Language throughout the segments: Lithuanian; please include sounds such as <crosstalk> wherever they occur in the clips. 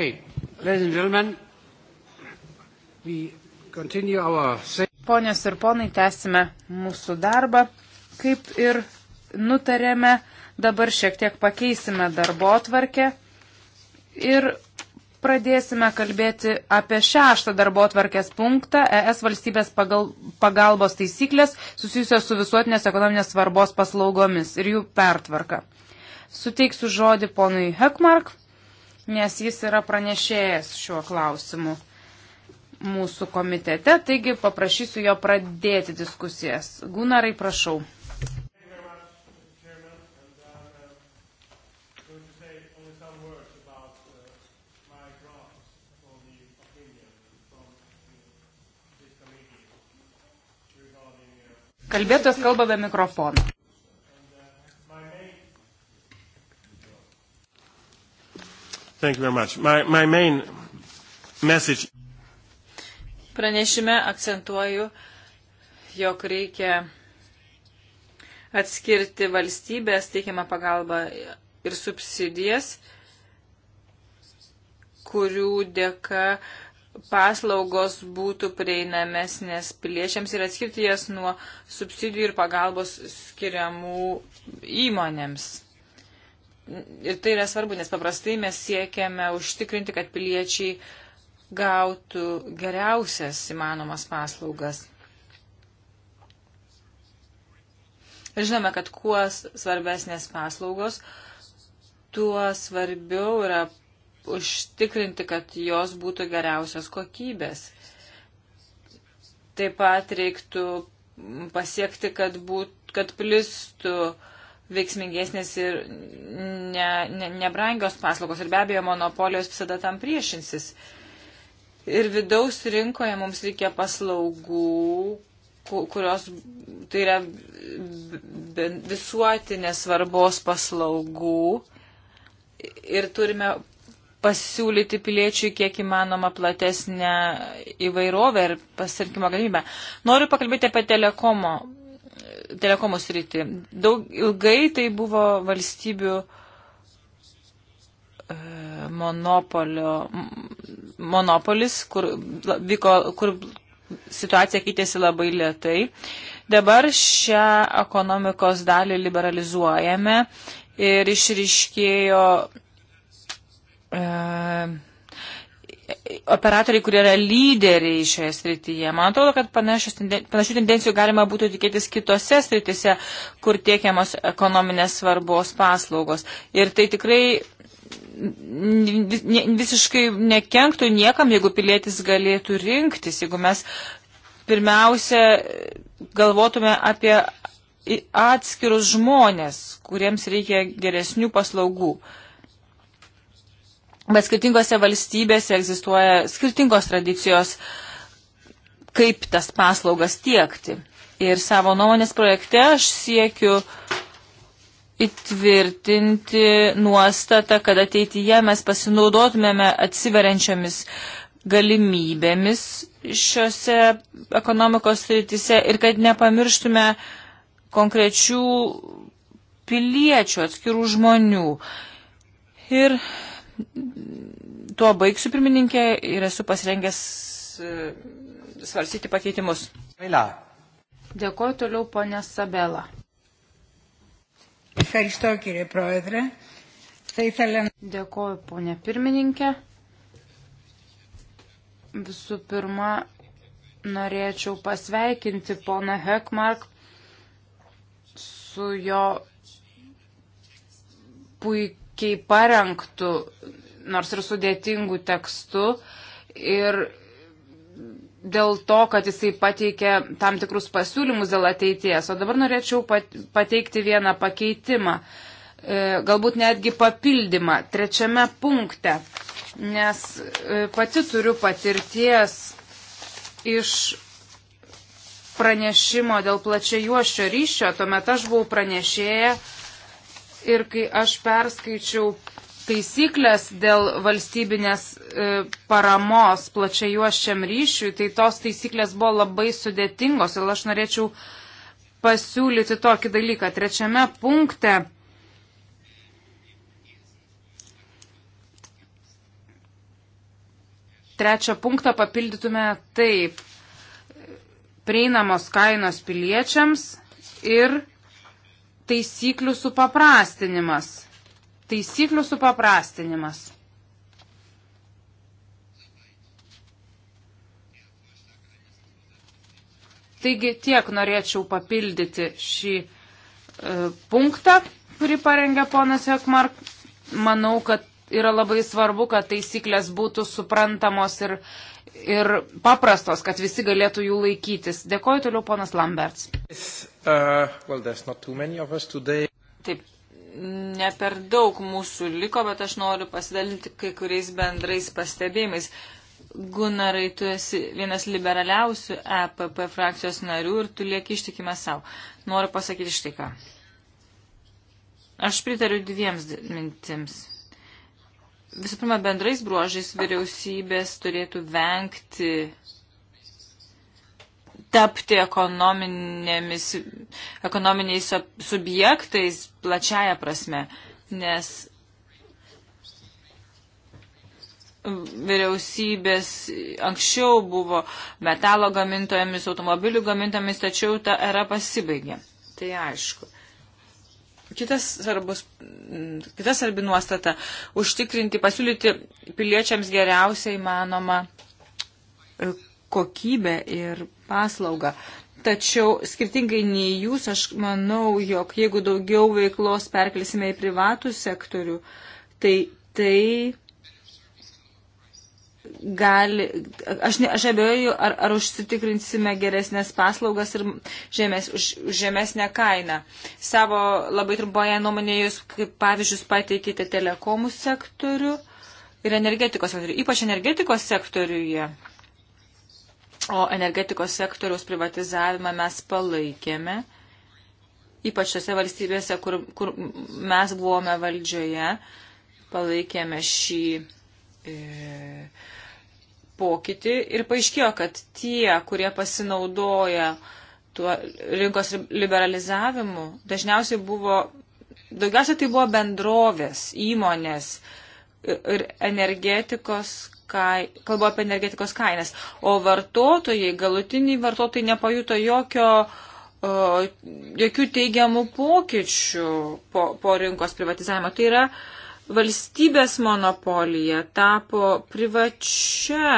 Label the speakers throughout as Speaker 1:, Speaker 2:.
Speaker 1: Okay. Ladies and gentlemen, we continue our... Ponios ir ponai, tęsime mūsų darbą. Kaip ir nutarėme, dabar šiek tiek pakeisime darbo atvarkę ir pradėsime kalbėti apie šeštą darbo atvarkės punktą ES valstybės pagal, pagalbos taisyklės susijusios su visuotinės ekonominės svarbos paslaugomis ir jų pertvarka. Suteiksiu žodį ponui Hekmark nes jis yra pranešėjęs šiuo klausimu mūsų komitete, taigi paprašysiu jo pradėti diskusijas. Gunarai, prašau. Kalbėtojas kalba be mikrofono.
Speaker 2: Thank you very much. My, my main message. Pranešime akcentuoju, jog reikia atskirti valstybės teikiamą pagalbą ir subsidijas, kurių dėka paslaugos būtų prieinamesnės piliečiams ir atskirti jas nuo subsidijų ir pagalbos skiriamų įmonėms ir tai yra svarbu, nes paprastai mes siekiame užtikrinti, kad piliečiai gautų geriausias įmanomas paslaugas. Ir žinome, kad kuo svarbesnės paslaugos, tuo svarbiau yra užtikrinti, kad jos būtų geriausios kokybės. Taip pat reiktų pasiekti, kad, būt, kad plistų uh, veiksmingesnės ir ne, ne, nebrangios paslaugos. Ir be abejo, monopolijos visada tam priešinsis. Ir vidaus rinkoje mums reikia paslaugų, kurios tai yra visuotinės svarbos paslaugų. Ir turime pasiūlyti piliečiui kiek įmanoma platesnę įvairovę ir pasirinkimo galimybę. Noriu pakalbėti apie telekomo telekomos rytį. Daug ilgai tai buvo valstybių e, monopolio, monopolis, kur, vyko, kur situacija keitėsi labai lietai. Dabar šią ekonomikos dalį liberalizuojame ir išriškėjo e, operatoriai, kurie yra lyderiai šioje srityje. Man atrodo, kad panašių tendencijų galima būtų tikėtis kitose srityse, kur tiekiamos ekonominės svarbos paslaugos. Ir tai tikrai visiškai nekenktų niekam, jeigu pilietis galėtų rinktis, jeigu mes pirmiausia galvotume apie atskirus žmonės, kuriems reikia geresnių paslaugų. Uh, Bet skirtingose valstybėse egzistuoja skirtingos tradicijos, kaip tas paslaugas tiekti. Ir savo nuomonės projekte aš siekiu įtvirtinti nuostatą, kad ateityje mes pasinaudotumėme atsiveriančiomis galimybėmis šiuose ekonomikos rytise ir kad nepamirštume konkrečių piliečių, atskirų žmonių. Ir tuo baigsiu pirmininkė ir esu pasirengęs e, svarsyti pakeitimus.
Speaker 1: Dėkuoju toliau ponė Sabela. Dėkuoju ponė pirmininkė. Visų pirma, norėčiau pasveikinti poną Hekmark su jo puikiu puikiai parengtų, nors ir sudėtingų tekstų. Ir dėl to, kad jisai pateikė tam tikrus pasiūlymus dėl ateities. O dabar norėčiau pateikti vieną pakeitimą, e, galbūt netgi papildymą trečiame punkte, nes e, pati turiu patirties iš pranešimo dėl plačiai juošio ryšio, tuomet aš buvau pranešėję ir kai aš perskaičiau taisyklės dėl valstybinės e, paramos plačiai juošiam ryšiui, tai tos taisyklės buvo labai sudėtingos ir aš norėčiau pasiūlyti tokį dalyką. Trečiame punkte trečią punktą papildytume taip prieinamos kainos piliečiams ir taisyklių supaprastinimas. Taisyklių supaprastinimas. Taigi tiek norėčiau papildyti šį e, punktą, kurį parengė ponas Jokmark. Manau, kad yra labai svarbu, kad taisyklės būtų suprantamos ir, ir paprastos, kad visi galėtų jų laikytis. Dėkoju toliau, ponas Lamberts. Yes.
Speaker 3: Uh, well, there's not too many of us today.
Speaker 2: Taip, ne per daug mūsų liko, bet aš noriu pasidalinti kai kuriais bendrais pastebėjimais. Gunarai, tu esi vienas liberaliausių EPP frakcijos narių ir tu lieki ištikime savo. Noriu pasakyti štai ką. Aš pritariu dviems mintims. Visų pirma, bendrais bruožais vyriausybės turėtų vengti tapti ekonominiais subjektais plačiaja prasme, nes vyriausybės anksčiau buvo metalo gamintojomis, automobilių gamintojomis, tačiau ta era pasibaigė. Tai aišku. Kitas svarbus, kitas svarbi nuostata - užtikrinti, pasiūlyti piliečiams geriausiai manoma kokybę ir paslaugą. Tačiau skirtingai nei jūs, aš manau, jog jeigu daugiau veiklos perkelsime į privatų sektorių, tai tai gali, aš, ne, aš abejoju, ar, ar užsitikrinsime geresnės paslaugas ir žemės, už, už žemesnę kainą. Savo labai trumpoje nuomonėje jūs kaip pavyzdžius pateikite telekomų sektorių ir energetikos sektorių, ypač energetikos sektoriuje. Ja O energetikos sektoriaus privatizavimą mes palaikėme, ypač tose valstybėse, kur, kur mes buvome valdžioje, palaikėme šį e, pokytį ir paaiškėjo, kad tie, kurie pasinaudoja tuo rinkos liberalizavimu, dažniausiai buvo, daugiausia tai buvo bendrovės, įmonės ir energetikos kai, kalbu apie energetikos kainas, o vartotojai, galutiniai vartotojai nepajuto jokio, o, jokių teigiamų pokyčių po, po rinkos privatizavimo. Tai yra valstybės monopolija tapo privačia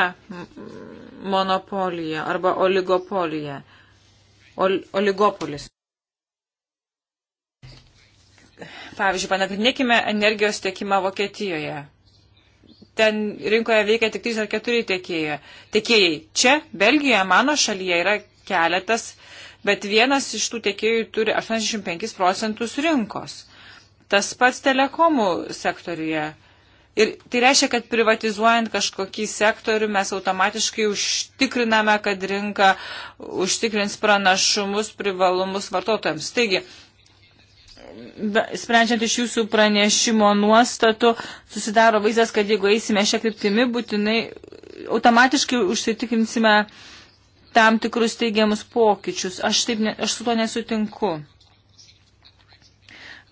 Speaker 2: monopolija arba oligopolija. Ol, oligopolis pavyzdžiui, panagrinėkime energijos tiekimą Vokietijoje ten rinkoje veikia tik 3 ar 4 tiekėjai. Čia, Belgijoje, mano šalyje yra keletas, bet vienas iš tų tiekėjų turi 85 procentus rinkos. Tas pats telekomų sektoriuje. Ir tai reiškia, kad privatizuojant kažkokį sektorių mes automatiškai užtikriname, kad rinka užtikrins pranašumus, privalumus vartotojams. Taigi, sprendžiant iš jūsų pranešimo nuostatų, susidaro vaizdas, kad jeigu eisime šią kryptimį, būtinai automatiškai užsitikrinsime tam tikrus teigiamus pokyčius. Aš, taip, ne, aš su to nesutinku.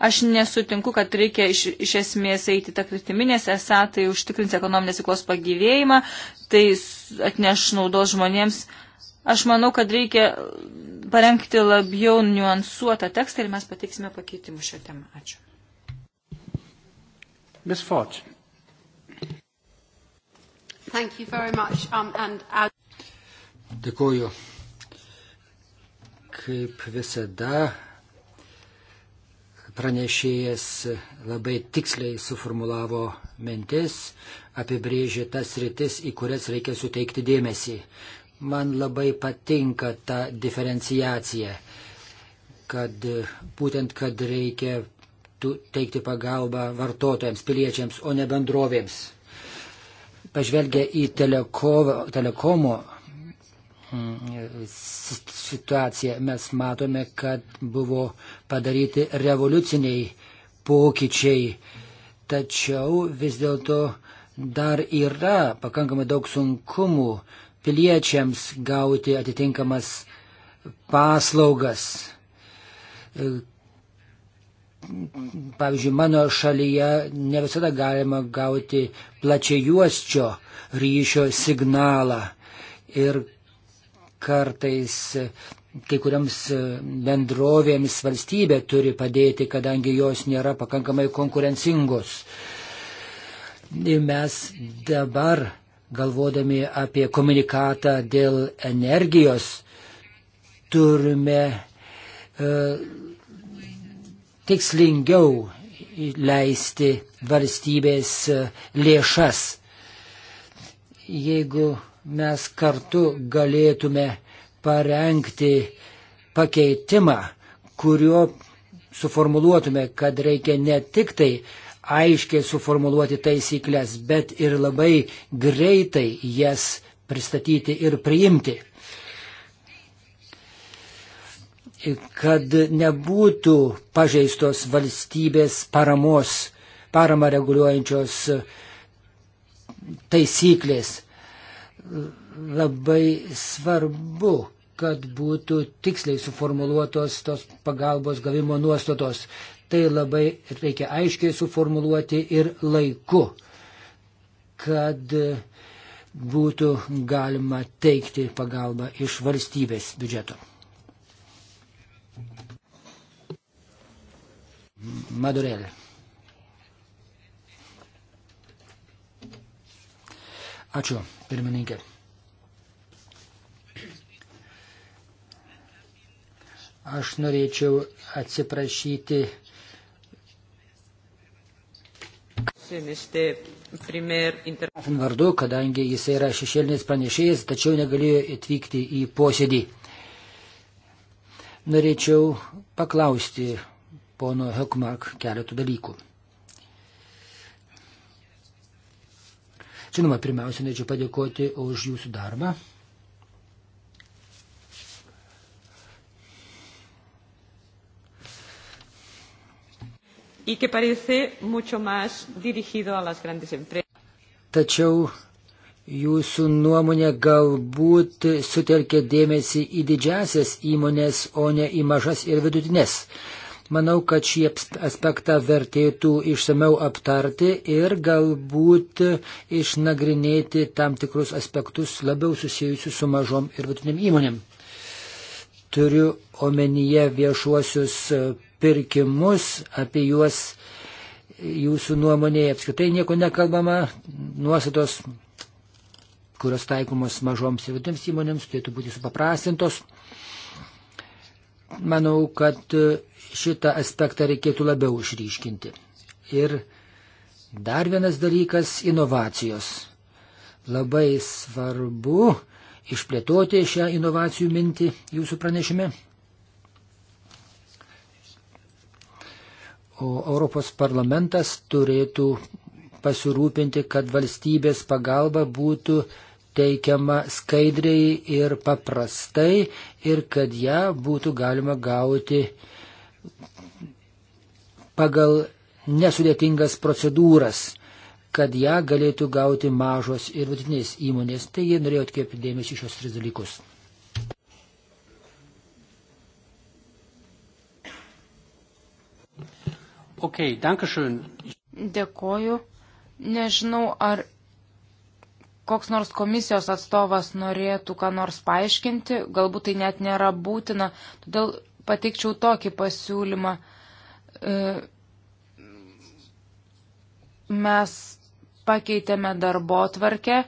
Speaker 2: Aš nesutinku, kad reikia iš, iš esmės eiti tą kryptimį, nes esą tai užtikrins ekonominės veiklos pagyvėjimą, tai atneš naudos žmonėms, uh, Aš manau, kad reikia parengti labiau niuansuotą tekstą ir mes pateiksime pakeitimų šią temą. Ačiū.
Speaker 1: Ms. Ford. Thank you very much. Um, and as...
Speaker 3: Dėkuoju. Kaip visada, pranešėjas labai tiksliai suformulavo mintis, apibrėžė tas rytis, į kurias reikia suteikti dėmesį. Man labai patinka ta diferenciacija, kad būtent, kad reikia teikti pagalbą vartotojams, piliečiams, o ne bendrovėms. Pažvelgia į telekovo, telekomo mm, situaciją, mes matome, kad buvo padaryti revoliuciniai pokyčiai, tačiau vis dėlto dar yra pakankamai daug sunkumų piliečiams gauti atitinkamas paslaugas. E, pavyzdžiui, mano šalyje ne visada galima gauti plačiajuosčio ryšio signalą ir kartais kai kuriams bendrovėms valstybė turi padėti, kadangi jos nėra pakankamai konkurencingos. Mes dabar galvodami apie komunikatą dėl energijos, turime e, tikslingiau leisti valstybės e, lėšas. Jeigu mes kartu galėtume parengti pakeitimą, kuriuo suformuluotume, kad reikia ne tik tai aiškiai suformuluoti taisyklės, bet ir labai greitai jas pristatyti ir priimti. Kad nebūtų pažeistos valstybės paramos, parama reguliuojančios taisyklės. Labai svarbu, kad būtų tiksliai suformuluotos tos pagalbos gavimo nuostatos. Tai labai reikia aiškiai suformuluoti ir laiku, kad būtų galima teikti pagalbą iš valstybės biudžeto. Madurelė. Ačiū, pirmininkė. Aš norėčiau atsiprašyti
Speaker 2: Tai
Speaker 3: vardu, kadangi jis yra šešėlinis pranešėjas, tačiau negalėjo atvykti į posėdį. Norėčiau paklausti pono Hekmark keletų dalykų. Žinoma, pirmiausia, norėčiau padėkoti už jūsų darbą.
Speaker 2: y que parece mucho más dirigido a las grandes empresas.
Speaker 3: Tačiau jūsų nuomonė galbūt sutelkė dėmesį į didžiasias įmonės, o ne į mažas ir vidutinės. Manau, kad šį aspektą vertėtų išsameu aptarti ir galbūt išnagrinėti tam tikrus aspektus labiau susijusius su mažom ir vidutiniam įmonėm. Turiu omenyje viešuosius pirkimus, apie juos jūsų nuomonėje apskritai nieko nekalbama, nuostatos, kurios taikomos mažoms ir vidutėms įmonėms, turėtų būti supaprastintos. Manau, kad šitą aspektą reikėtų labiau išryškinti. Ir dar vienas dalykas - inovacijos. Labai svarbu išplėtoti šią inovacijų mintį jūsų pranešime. O Europos parlamentas turėtų pasirūpinti, kad valstybės pagalba būtų teikiama skaidriai ir paprastai ir kad ją būtų galima gauti pagal nesudėtingas procedūras, kad ją galėtų gauti mažos ir vidutinės įmonės. Taigi norėjau atkreipti dėmesį šios tris dalykus. Okay, dankeschön.
Speaker 1: Dėkoju. Nežinau, ar koks nors komisijos atstovas norėtų ką nors paaiškinti, galbūt tai net nėra būtina, todėl pateikčiau tokį pasiūlymą. E, mes pakeitėme darbo tvarkę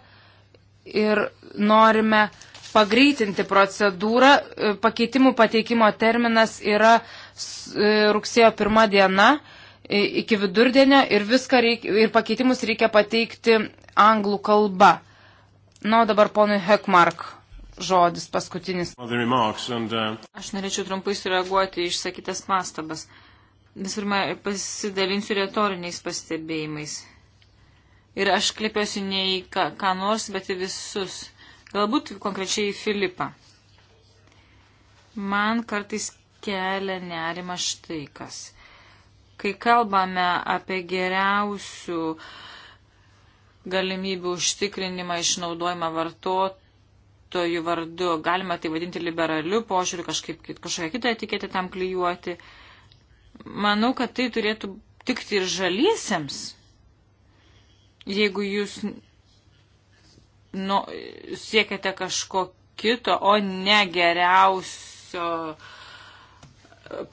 Speaker 1: ir norime pagreitinti procedūrą. E, pakeitimų pateikimo terminas yra e, rugsėjo pirmą dieną iki vidurdienio ir, reik, ir pakeitimus reikia pateikti anglų kalba. Na, o dabar ponui Hekmark žodis paskutinis. Uh,
Speaker 2: aš norėčiau trumpai sureaguoti išsakytas pastabas. Visų pirma, pasidalinsiu retoriniais pastebėjimais. Ir aš kreipiuosi ne į ką, ką nors, bet į visus. Galbūt konkrečiai į Filipą. Man kartais kelia nerima štai kas Kai kalbame apie geriausių galimybių užtikrinimą išnaudojimą vartotojų vardu, galima tai vadinti liberaliu požiūriu, kažkaip kažkokią kitą etiketę tam klyjuoti. Manau, kad tai turėtų tikti ir žaliesiems. Jeigu jūs nu, siekiate kažko kito, o ne geriausio uh,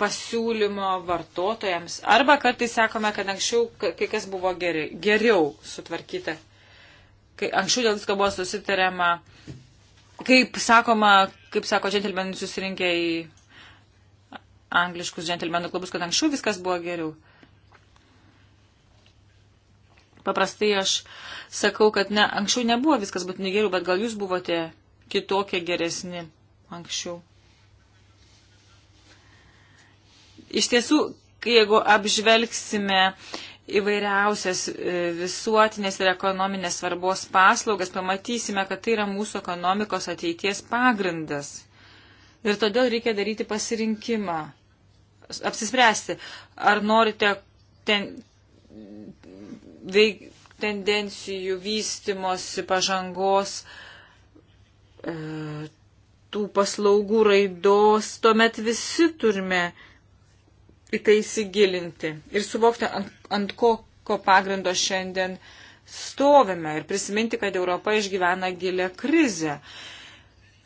Speaker 2: pasiūlymo vartotojams. Arba kartais sakome, kad anksčiau kai kas buvo geri, geriau sutvarkyta. Kai anksčiau dėl visko buvo susitariama, kaip sakoma, kaip sako džentelmenai susirinkę į angliškus džentelmenų klubus, kad anksčiau viskas buvo geriau. Paprastai aš sakau, kad ne, anksčiau nebuvo viskas būtinai geriau, bet gal jūs buvote kitokie geresni anksčiau. Iš tiesų, jeigu apžvelgsime įvairiausias e, visuotinės ir ekonominės svarbos paslaugas, pamatysime, kad tai yra mūsų ekonomikos ateities pagrindas. Ir todėl reikia daryti pasirinkimą. Apsispręsti, ar norite ten, veik, tendencijų vystimosi pažangos, e, tų paslaugų raidos, tuomet visi turime e, į tai įsigilinti ir suvokti, ant, ant kokio pagrindo šiandien stovime ir prisiminti, kad Europa išgyvena gilę krizę.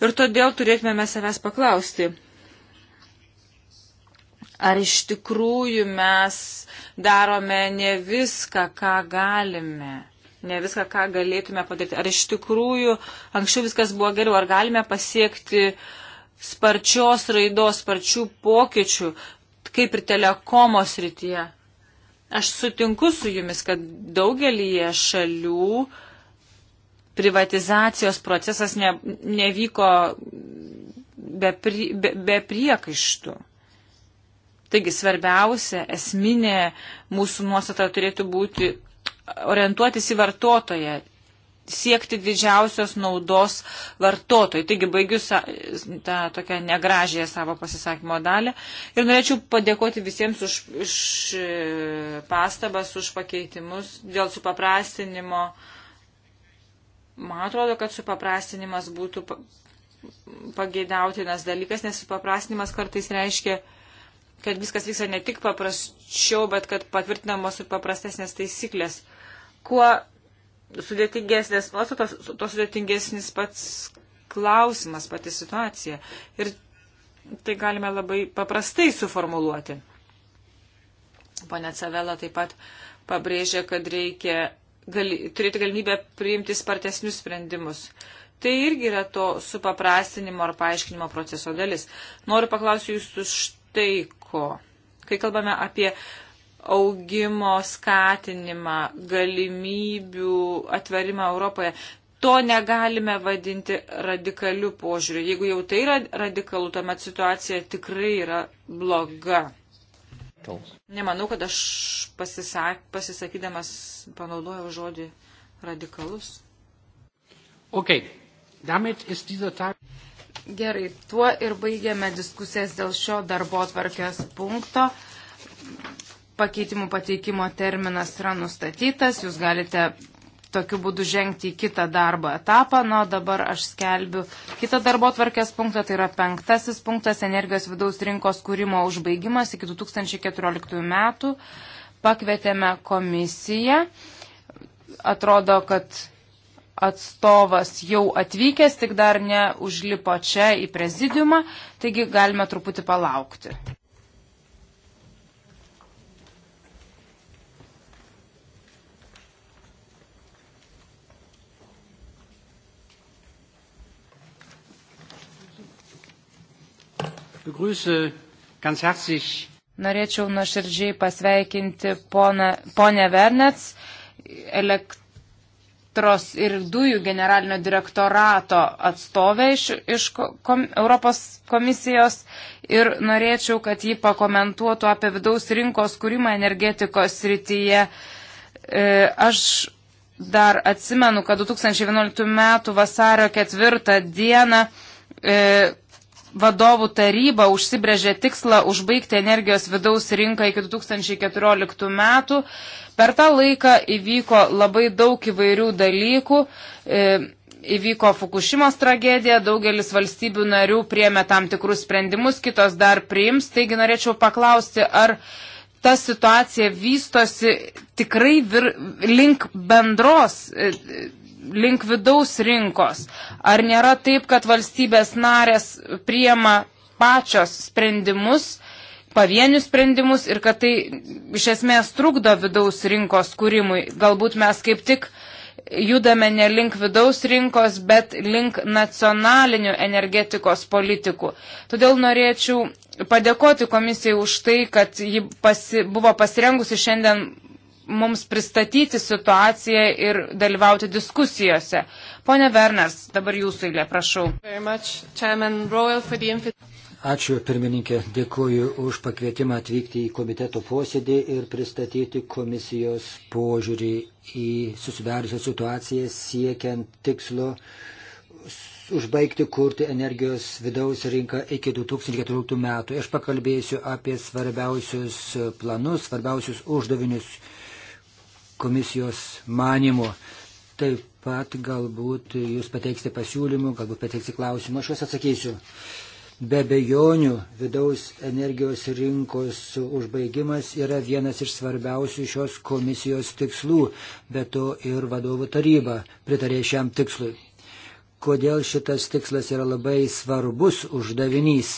Speaker 2: Ir todėl turėtume savęs paklausti, ar iš tikrųjų mes darome ne viską, ką galime, ne viską, ką galėtume padaryti, ar iš tikrųjų anksčiau viskas buvo geriau, ar galime pasiekti sparčios raidos, sparčių pokyčių, kaip ir telekomos rytyje. Aš sutinku su jumis, kad daugelį šalių privatizacijos procesas ne, nevyko be, pri, be, be priekaištų. Taigi svarbiausia, esminė mūsų nuostata turėtų būti orientuotis į vartotoją, siekti didžiausios naudos vartotojai. Taigi baigiu sa, tą tokią negražėją savo pasisakymo dalį ir norėčiau padėkoti visiems už, už e, pastabas, už pakeitimus dėl supaprastinimo. Man atrodo, kad supaprastinimas būtų pageidautinas dalykas, nes supaprastinimas kartais reiškia kad viskas vyksta ne tik paprasčiau, bet kad patvirtinamos ir paprastesnės taisyklės. Kuo sudėtingesnės nuostatos, to sudėtingesnis pats klausimas, pati situacija. Ir tai galime labai paprastai suformuluoti. Pone Cavela taip pat pabrėžia, kad reikia gali, turėti galimybę priimti spartesnius sprendimus. Tai irgi yra to supaprastinimo ar paaiškinimo proceso dalis. Noriu paklausyti jūsų štai ko. Kai kalbame apie augimo skatinimą, galimybių atverimą Europoje. To negalime vadinti radikaliu požiūriu. Jeigu jau tai yra radikalu, tuomet situacija tikrai yra bloga. Nemanau, kad aš pasisak, pasisakydamas panaudojau žodį radikalus.
Speaker 1: Okay. Damit ist dieser Tag. Gerai, tuo ir baigiame diskusijas dėl šio darbo atvarkės punkto pakeitimų pateikimo terminas yra nustatytas, jūs galite tokiu būdu žengti į kitą darbo etapą. Na, dabar aš skelbiu kitą darbo tvarkės punktą, tai yra penktasis punktas energijos vidaus rinkos kūrimo užbaigimas iki 2014 metų. Pakvietėme komisiją. Atrodo, kad atstovas jau atvykęs, tik dar neužlipo čia į prezidiumą, taigi galime truputį palaukti. Norėčiau nuoširdžiai pasveikinti pona, ponę Vernets, elektros ir dujų generalinio direktorato atstovę iš, iš kom, Europos komisijos ir norėčiau, kad ji pakomentuotų apie vidaus rinkos kūrimą energetikos srityje. E, aš dar atsimenu, kad 2011 m. vasario 4 dieną e, vadovų taryba užsibrėžė tikslą užbaigti energijos vidaus rinką iki 2014 metų. Per tą laiką įvyko labai daug įvairių dalykų. E, Įvyko Fukushimos tragedija, daugelis valstybių narių priemė tam tikrus sprendimus, kitos dar priims. Taigi norėčiau paklausti, ar ta situacija vystosi tikrai vir, link bendros e, link vidaus rinkos. Ar nėra taip, kad valstybės narės priema pačios sprendimus, pavienius sprendimus ir kad tai iš esmės trukdo vidaus rinkos kūrimui? Galbūt mes kaip tik judame ne link vidaus rinkos, bet link nacionalinių energetikos politikų. Todėl norėčiau padėkoti komisijai už tai, kad ji pasi, buvo pasirengusi šiandien mums pristatyti situaciją ir dalyvauti diskusijose. Pone Verners, dabar jūsų eilė, prašau.
Speaker 3: Ačiū pirmininkė, dėkuoju už pakvietimą atvykti į komiteto posėdį ir pristatyti komisijos požiūrį į susidariusią situaciją siekiant tikslo užbaigti kurti energijos vidaus rinką iki 2014 metų. Aš pakalbėsiu apie svarbiausius planus, svarbiausius uždavinius, komisijos manimo. Taip pat galbūt jūs pateiksite pasiūlymų, galbūt pateiksite klausimų, aš juos atsakysiu. Be bejonių vidaus energijos rinkos užbaigimas yra vienas iš svarbiausių šios komisijos tikslų, bet to ir vadovų taryba pritarė šiam tikslui. Kodėl šitas tikslas yra labai svarbus uždavinys?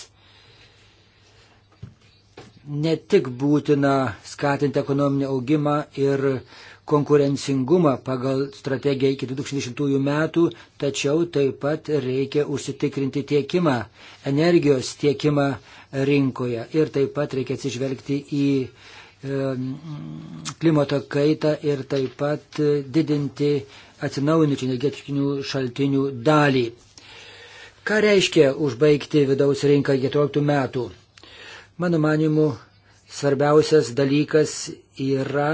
Speaker 3: Ne tik būtina skatinti ekonominį augimą ir uh, konkurencingumą pagal strategiją iki 2020 metų, tačiau taip pat reikia užsitikrinti tiekimą, energijos tiekimą rinkoje ir taip pat reikia atsižvelgti į klimato kaitą ir taip pat didinti atsinaujinančių energetinių šaltinių dalį. Ką reiškia užbaigti vidaus rinką 14 metų? Mano manimu, svarbiausias dalykas yra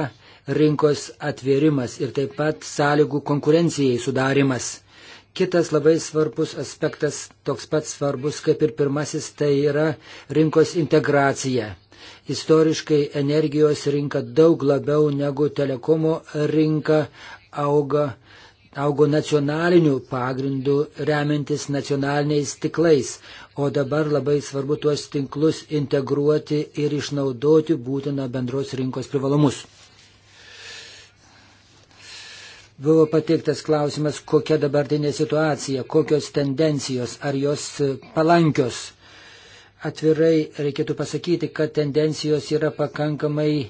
Speaker 3: rinkos atvėrimas ir taip pat sąlygų konkurencijai sudarimas. Kitas labai svarbus aspektas, toks pat svarbus kaip ir pirmasis, tai yra rinkos integracija. Istoriškai energijos rinka daug labiau negu telekomo rinka auga, augo nacionaliniu pagrindu remiantis nacionaliniais tiklais, o dabar labai svarbu tuos tinklus integruoti ir išnaudoti būtiną bendros rinkos privalumus. Buvo pateiktas klausimas, kokia dabartinė situacija, kokios tendencijos, ar jos e, palankios. Atvirai reikėtų pasakyti, kad tendencijos yra pakankamai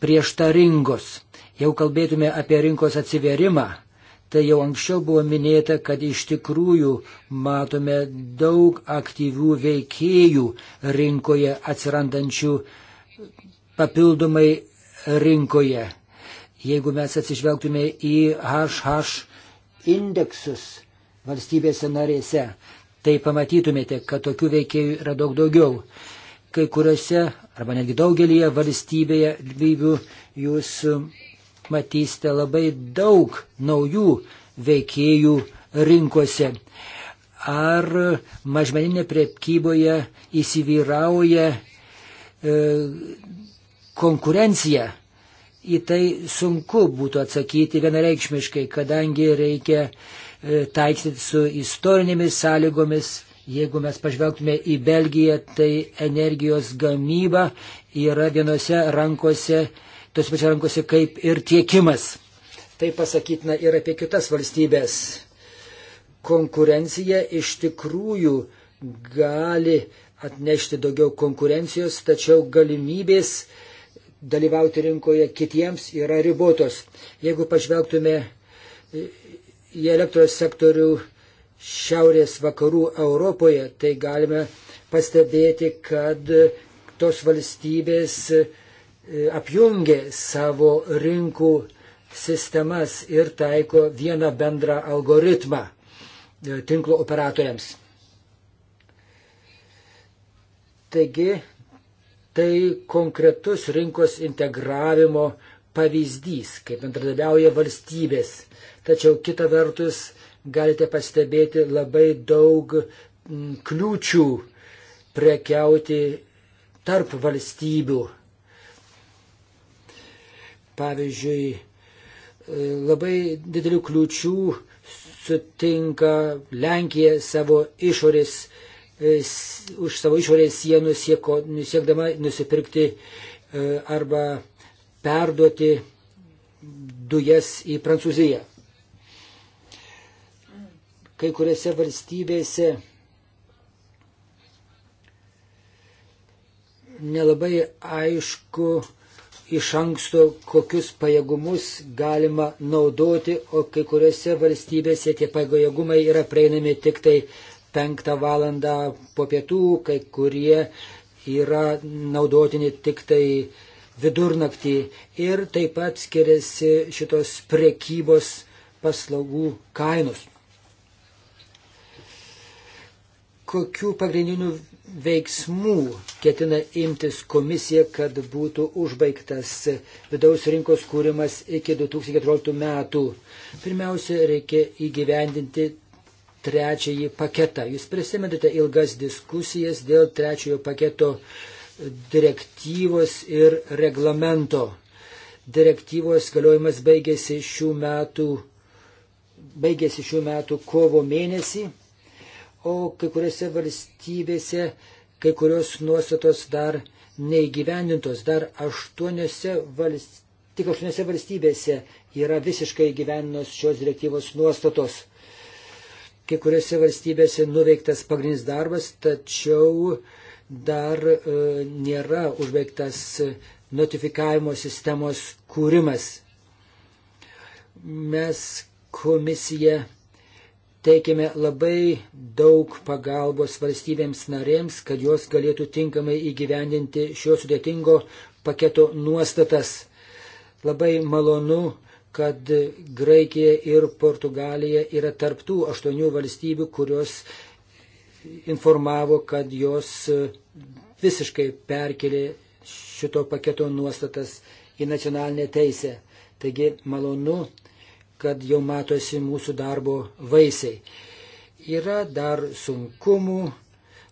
Speaker 3: prieštaringos. Jau kalbėtume apie rinkos atsiverimą, Tai jau anksčiau buvo minėta, kad iš tikrųjų matome daug aktyvių veikėjų rinkoje atsirandančių papildomai rinkoje. Jeigu mes atsižvelgtume į HH indeksus valstybėse narėse, tai pamatytumėte, kad tokių veikėjų yra daug daugiau. Kai kuriuose, arba netgi daugelįje valstybėje lygių jūs matysite labai daug naujų veikėjų rinkose. Ar mažmeninė priekyboje įsivyrauja e, konkurencija į tai sunku būtų atsakyti vienareikšmiškai, kadangi reikia e, taikstyti su istorinėmis sąlygomis. Jeigu mes pažvelgtume į Belgiją, tai energijos gamyba yra vienose rankose, tos pačios rankose kaip ir tiekimas. Tai pasakytina ir apie kitas valstybės. Konkurencija iš tikrųjų gali atnešti daugiau konkurencijos, tačiau galimybės uh, dalyvauti rinkoje kitiems yra ribotos. Jeigu pažvelgtume į elektros sektorių šiaurės vakarų Europoje, tai galime pastebėti, kad tos valstybės e, apjungė savo rinkų sistemas ir taiko vieną bendrą algoritmą e, tinklo operatoriams. Taigi tai konkretus rinkos integravimo pavyzdys, kaip bendradabiauja valstybės. Tačiau kita vertus galite pastebėti labai daug kliūčių prekiauti tarp valstybių. Pavyzdžiui, e, labai didelių kliūčių sutinka Lenkija savo išorės už savo išorės sienų siekdama nusipirkti e, arba perduoti dujas į Prancūziją. Kai kuriuose valstybėse nelabai aišku iš anksto, kokius pajėgumus galima naudoti, o kai kuriuose valstybėse tie pajėgumai yra prieinami tik tai 5 valandą po pietų, kai kurie yra naudotini tik tai vidurnaktį ir taip pat skiriasi šitos prekybos paslaugų kainos. Kokių pagrindinių veiksmų ketina imtis komisija, kad būtų užbaigtas vidaus rinkos kūrimas iki 2014 metų? Pirmiausia, reikia įgyvendinti trečiąjį paketą. Jūs prisimenate ilgas diskusijas dėl trečiojo paketo direktyvos ir reglamento. Direktyvos galiojimas baigėsi šių metų, baigėsi šių metų kovo mėnesį, o kai kuriuose valstybėse kai kurios nuostatos dar neįgyvendintos, dar aštuoniuose valstybėse. Tik aštuoniuose valstybėse yra visiškai gyveninos šios direktyvos nuostatos kai kuriuose valstybėse nuveiktas pagrindinis darbas, tačiau dar e, nėra užveiktas notifikavimo sistemos kūrimas. Mes komisija teikiame labai daug pagalbos valstybėms narėms, kad jos galėtų tinkamai įgyvendinti šio sudėtingo paketo nuostatas. Labai malonu kad Graikija ir Portugalija yra tarptų aštuonių valstybių, kurios informavo, kad jos visiškai perkelė šito paketo nuostatas į nacionalinę teisę. Taigi malonu, kad jau matosi mūsų darbo vaisiai. Yra dar sunkumų,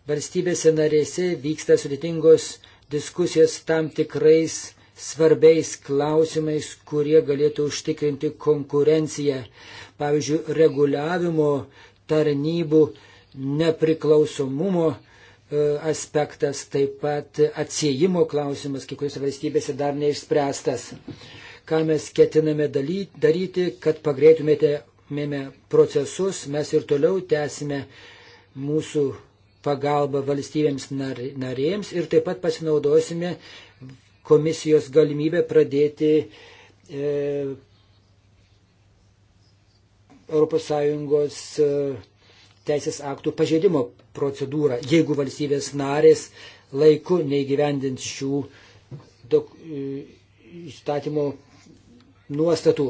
Speaker 3: valstybėse narėse vyksta sudėtingos diskusijos tam tikrais svarbiais klausimais, kurie galėtų užtikrinti konkurenciją. Pavyzdžiui, reguliavimo tarnybų nepriklausomumo e, aspektas, taip pat atsiejimo klausimas kiekvienose valstybėse dar neišspręstas. Ką mes ketiname daryti, kad pagreitumėte procesus, mes ir toliau tęsime mūsų pagalbą valstybėms narėms ir taip pat pasinaudosime komisijos galimybę pradėti e, ES e, teisės aktų pažeidimo procedūrą, jeigu valstybės narės laiku neįgyvendins šių dok, e, įstatymo nuostatų.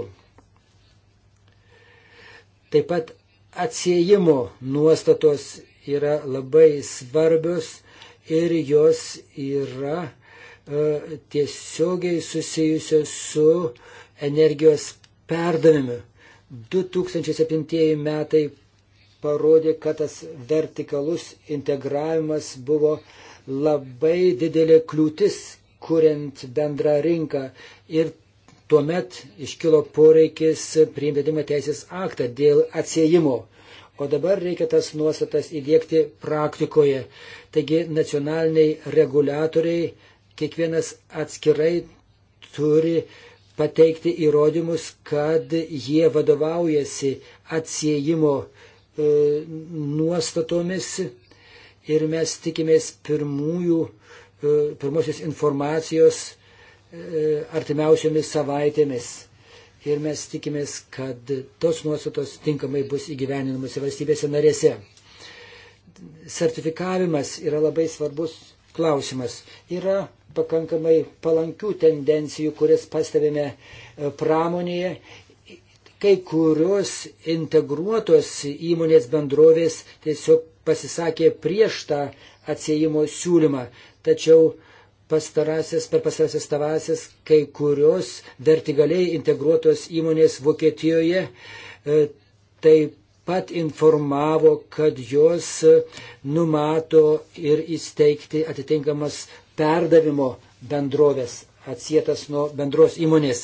Speaker 3: Taip pat atsiejimo nuostatos yra labai svarbios ir jos yra E, tiesiogiai susijusios su energijos perdavimu. 2007 metai parodė, kad tas vertikalus integravimas buvo labai didelė kliūtis, kuriant bendrą rinką. Ir tuomet iškilo poreikis priimdama teisės aktą dėl atsiejimo. O dabar reikia tas nuostatas įdėkti praktikoje. Taigi nacionaliniai reguliatoriai kiekvienas atskirai turi pateikti įrodymus, kad jie vadovaujasi atsiejimo e, nuostatomis ir mes tikimės pirmųjų, e, pirmosios informacijos e, artimiausiomis savaitėmis. Ir mes tikimės, kad tos nuostatos tinkamai bus įgyveninamas valstybėse narėse. Sertifikavimas yra labai svarbus klausimas. Yra pakankamai palankių tendencijų, kurias pastebėme e, pramonėje. Kai kurios integruotos įmonės bendrovės tiesiog pasisakė prieš tą atsiejimo siūlymą. Tačiau pastarasis, per pastarasis tavasis kai kurios vertigaliai integruotos įmonės Vokietijoje e, taip pat informavo, kad jos e, numato ir įsteigti atitinkamas perdavimo bendrovės atsietas nuo bendros įmonės.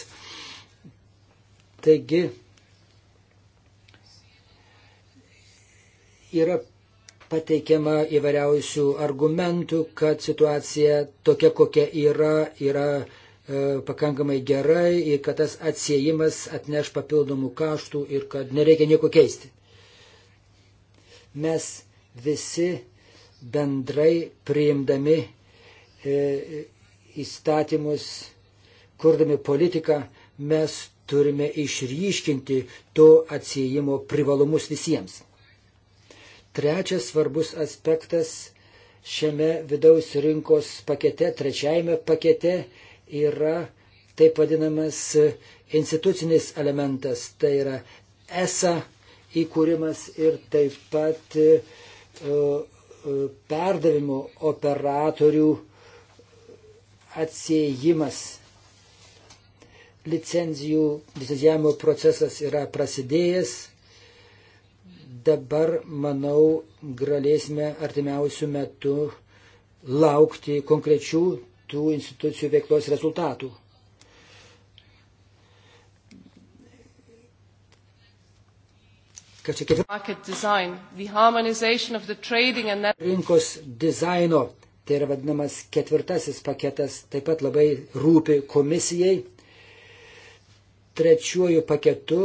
Speaker 3: Taigi yra pateikiama įvairiausių argumentų, kad situacija tokia, kokia yra, yra e, pakankamai gerai ir kad tas atsiejimas atneš papildomų kaštų ir kad nereikia nieko keisti. Mes visi bendrai priimdami E, įstatymus, kurdami politiką, mes turime išryškinti to atsijimo privalumus visiems. Trečias svarbus aspektas šiame vidaus rinkos pakete, trečiajame pakete yra taip vadinamas institucinis elementas, tai yra ESA įkūrimas ir taip pat e, e, perdavimo operatorių uh, atsiejimas. Licenzijų, licenzijavimo procesas yra prasidėjęs. Dabar, manau, galėsime artimiausių metų laukti konkrečių tų institucijų veiklos rezultatų. Kad čia
Speaker 1: ketvirtas.
Speaker 3: Rinkos dizaino tai yra vadinamas ketvirtasis paketas, taip pat labai rūpi komisijai. Trečiuoju paketu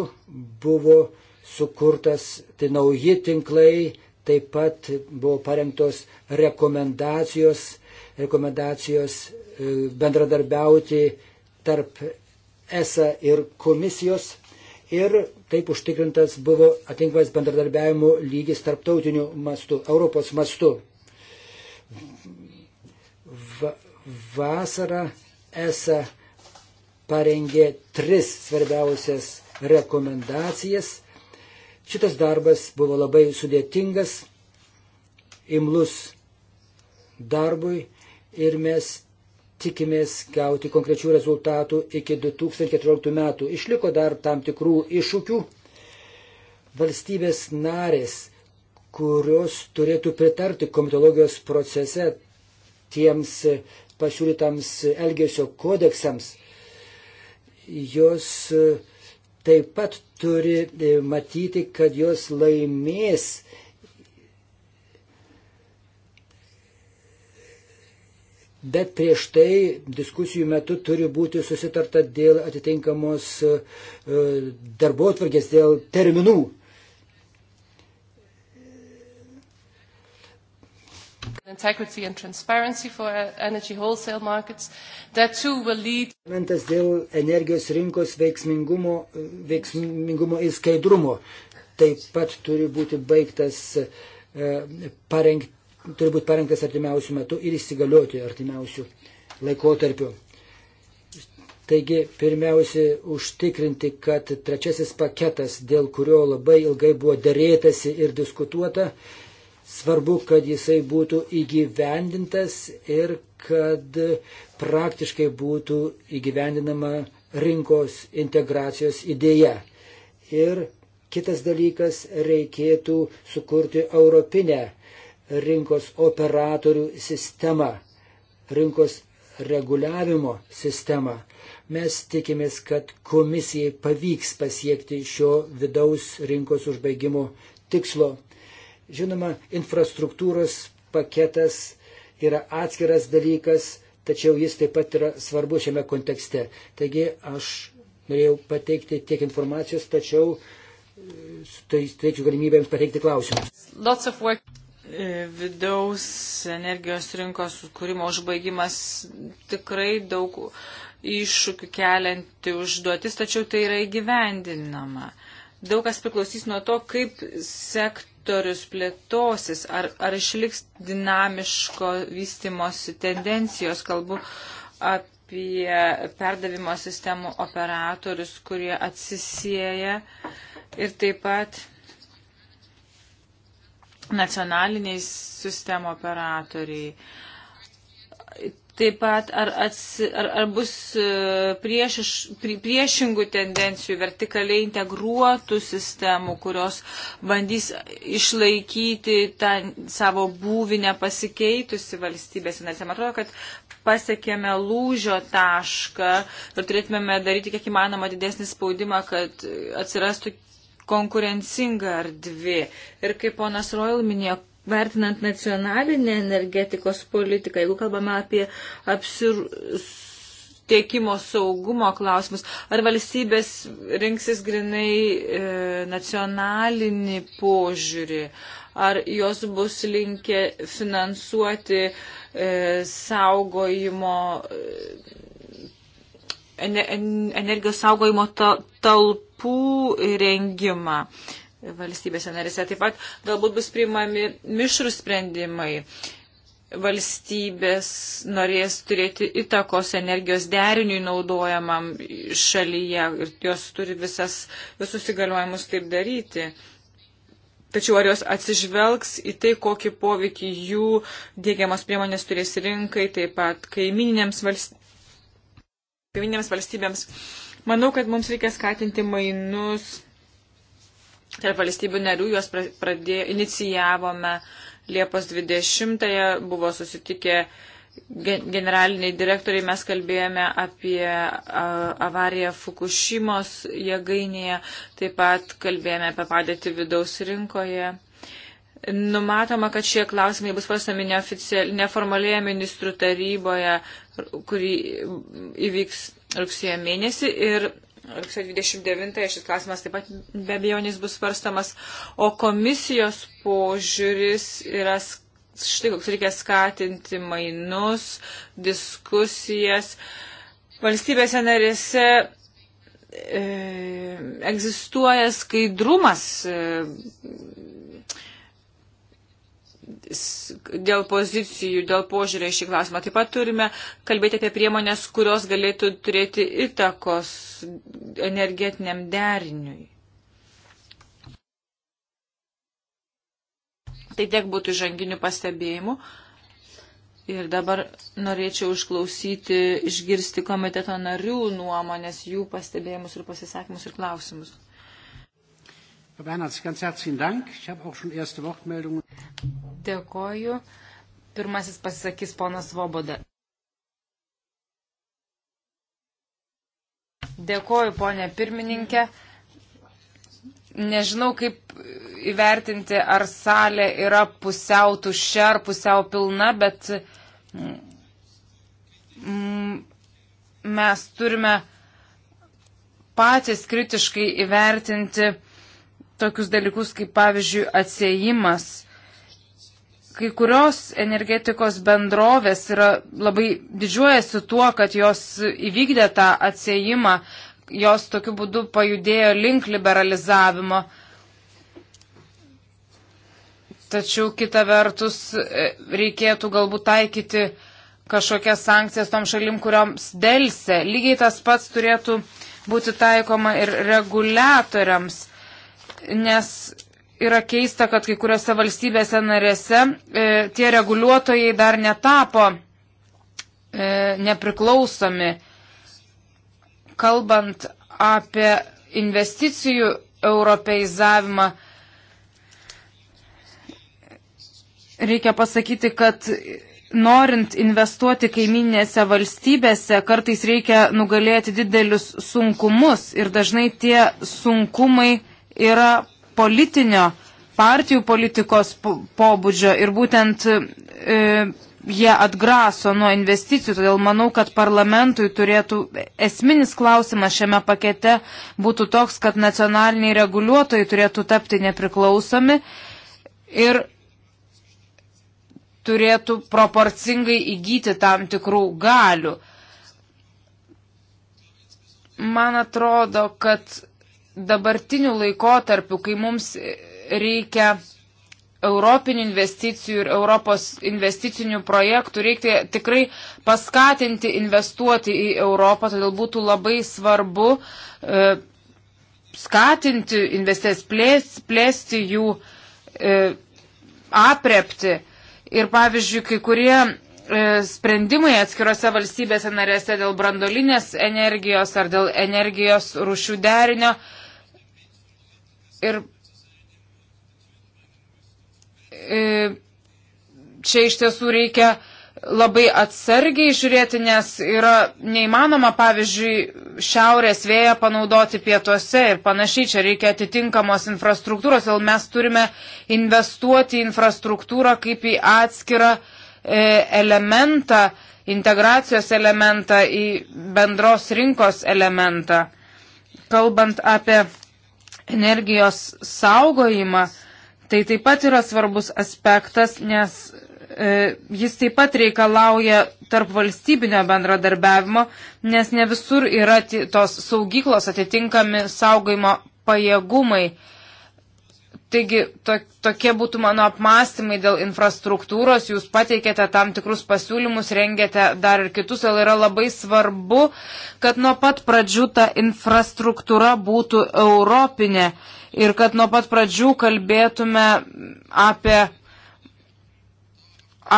Speaker 3: buvo sukurtas tai nauji tinklai, taip pat buvo parengtos rekomendacijos, rekomendacijos e, bendradarbiauti tarp ESA ir komisijos ir taip užtikrintas buvo atinkamas bendradarbiavimo lygis tarptautiniu mastu, Europos mastu va, vasarą ESA parengė tris svarbiausias rekomendacijas. Šitas darbas buvo labai sudėtingas, imlus darbui ir mes tikimės gauti konkrečių rezultatų iki 2014 metų. Išliko dar tam tikrų iššūkių. Valstybės narės, kurios turėtų pritarti komitologijos procese tiems pasiūlytams elgesio kodeksams, jos e, taip pat turi e, matyti, kad jos laimės Bet prieš tai diskusijų metu turi būti susitarta dėl atitinkamos e, darbo atvargės, dėl terminų.
Speaker 1: Integrity and transparency for uh, energy wholesale markets. That too will lead.
Speaker 3: Momentas dėl energijos rinkos veiksmingumo, veiksmingumo ir skaidrumo. Taip pat turi būti baigtas, e, parenk, turi būti parengtas artimiausių metų ir įsigalioti artimiausių laikotarpių. Taigi, pirmiausia, užtikrinti, kad trečiasis paketas, dėl kurio labai ilgai buvo dėrėtasi ir diskutuota, Svarbu, kad jisai būtų įgyvendintas ir kad praktiškai būtų įgyvendinama rinkos integracijos idėja. Ir kitas dalykas, reikėtų sukurti europinę rinkos operatorių sistemą, rinkos reguliavimo sistemą. Mes tikimės, kad komisijai pavyks pasiekti šio vidaus rinkos užbaigimo tikslo. Žinoma, infrastruktūros paketas yra atskiras dalykas, tačiau jis taip pat yra svarbu šiame kontekste. Taigi aš norėjau pateikti tiek informacijos, tačiau suteiksiu e, tai galimybėms pateikti klausimus.
Speaker 2: E, vidaus energijos rinkos sukūrimo užbaigimas tikrai daug iššūkių kelianti užduotis, tačiau tai yra įgyvendinama. Daug kas priklausys nuo to, kaip sekti sektorius plėtosis, ar, ar išliks dinamiško vystimosi tendencijos, kalbu apie perdavimo sistemų operatorius, kurie atsisieja ir taip pat nacionaliniai sistemų operatoriai Taip pat ar, atsi, ar, ar bus e, prieš, priešingų tendencijų vertikaliai integruotų sistemų, kurios bandys išlaikyti tą savo būvinę pasikeitusi valstybės. Nes man atrodo, kad pasiekėme lūžio tašką ir turėtumėme daryti kiek įmanoma didesnį spaudimą, kad atsirastų konkurencinga erdvė. Ir kaip ponas Royal minėjo, vertinant nacionalinę energetikos politiką, jeigu kalbame apie apsir tiekimo saugumo klausimus, ar valstybės rinksis grinai e, nacionalinį požiūrį, ar jos bus linkę finansuoti e, saugojimo. E, energijos saugojimo talpų rengimą. E, valstybėse narėse. Taip pat galbūt bus priimami mišrus sprendimai. Valstybės norės turėti įtakos energijos deriniui naudojamam šalyje ir jos turi visas, visus įgaliojimus taip daryti. Tačiau ar jos atsižvelgs į tai, kokį poveikį jų dėgiamas priemonės turės rinkai, taip pat kaimininėms, valst... kaimininėms valstybėms. Manau, kad mums reikia skatinti mainus tarp valstybių narių, juos pradėjo, inicijavome Liepos 20-ąją, buvo susitikę generaliniai direktoriai, mes kalbėjome apie avariją Fukushimos jėgainėje, taip pat kalbėjome apie padėtį vidaus rinkoje. Numatoma, kad šie klausimai bus svarstami neformalėje ministrų taryboje, kuri įvyks rugsėjo mėnesį ir rugsėjo 29-ąją šis klausimas taip pat be abejonės bus svarstamas, o komisijos požiūris yra štai koks reikia skatinti mainus, diskusijas. Valstybėse narėse e, egzistuoja skaidrumas e, dėl pozicijų, dėl požiūrė šį klausimą. Taip pat turime kalbėti apie priemonės, kurios galėtų turėti įtakos energetiniam deriniui. Tai tiek būtų žanginių pastebėjimų. Ir dabar norėčiau išklausyti, išgirsti komiteto narių nuomonės,
Speaker 1: jų pastebėjimus ir pasisakymus ir klausimus. Dėkoju. Pirmasis pasisakys ponas Svoboda. Dėkoju, ponė pirmininkė. Nežinau, kaip įvertinti, ar salė yra pusiau tuščia ar pusiau pilna, bet mm, mes turime patys kritiškai įvertinti tokius dalykus kaip pavyzdžiui atsiejimas. Kai kurios energetikos bendrovės yra labai didžiuojasi tuo, kad jos įvykdė tą atsiejimą, jos tokiu būdu pajudėjo link liberalizavimo. Tačiau kita vertus e, reikėtų galbūt taikyti kažkokias sankcijas tom šalim, kurioms dėlse. Lygiai tas pats turėtų būti taikoma ir reguliatoriams nes yra keista, kad kai kuriuose valstybėse narėse e, tie reguliuotojai dar netapo e, nepriklausomi. Kalbant apie investicijų europeizavimą, reikia pasakyti, kad norint investuoti kaiminėse valstybėse, kartais reikia nugalėti didelius sunkumus ir dažnai tie sunkumai yra politinio, partijų politikos pobūdžio ir būtent e, jie atgraso nuo investicijų, todėl manau, kad parlamentui turėtų esminis klausimas šiame pakete būtų toks, kad nacionaliniai reguliuotojai turėtų tapti nepriklausomi ir turėtų proporcingai įgyti tam tikrų galių. Man atrodo, kad dabartiniu laikotarpiu, kai mums reikia europinių investicijų ir Europos investicinių projektų, reikia tikrai paskatinti investuoti į Europą, todėl būtų labai svarbu e, skatinti investicijas, plės, plėsti jų e, aprepti. Ir pavyzdžiui, kai kurie e, sprendimai atskirose valstybėse narėse dėl brandolinės energijos ar dėl energijos rušių derinio Ir e, čia iš tiesų reikia labai atsargiai žiūrėti, nes yra neįmanoma, pavyzdžiui, šiaurės vėją panaudoti pietuose ir panašiai, čia reikia atitinkamos infrastruktūros, todėl mes turime investuoti į infrastruktūrą kaip į atskirą e, elementą, integracijos elementą, į bendros rinkos elementą. Kalbant apie energijos saugojimą, tai taip pat yra svarbus aspektas, nes e, jis taip pat reikalauja tarp valstybinio bendradarbiavimo, nes ne visur yra tos saugyklos atitinkami saugojimo pajėgumai. E, Taigi to, tokie būtų mano apmąstymai dėl infrastruktūros, jūs pateikėte tam tikrus pasiūlymus, rengėte dar ir kitus, o yra labai svarbu, kad nuo pat pradžių ta infrastruktūra būtų europinė ir kad nuo pat pradžių kalbėtume apie,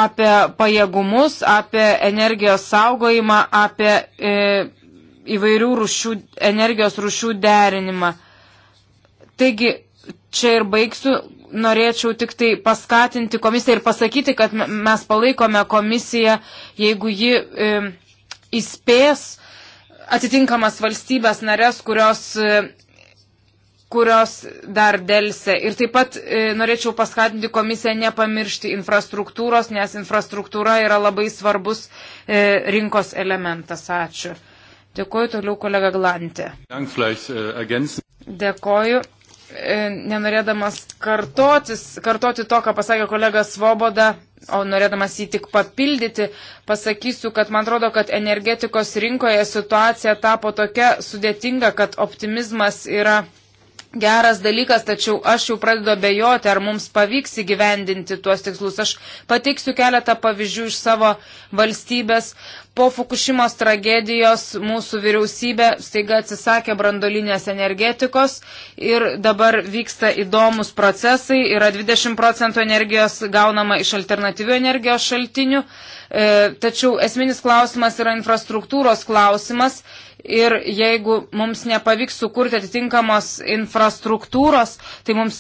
Speaker 1: apie pajėgumus, apie energijos saugojimą, apie e, įvairių rušių, energijos rušių derinimą. Taigi, čia ir baigsiu. Norėčiau tik tai paskatinti komisiją ir pasakyti, kad mes palaikome komisiją, jeigu ji e, įspės atitinkamas valstybės narės, kurios, e, kurios dar dėlse. Ir taip pat e, norėčiau paskatinti komisiją nepamiršti infrastruktūros, nes infrastruktūra yra labai svarbus e, rinkos elementas. Ačiū. Dėkuoju toliau kolega Glantė.
Speaker 3: Äh,
Speaker 1: Dėkuoju. E, nenorėdamas kartotis, kartoti to, ką pasakė kolega Svoboda, o norėdamas jį tik papildyti, pasakysiu, kad man atrodo, kad energetikos rinkoje situacija tapo tokia sudėtinga, kad optimizmas yra geras dalykas, tačiau aš jau pradedu abejoti, ar mums pavyks įgyvendinti tuos tikslus. Aš pateiksiu keletą pavyzdžių iš savo valstybės. Po Fukushimos tragedijos mūsų vyriausybė staiga atsisakė brandolinės energetikos ir dabar vyksta įdomus procesai. Yra 20 procentų energijos gaunama iš alternatyvių energijos šaltinių. E, tačiau esminis klausimas yra infrastruktūros klausimas. E, ir jeigu mums nepavyks sukurti atitinkamos infrastruktūros, tai mums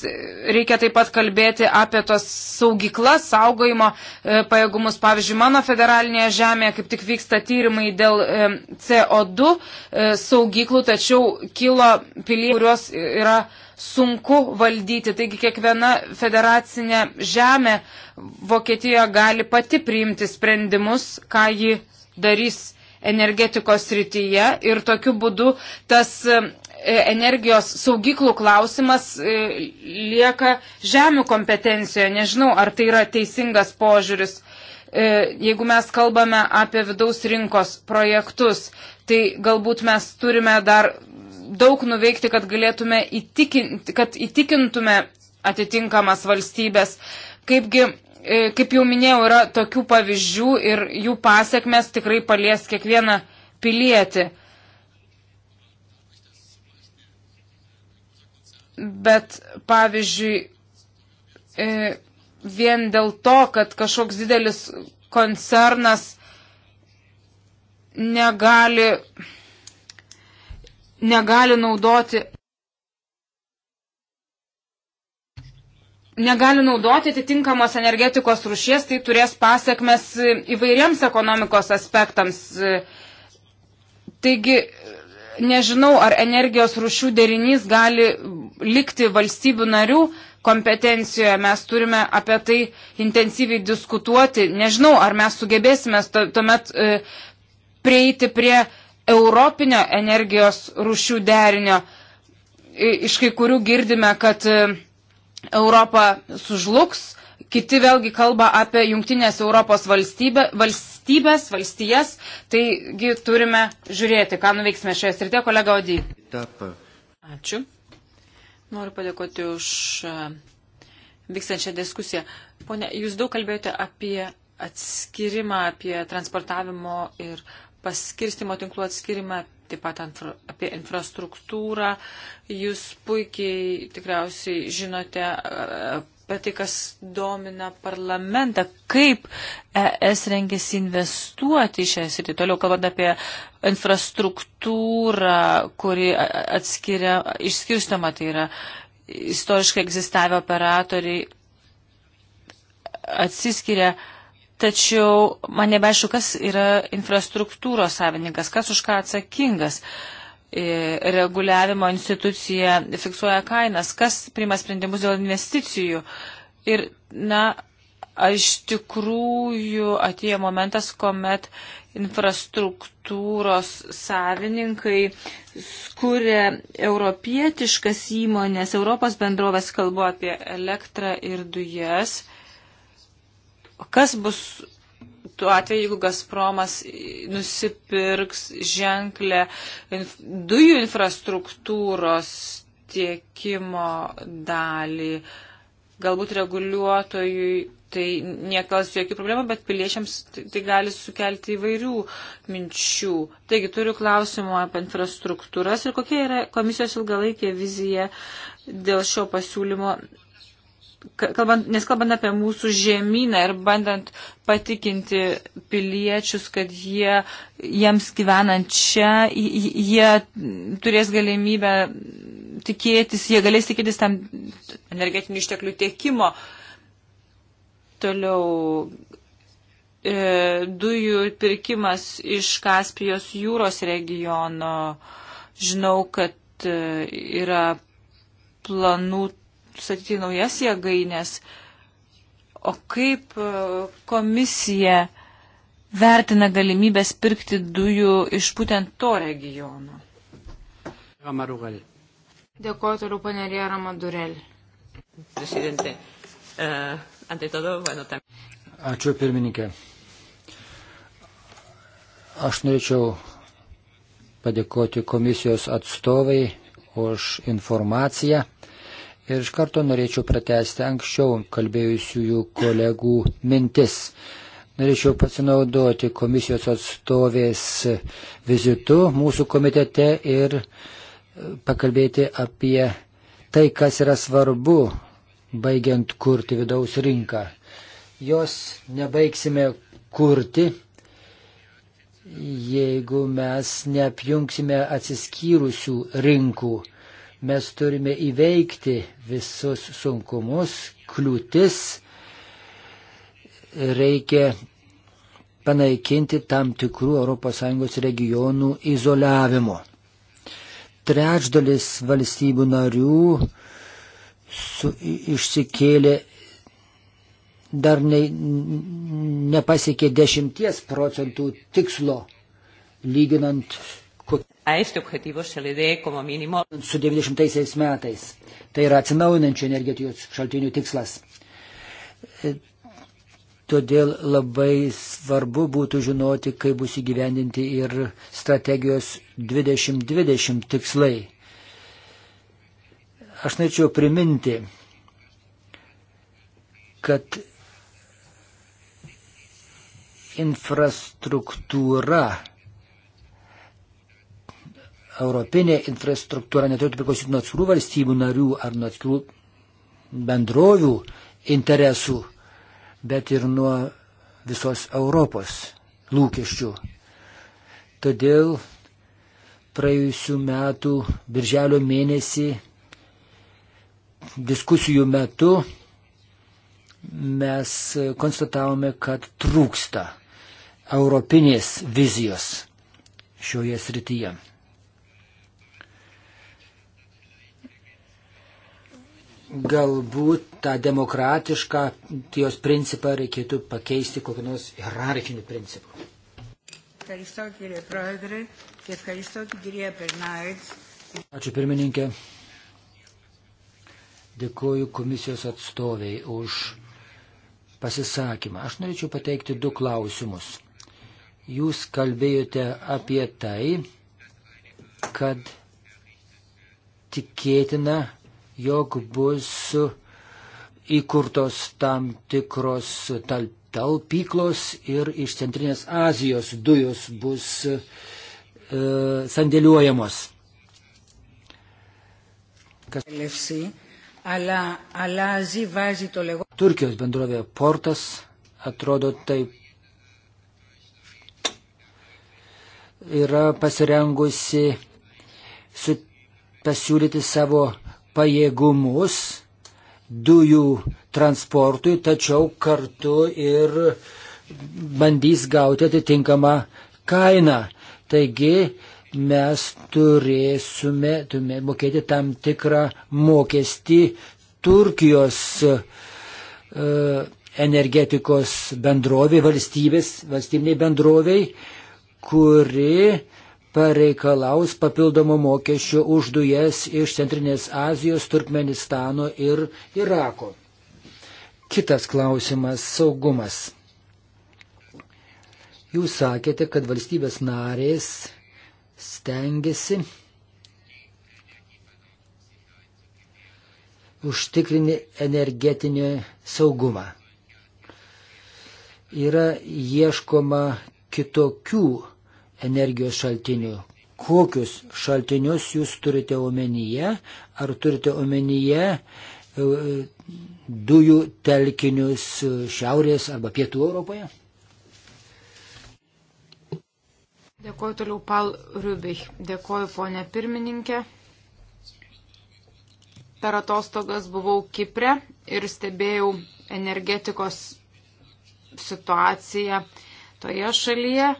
Speaker 1: reikia taip pat kalbėti apie tos saugyklas, saugojimo e, pajėgumus. Pavyzdžiui, mano federalinėje žemėje kaip tik vyksta tyrimai dėl e, CO2 e, saugyklų, tačiau kilo pilie, kurios yra sunku valdyti. Taigi kiekviena federacinė žemė Vokietijoje gali pati priimti sprendimus, ką ji darys energetikos rytyje ir tokiu būdu tas e, energijos saugiklų klausimas e, lieka žemių kompetencijoje. Nežinau, ar tai yra teisingas požiūris. E, jeigu mes kalbame apie vidaus rinkos projektus, tai galbūt mes turime dar daug nuveikti, kad galėtume įtikinti, kad įtikintume atitinkamas valstybės. Kaipgi E, kaip jau minėjau, yra tokių pavyzdžių ir jų pasiekmes tikrai palies kiekvieną pilietį. Bet, pavyzdžiui, e, vien dėl to, kad kažkoks didelis koncernas negali, negali naudoti negali naudoti atitinkamos energetikos rušies, tai turės pasiekmes įvairiems ekonomikos aspektams. Taigi, nežinau, ar energijos rušių derinys gali likti valstybių narių kompetencijoje. Mes turime apie tai intensyviai diskutuoti. Nežinau, ar mes sugebėsime tuomet e, prieiti prie europinio energijos rušių derinio. Iš kai kurių girdime, kad e, Europa sužlugs, kiti vėlgi kalba apie jungtinės Europos valstybė, valstybės, valstijas, taigi turime žiūrėti, ką nuveiksime šioje srityje, kolega Odį. Ačiū. Noriu padėkoti už e,
Speaker 2: vykstančią diskusiją. Pone, jūs daug kalbėjote apie atskirimą, apie transportavimo ir paskirstimo tinklų atskirimą, taip pat antro, apie infrastruktūrą. Jūs puikiai tikriausiai žinote apie tai, kas domina parlamentą, kaip ES rengėsi investuoti į šią sritį. Toliau kalbant apie infrastruktūrą, kuri atskiria, išskirstama, tai yra istoriškai egzistavę operatoriai atsiskiria tačiau man nebeaišku, kas yra infrastruktūros savininkas, kas už ką atsakingas. E, reguliavimo institucija fiksuoja kainas, kas priima sprendimus dėl investicijų. Ir, na, iš tikrųjų atėjo momentas, kuomet infrastruktūros savininkai skuria europietiškas įmonės, Europos bendrovės kalbu apie elektrą ir dujas. Yes Kas bus tuo atveju, jeigu Gazpromas nusipirks ženklę dujų infrastruktūros tiekimo dalį, galbūt reguliuotojui tai niekels jokių problemų, bet piliečiams tai, tai gali sukelti įvairių minčių. Taigi turiu klausimų apie infrastruktūras ir kokia yra komisijos ilgalaikė vizija dėl šio pasiūlymo kalbant, nes kalbant apie mūsų žemyną ir bandant patikinti piliečius, kad jie, jiems gyvenant čia, jie turės galimybę tikėtis, jie galės tikėtis tam energetinių išteklių tiekimo. Toliau e, dujų pirkimas iš Kaspijos jūros regiono. Žinau, kad e, yra planų statyti naujas jėgainės. O kaip e, komisija vertina galimybės pirkti dujų iš būtent to regiono? Ramarugal.
Speaker 1: Dėkuoju toliau, panerė Ramadurel. Prezidentė,
Speaker 2: uh, eh, antai todo, bueno, tam.
Speaker 3: Ačiū pirmininkė. Aš norėčiau padėkoti komisijos atstovai už informaciją. Ir iš karto norėčiau pratesti anksčiau kalbėjusiųjų kolegų mintis. Norėčiau pasinaudoti komisijos atstovės vizitu mūsų komitete ir e, pakalbėti apie tai, kas yra svarbu, baigiant kurti vidaus rinką. Jos nebaigsime kurti, jeigu mes neapjungsime atsiskyrusių rinkų Mes turime įveikti visus sunkumus, kliūtis, reikia panaikinti tam tikrų ES regionų izoliavimo. Trečdalis valstybių narių su, išsikėlė dar ne, nepasiekė 10 procentų tikslo, lyginant su 90 metais. Tai yra atsinaujinančių energetijos šaltinių tikslas. E, todėl labai svarbu būtų žinoti, kaip bus įgyvendinti ir strategijos 2020 tikslai. Aš norėčiau priminti, kad infrastruktūra europinė infrastruktūra neturėtų priklausyti nuo atskirų valstybių narių ar nuo atskirų bendrovių interesų, bet ir nuo visos Europos lūkesčių. Todėl praėjusiu metu birželio mėnesį diskusijų metu mes konstatavome, kad trūksta europinės vizijos šioje srityje. galbūt tą demokratišką jos principą reikėtų pakeisti kokiu nors hierarchiniu principu. Ačiū pirmininkė. Dėkuoju komisijos atstoviai už pasisakymą. Aš norėčiau pateikti du klausimus. Jūs kalbėjote apie tai, kad tikėtina jog bus įkurtos tam tikros talpyklos ir iš Centrinės Azijos dujos bus e, sandėliuojamos. Kas...
Speaker 2: Αλλά αλλάζει, βάζει το λεγόμενο.
Speaker 3: Τούρκιος μπεντρόβε πόρτας, atrodo taip yra pasirengusi su, pasiūlyti savo pajėgumus dujų transportui, tačiau kartu ir bandys gauti atitinkamą kainą. Taigi mes turėsime, turėsime mokėti tam tikrą mokestį Turkijos uh, energetikos bendroviai, valstybės, valstybiniai bendroviai, kuri uh, pareikalaus papildomų mokesčių už dujas iš Centrinės Azijos, Turkmenistano ir Irako. Kitas klausimas - saugumas. Jūs sakėte, kad valstybės narės stengiasi užtikrinti energetinį saugumą. Yra ieškoma kitokių energijos šaltinių. Kokius šaltinius jūs turite omenyje? Ar turite omenyje e, dujų telkinius šiaurės arba pietų Europoje?
Speaker 1: Dėkuoju toliau Pal Rubich. Dėkuoju ponė pirmininkė. Per atostogas buvau Kipre ir stebėjau energetikos situaciją toje šalyje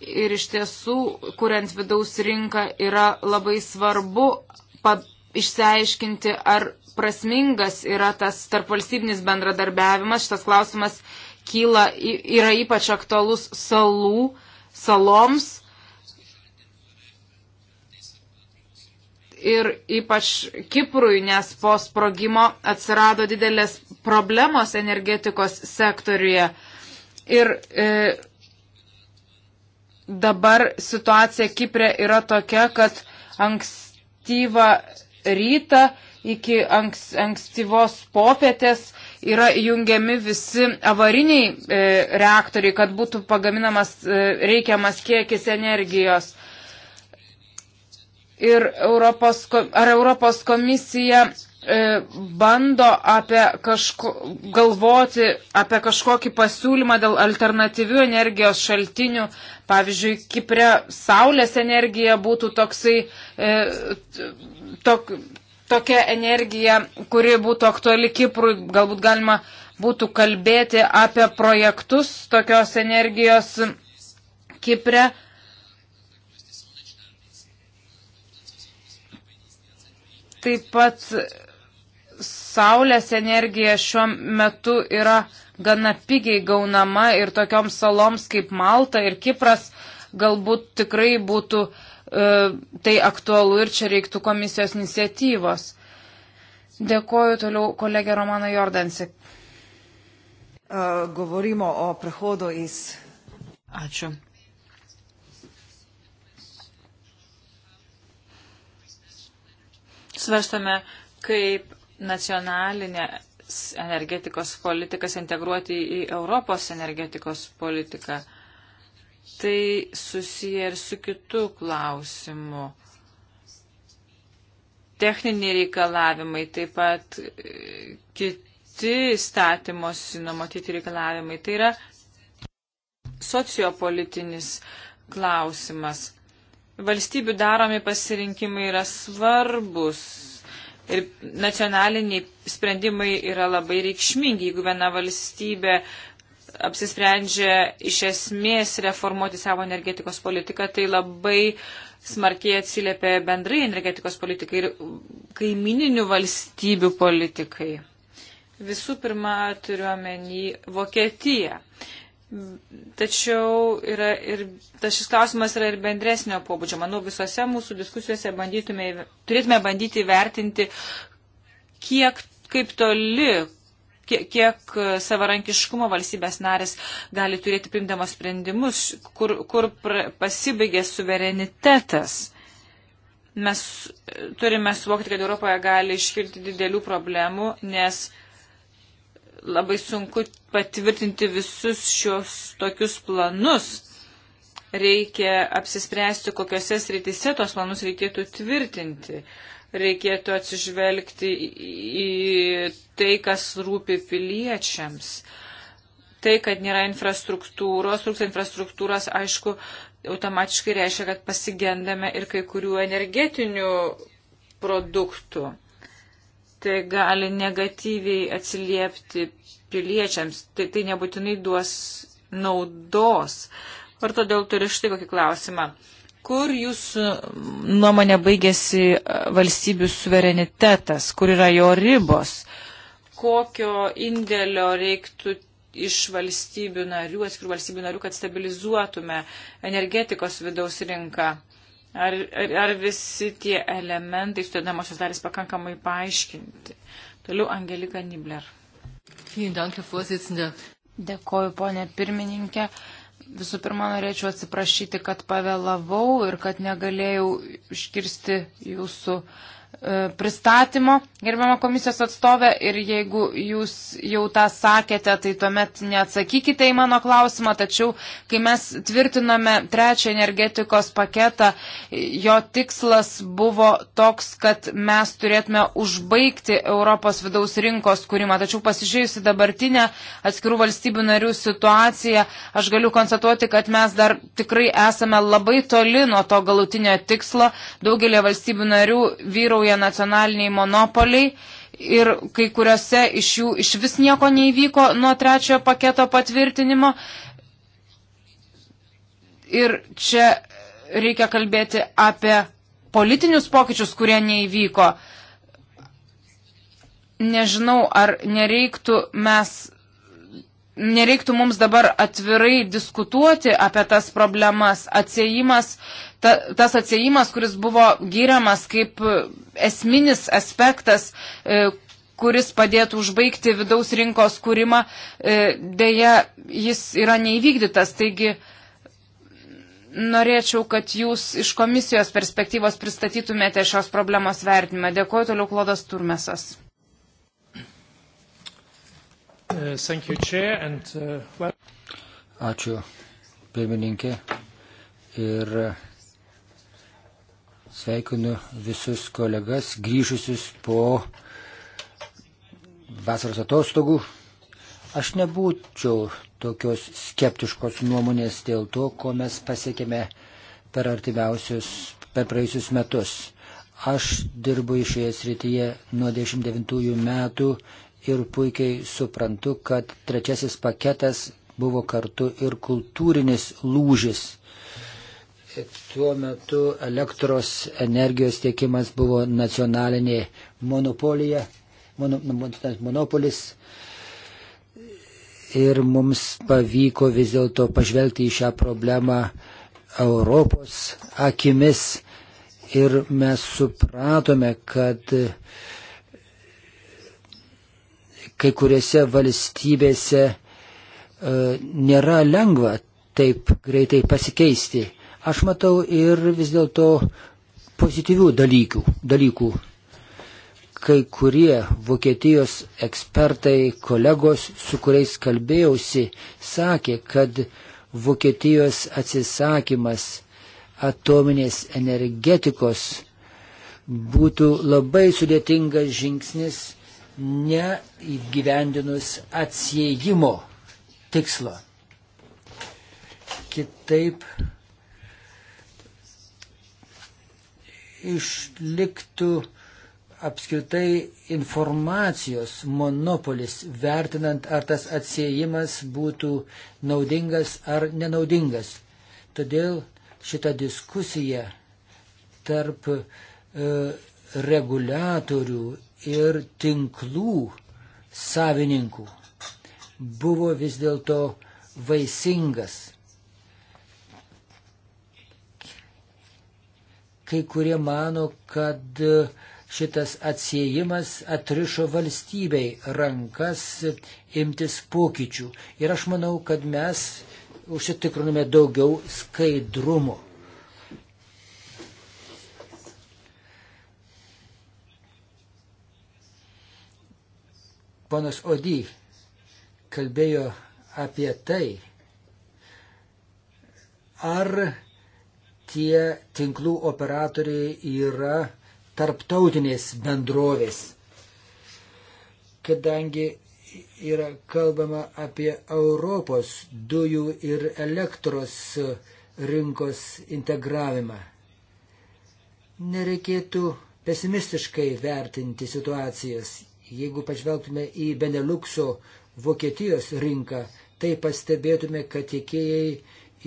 Speaker 1: ir iš tiesų, kuriant vidaus rinką, yra labai svarbu išsiaiškinti, ar prasmingas yra tas tarpvalstybinis bendradarbiavimas. Šitas klausimas kyla, yra ypač aktualus salų, saloms. ir ypač Kiprui, nes po sprogimo atsirado didelės problemos energetikos sektoriuje. Ir e, dabar situacija Kiprė yra tokia, kad ankstyvą rytą iki anks, ankstyvos popietės yra jungiami visi avariniai e, reaktoriai, kad būtų pagaminamas e, reikiamas kiekis energijos. Ir Europos, ar Europos komisija E, bando apie kažko, galvoti apie kažkokį pasiūlymą dėl alternatyvių energijos šaltinių. Pavyzdžiui, Kiprė saulės energija būtų toksai, e, tok, tokia energija, kuri būtų aktuali Kiprui. Galbūt galima būtų kalbėti apie projektus tokios energijos Kiprė. Taip pat saulės energija šiuo metu yra gana pigiai gaunama ir tokioms saloms kaip Malta ir Kipras galbūt tikrai būtų e, tai aktualu ir čia reiktų komisijos iniciatyvos. Dėkoju toliau kolegė Romana Jordansik. Uh, govorimo o prehodu iz. Ačiū.
Speaker 2: Svarstame, kaip nacionalinę energetikos politikas integruoti į Europos energetikos politiką. Tai susiję ir su kitu klausimu. Techniniai reikalavimai, taip pat e, kiti įstatymos numatyti reikalavimai. Tai yra sociopolitinis klausimas. Valstybių daromi pasirinkimai yra svarbus Ir nacionaliniai sprendimai yra labai reikšmingi, jeigu viena valstybė apsisprendžia iš esmės reformuoti savo energetikos politiką, tai labai smarkiai atsiliepia bendrai energetikos politikai ir kaimininių valstybių politikai. Visų pirma, turiu omeny Vokietiją. Uh, Tačiau yra ir, tas šis klausimas yra ir bendresnio pobūdžio. Manau, visose mūsų diskusijose turėtume bandyti vertinti, kiek, kaip toli, kiek, kiek savarankiškumo valstybės narės gali turėti primdamas sprendimus, kur, kur pasibaigė suverenitetas. Mes turime suvokti, kad Europoje gali iškilti didelių problemų, nes labai sunku patvirtinti visus šios tokius planus. Reikia apsispręsti, kokiuose srityse tos planus reikėtų tvirtinti. Reikėtų atsižvelgti į tai, kas rūpi piliečiams. Tai, kad nėra infrastruktūros, trūksta infrastruktūros, aišku, automatiškai reiškia, kad pasigendame ir kai kurių energetinių produktų tai gali negatyviai atsiliepti piliečiams. Tai, tai nebūtinai duos naudos. Ar todėl turiu štai kokį klausimą. Kur jūsų nuomonė baigėsi e, valstybių suverenitetas, kur yra jo ribos, kokio indėlio reiktų iš valstybių narių, atskirų valstybių narių, kad stabilizuotume energetikos vidaus rinką? Ar, ar, ar visi tie elementai sudėdamosios dalis pakankamai paaiškinti? Toliau Angelika Nibler.
Speaker 1: Dėkoju, ponė pirmininkė. Visų pirma, norėčiau atsiprašyti, kad pavėlavau ir kad negalėjau iškirsti jūsų e, pristatymo, gerbiamo komisijos atstovė, ir jeigu jūs jau tą sakėte, tai tuomet neatsakykite į mano klausimą, tačiau kai mes tvirtinome trečią energetikos paketą, jo tikslas buvo toks, kad mes turėtume užbaigti Europos vidaus rinkos kūrimą. Tačiau pasižiūrėjusi dabartinę atskirų valstybių narių situaciją, aš galiu konstatuoti, kad mes dar tikrai esame labai toli nuo to galutinio tikslo Daugelio valstybių narių vyrauja nacionaliniai monopoliai ir kai kuriuose iš jų iš vis nieko neįvyko nuo trečiojo paketo patvirtinimo. Ir čia reikia kalbėti apie politinius pokyčius, kurie neįvyko. Nežinau, ar nereiktų mes nereiktų mums dabar atvirai diskutuoti apie tas problemas. Atsiejimas, ta, tas atsiejimas, kuris buvo gyriamas kaip esminis aspektas, e, kuris padėtų užbaigti vidaus rinkos kūrimą, e, dėja jis yra neįvykdytas. Taigi norėčiau, kad jūs iš komisijos perspektyvos pristatytumėte šios problemos vertinimą. Dėkuoju toliau Klodas Turmesas. Uh, you, Chair, and, uh, well...
Speaker 3: Ačiū, pirmininkė. Ir uh, sveikinu visus kolegas grįžusius po vasaros atostogų. Aš nebūčiau tokios skeptiškos nuomonės dėl to, ko mes pasiekėme per artimiausius, per praėjusius metus. Aš dirbu šioje srityje nuo 1999 metų ir puikiai suprantu, kad trečiasis paketas buvo kartu ir kultūrinis lūžis. Tuo metu elektros energijos tiekimas buvo nacionalinė monopolija, mono, monopolis. Ir mums pavyko vis dėlto pažvelgti į šią problemą Europos akimis. Ir mes supratome, kad uh, kai kuriuose valstybėse e, nėra lengva taip greitai pasikeisti. Aš matau ir vis dėlto pozityvių dalykų, dalykų. Kai kurie Vokietijos ekspertai, kolegos, su kuriais kalbėjausi, sakė, kad Vokietijos atsisakymas atominės energetikos būtų labai sudėtingas žingsnis neįgyvendinus atsiejimo tikslo. Kitaip išliktų apskritai informacijos monopolis, vertinant, ar tas atsiejimas būtų naudingas ar nenaudingas. Todėl šita diskusija tarp e, reguliatorių ir tinklų savininkų buvo vis dėlto vaisingas. Kai kurie mano, kad šitas atsiejimas atrišo valstybei rankas imtis pokyčių. Ir aš manau, kad mes užsitikrinome daugiau skaidrumo. Ponas Odi kalbėjo apie tai, ar tie tinklų operatoriai yra tarptautinės bendrovės, kadangi yra kalbama apie Europos dujų ir elektros rinkos integravimą. Nereikėtų pesimistiškai vertinti situacijas. Jeigu pažvelgtume į Beneliukso Vokietijos rinką, tai pastebėtume, kad tiekėjai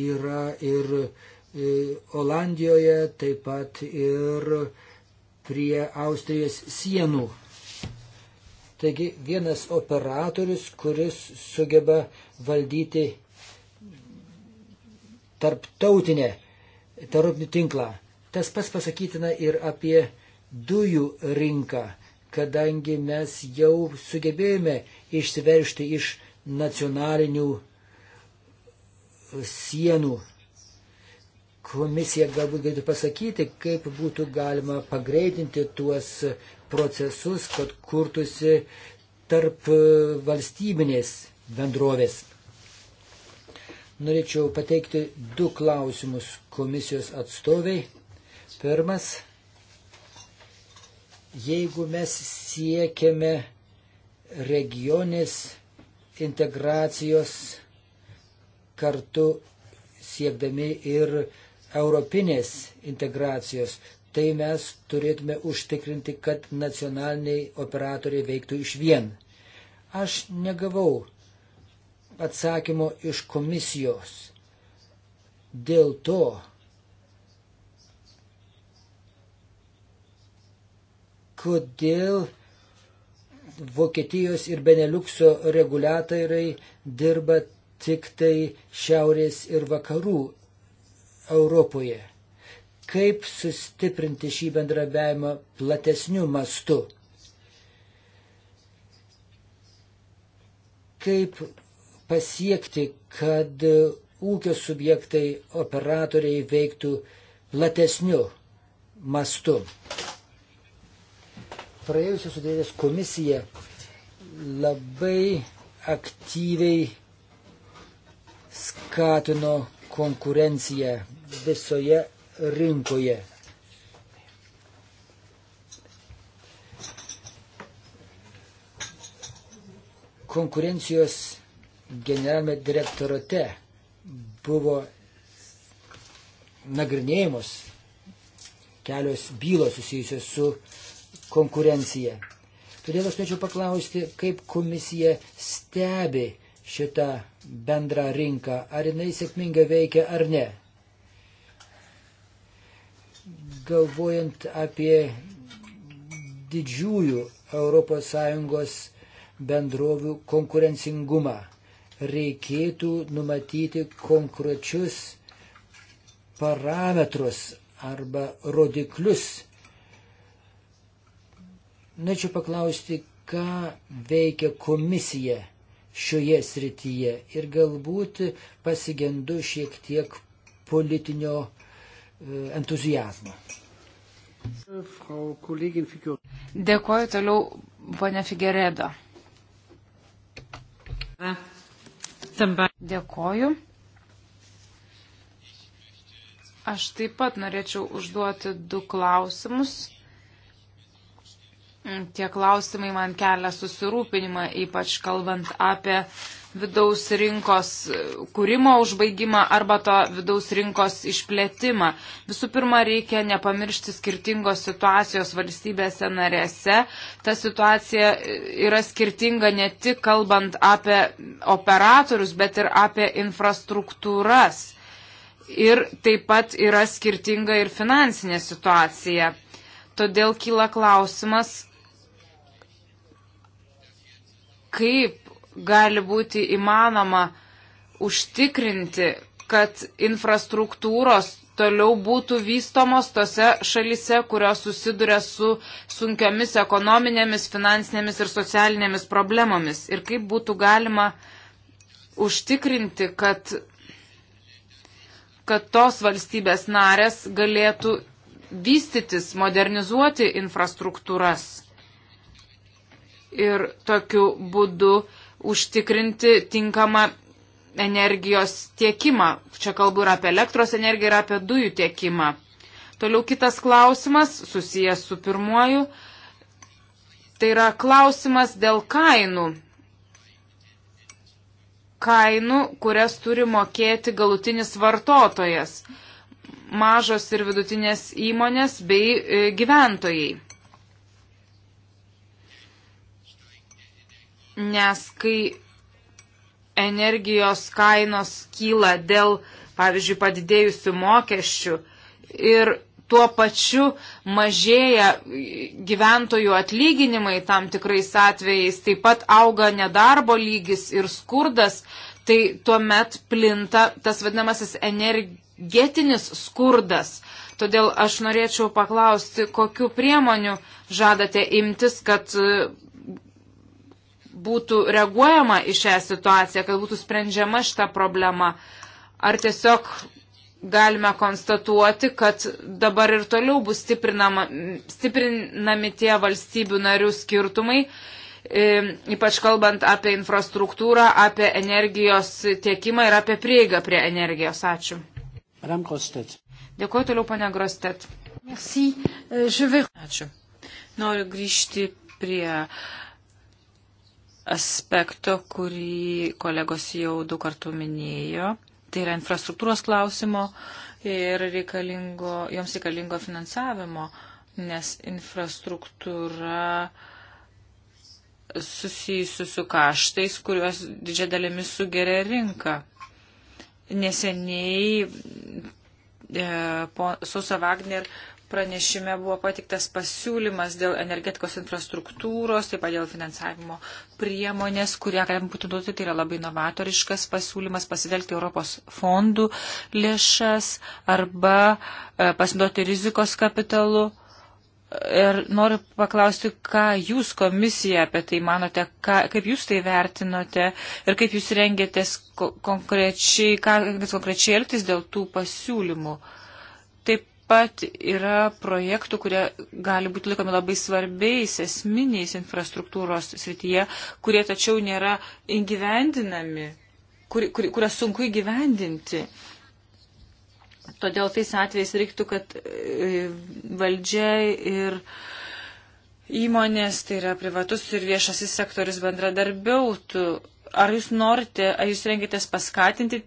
Speaker 3: yra ir e, Olandijoje, taip pat ir prie Austrijos sienų. Taigi vienas operatorius, kuris sugeba valdyti tarptautinę tarptautinį tinklą. Tas pats pasakytina ir apie dujų rinką kadangi mes jau sugebėjome išsiveršti iš nacionalinių sienų. Komisija galbūt galėtų pasakyti, kaip būtų galima pagreitinti tuos procesus, kad kurtųsi tarp valstybinės bendrovės. Norėčiau pateikti du klausimus komisijos atstoviai. Pirmas Jeigu mes siekiame regionės integracijos kartu siekdami ir europinės integracijos, tai mes turėtume užtikrinti, kad nacionaliniai operatoriai veiktų iš vien. Aš negavau atsakymo iš komisijos. Dėl to, kodėl Vokietijos ir Beneliukso reguliatoriai dirba tik tai šiaurės ir vakarų Europoje. Kaip sustiprinti šį bendrabiavimą platesniu mastu? Kaip pasiekti, kad ūkio subjektai, operatoriai veiktų platesniu mastu? praėjusios sudėties komisija labai aktyviai skatino konkurenciją visoje rinkoje. Konkurencijos generalinė direktorate buvo nagrinėjimos kelios bylos susijusios su konkurenciją. Todėl aš norėčiau paklausti, kaip komisija stebi šitą bendrą rinką, ar jinai sėkmingai veikia ar ne. Galvojant apie didžiųjų ES bendrovių konkurencingumą, reikėtų numatyti konkrečius parametrus arba rodiklius Norėčiau paklausti, ką veikia komisija šioje srityje ir galbūt pasigendu šiek tiek politinio e, entuzijazmo.
Speaker 1: Dėkuoju toliau, ponia Figeredo. Dėkuoju. Aš taip pat norėčiau užduoti du klausimus. Tie klausimai man kelia susirūpinimą, ypač kalbant apie vidaus rinkos kūrimo užbaigimą arba to vidaus rinkos išplėtimą. Visų pirma, reikia nepamiršti skirtingos situacijos valstybėse narėse. Ta situacija yra skirtinga ne tik kalbant apie operatorius, bet ir apie infrastruktūras. Ir taip pat yra skirtinga ir finansinė situacija. Todėl kyla klausimas, kaip gali būti įmanoma užtikrinti, kad infrastruktūros toliau būtų vystomos tose šalise, kurios susiduria su sunkiamis ekonominėmis, finansinėmis ir socialinėmis problemomis. Ir kaip būtų galima užtikrinti, kad, kad tos valstybės narės galėtų vystytis, modernizuoti infrastruktūras ir tokiu būdu užtikrinti tinkamą energijos tiekimą. Čia kalbu ir apie elektros energiją, ir apie dujų tiekimą. Toliau kitas klausimas, susijęs su pirmuoju, tai yra klausimas dėl kainų. Kainų, kurias turi mokėti galutinis vartotojas, mažos ir vidutinės įmonės bei e, gyventojai. nes kai energijos kainos kyla dėl, pavyzdžiui, padidėjusių mokesčių ir tuo pačiu mažėja gyventojų atlyginimai tam tikrais atvejais, taip pat auga nedarbo lygis ir skurdas, tai tuomet plinta tas vadinamasis energetinis skurdas. Todėl aš norėčiau paklausti, kokiu priemoniu žadate imtis, kad būtų reaguojama į šią situaciją, kad būtų sprendžiama šita problema. Ar tiesiog galime konstatuoti, kad dabar ir toliau bus stiprinami tie valstybių narių skirtumai, e, ypač kalbant apie infrastruktūrą, apie energijos tiekimą ir apie prieigą prie energijos. Ačiū. Dėkuoju toliau, pane Grostet. Euh, Ačiū.
Speaker 2: Noriu grįžti prie uh, aspekto, kurį kolegos jau du kartų minėjo. Tai yra infrastruktūros klausimo ir reikalingo, joms reikalingo finansavimo, nes infrastruktūra susijusiu su kaštais, kuriuos didžia dalimi sugeria rinka. Neseniai e, po, Susa Wagner e, pranešime buvo patiktas pasiūlymas dėl energetikos infrastruktūros, taip pat dėl finansavimo priemonės, kurie galim būtų duoti. Tai yra labai novatoriškas pasiūlymas pasidelgti Europos fondų lėšas arba e, pasiduoti rizikos kapitalu. Ir noriu paklausti, ką jūs komisija apie tai manote, ką, kaip jūs tai vertinote ir kaip jūs rengėtės konkrečiai, ką konkrečiai elgtis dėl tų pasiūlymų. Uh, pat yra projektų, kurie gali būti laikomi labai svarbiais, esminiais infrastruktūros srityje, kurie tačiau nėra įgyvendinami, kur, kur, kurią sunku įgyvendinti. Todėl tais atvejais reiktų, kad e, valdžia ir įmonės, tai yra privatus ir viešasis sektorius bendradarbiautų. Ar jūs norite, ar jūs rengitės paskatinti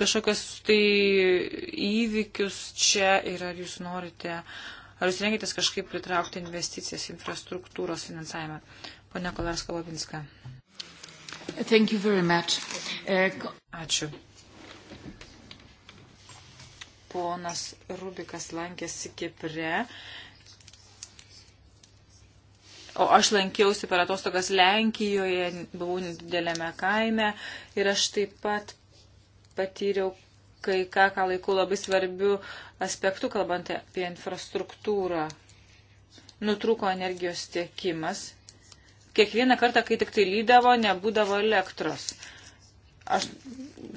Speaker 2: kažkokius tai įvykius čia ir ar jūs norite, ar jūs rengitės kažkaip pritraukti investicijas infrastruktūros finansavimą? Pone Kolarska Labinska.
Speaker 1: E, Ačiū.
Speaker 2: Ponas Rubikas lankėsi Kipre. O aš lankiausi per atostogas Lenkijoje, buvau didelėme kaime ir aš taip pat patyriau kai ką, ką laikau labai svarbių aspektų, kalbant apie infrastruktūrą. Nutrūko energijos tiekimas. Kiekvieną kartą, kai tik tai lydavo, nebūdavo elektros. Aš,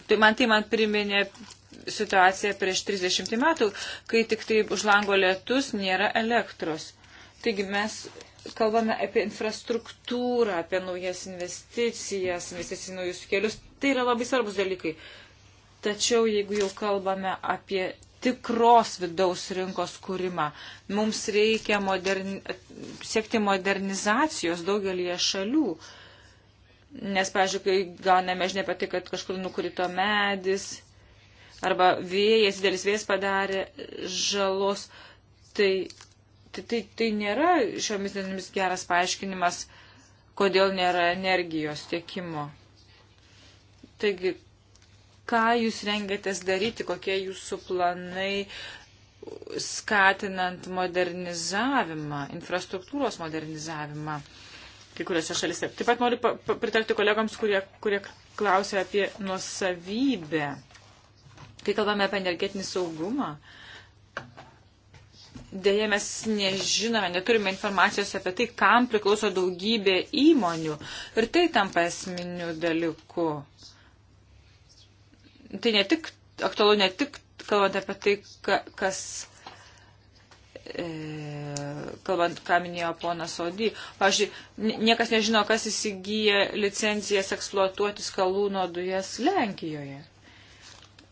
Speaker 2: tai man tai man priminė situaciją prieš 30 metų, kai tik tai už lango lietus nėra elektros. Taigi mes kalbame apie infrastruktūrą, apie naujas investicijas, investicinius kelius. Tai yra labai svarbus dalykai. Uh, Tačiau jeigu jau kalbame apie tikros vidaus rinkos kūrimą, mums reikia moderni, siekti modernizacijos daugelie šalių. Nes, pažiūrėjau, kai gauname žinia pati, kad kažkur nukrito medis arba vėjas, didelis vėjas padarė žalos, tai, tai, tai, tai nėra šiomis dienomis geras paaiškinimas, kodėl nėra energijos tiekimo. Taigi, Ką jūs rengiatės daryti, kokie jūsų planai skatinant modernizavimą, infrastruktūros modernizavimą kai kuriuose šalise. Taip pat noriu pritarti kolegams, kurie, kurie klausė apie nuosavybę. Kai kalbame apie energetinį saugumą, dėja mes nežinome, neturime informacijos apie tai, kam priklauso daugybė įmonių. Ir tai tampa esminiu dalyku tai ne tik aktualu, ne tik kalbant apie tai, ka, kas, e, kalbant, ką minėjo ponas Saudy. Pavyzdžiui, niekas nežino, kas įsigyja licencijas eksploatuoti skalūno dujas Lenkijoje.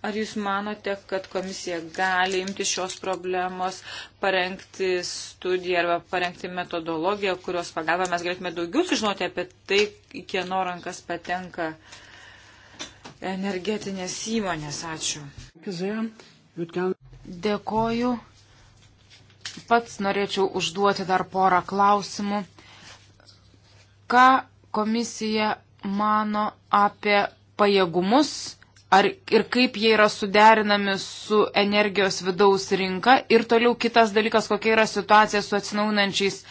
Speaker 2: Ar jūs manote, kad komisija gali imti šios problemos, parengti studiją arba parengti metodologiją, kurios pagalba mes galėtume daugiau sužinoti apie tai, kieno rankas patenka
Speaker 1: uh, energetinės įmonės. Ačiū. Dėkoju. Pats norėčiau užduoti dar porą klausimų. Ką komisija mano apie pajėgumus ar, ir kaip jie yra suderinami su energijos vidaus rinka? Ir toliau kitas dalykas, kokia yra situacija su atsinaunančiais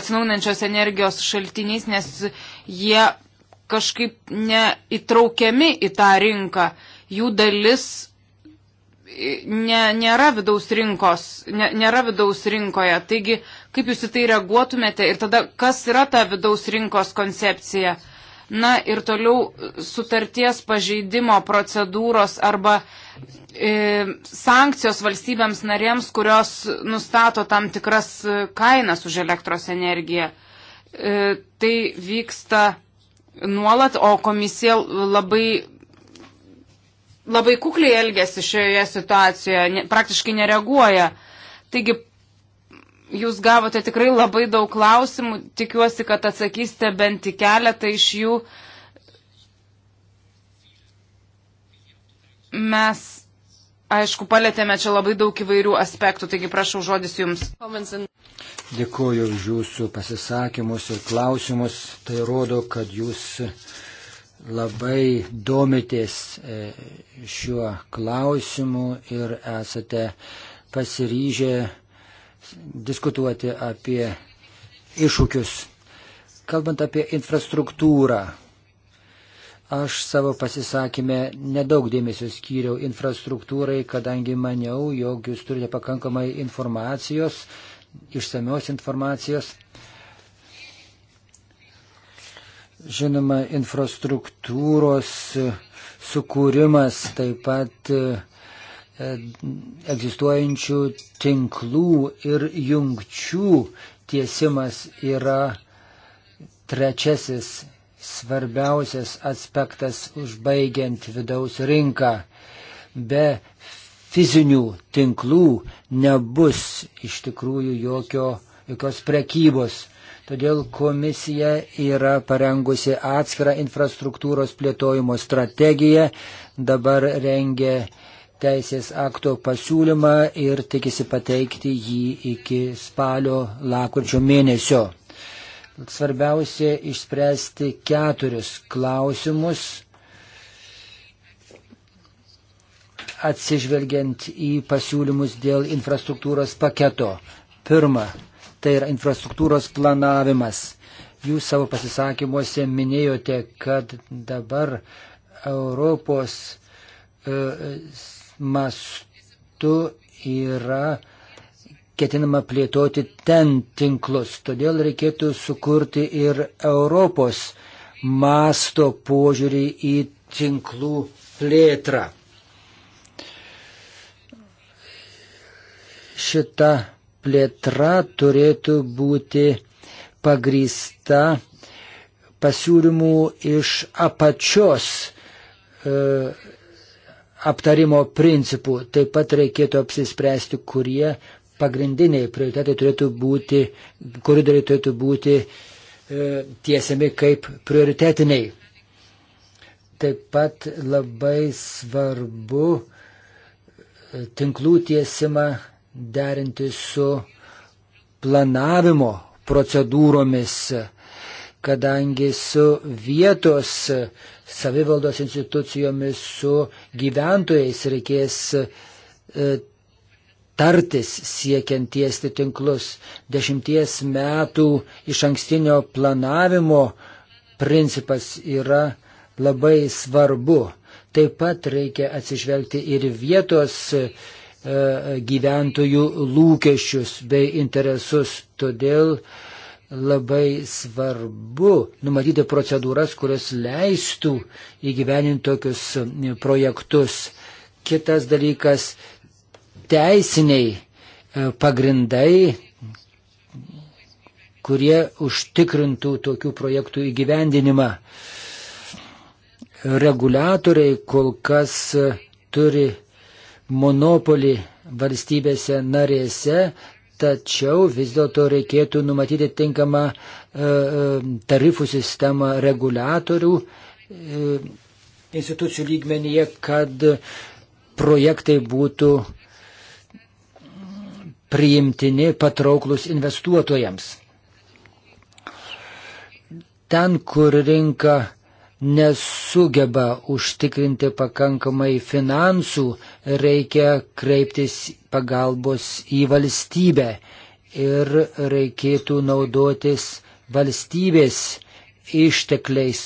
Speaker 1: atsinaunančios energijos šaltiniais, nes jie kažkaip neįtraukiami į tą rinką. Jų dalis ne, nėra, vidaus rinkos, ne, nėra vidaus rinkoje. Taigi, kaip jūs į tai reaguotumėte ir tada, kas yra ta vidaus rinkos koncepcija? Na ir toliau sutarties pažeidimo procedūros arba e, sankcijos valstybėms narėms, kurios nustato tam tikras kainas už elektros energiją. E, tai vyksta nuolat, o komisija labai, labai kukliai elgesi šioje situacijoje, ne, praktiškai nereaguoja. Taigi, jūs gavote tikrai labai daug klausimų, tikiuosi, kad atsakysite bent į keletą iš jų. Mes Aišku, palėtėme čia labai daug įvairių aspektų, taigi prašau žodis Jums.
Speaker 3: Dėkuoju už Jūsų pasisakymus ir klausimus. Tai rodo, kad Jūs labai domitės e, šiuo klausimu ir esate pasiryžę diskutuoti apie iššūkius. Kalbant apie infrastruktūrą, Aš savo pasisakymę nedaug dėmesio skyriau infrastruktūrai, kadangi maniau, jog jūs turite pakankamai informacijos, išsamios informacijos. Žinoma, infrastruktūros sukūrimas taip pat e, e, egzistuojančių tinklų ir jungčių tiesimas yra trečiasis svarbiausias aspektas užbaigiant vidaus rinką. Be fizinių tinklų nebus iš tikrųjų jokio, jokios prekybos. Todėl komisija yra parengusi atskirą infrastruktūros plėtojimo strategiją, dabar rengia teisės akto pasiūlymą ir tikisi pateikti jį iki spalio lakurčio mėnesio svarbiausia išspręsti keturis klausimus, atsižvelgiant į pasiūlymus dėl infrastruktūros paketo. Pirma, tai yra infrastruktūros planavimas. Jūs savo pasisakymuose minėjote, kad dabar Europos e, e mastu yra e, ketinama plėtoti ten tinklus. Todėl reikėtų sukurti ir Europos masto požiūrį į tinklų plėtrą. Šita plėtra turėtų būti pagrįsta pasiūlymų iš apačios e, aptarimo principų. Taip pat reikėtų apsispręsti, kurie pagrindiniai prioritetai turėtų būti, koridoriai turėtų būti e, tiesiami kaip prioritetiniai. Taip pat labai svarbu e, tinklų tiesimą derinti su planavimo procedūromis, kadangi su vietos savivaldos institucijomis, su gyventojais reikės e, tartis siekiant tiesti tinklus. Dešimties metų iš ankstinio planavimo principas yra labai svarbu. Taip pat reikia atsižvelgti ir vietos e, gyventojų lūkesčius bei interesus. Todėl labai svarbu numatyti procedūras, kurios leistų įgyveninti tokius projektus. Kitas dalykas teisiniai e, pagrindai, kurie užtikrintų tokių projektų įgyvendinimą. Reguliatoriai kol kas e, turi monopolį valstybėse narėse, tačiau vis dėlto reikėtų numatyti tinkamą e, e tarifų sistemą reguliatorių e, institucijų lygmenyje, kad projektai būtų e, priimtini, patrauklus investuotojams. Ten, kur rinka nesugeba užtikrinti pakankamai finansų, reikia kreiptis pagalbos į valstybę ir reikėtų naudotis valstybės ištekliais,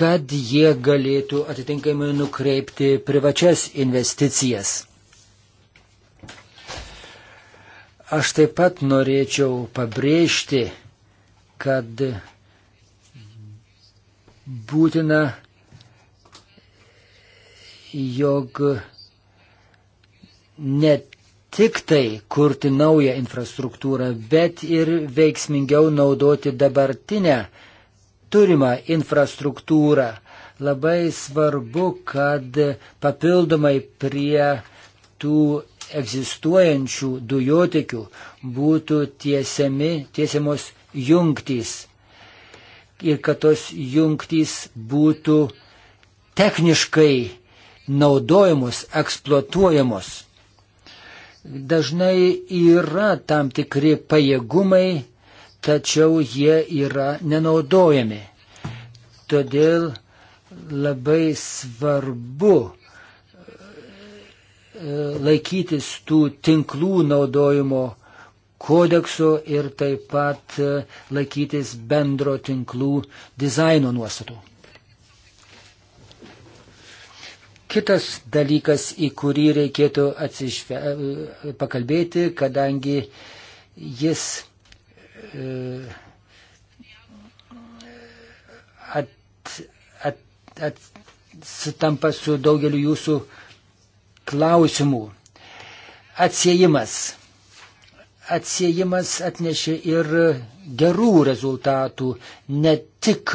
Speaker 3: kad jie galėtų atitinkamai nukreipti privačias investicijas. Aš taip pat norėčiau pabrėžti, kad būtina, jog ne tik tai kurti naują infrastruktūrą, bet ir veiksmingiau naudoti dabartinę turimą infrastruktūrą. Labai svarbu, kad papildomai prie tų egzistuojančių dujotekių būtų tiesiami, tiesiamos jungtys ir kad tos jungtys būtų techniškai naudojamos, eksploatuojamos. Dažnai yra tam tikri pajėgumai, tačiau jie yra nenaudojami. Todėl labai svarbu laikytis tų tinklų naudojimo kodekso ir taip pat e, laikytis bendro tinklų dizaino nuostatų. Kitas dalykas, į kurį reikėtų atsižve... E, pakalbėti, kadangi jis e, at, at, at, sutampa su daugeliu jūsų e, klausimų. Atsiejimas. Atsiejimas atnešė ir gerų rezultatų, ne tik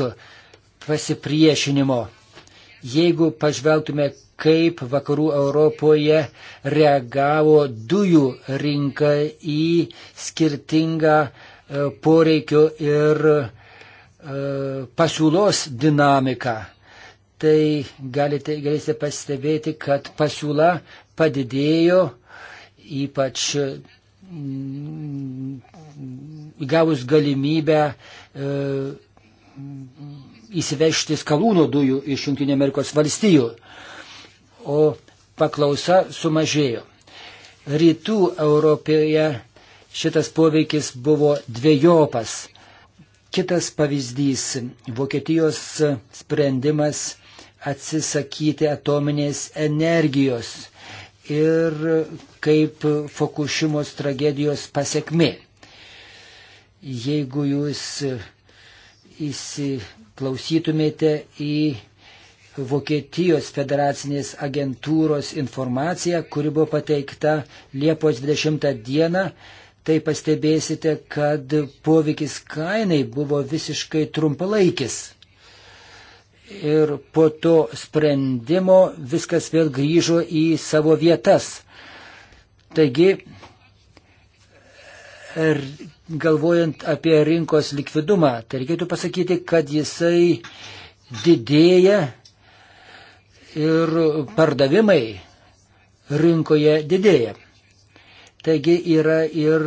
Speaker 3: pasipriešinimo. Jeigu pažvelgtume, kaip vakarų Europoje reagavo dujų rinka į skirtingą e, poreikio ir e, pasiūlos dinamiką tai galite, galėsite pastebėti, kad pasiūla padidėjo, ypač mm, gavus galimybę e, įsivežti skalūno dujų iš Junktinė Amerikos valstijų, o paklausa sumažėjo. Rytų Europoje šitas poveikis buvo dviejopas. Kitas pavyzdys - Vokietijos sprendimas atsisakyti atominės energijos ir kaip Fukushimos tragedijos pasiekmi. Jeigu jūs įsiklausytumėte į Vokietijos federacinės agentūros informaciją, kuri buvo pateikta Liepos 20 dieną, tai pastebėsite, kad poveikis kainai buvo visiškai trumpalaikis ir po to sprendimo viskas vėl grįžo į savo vietas. Taigi, er, galvojant apie rinkos likvidumą, tai reikėtų pasakyti, kad jisai didėja ir pardavimai rinkoje didėja. Taigi yra ir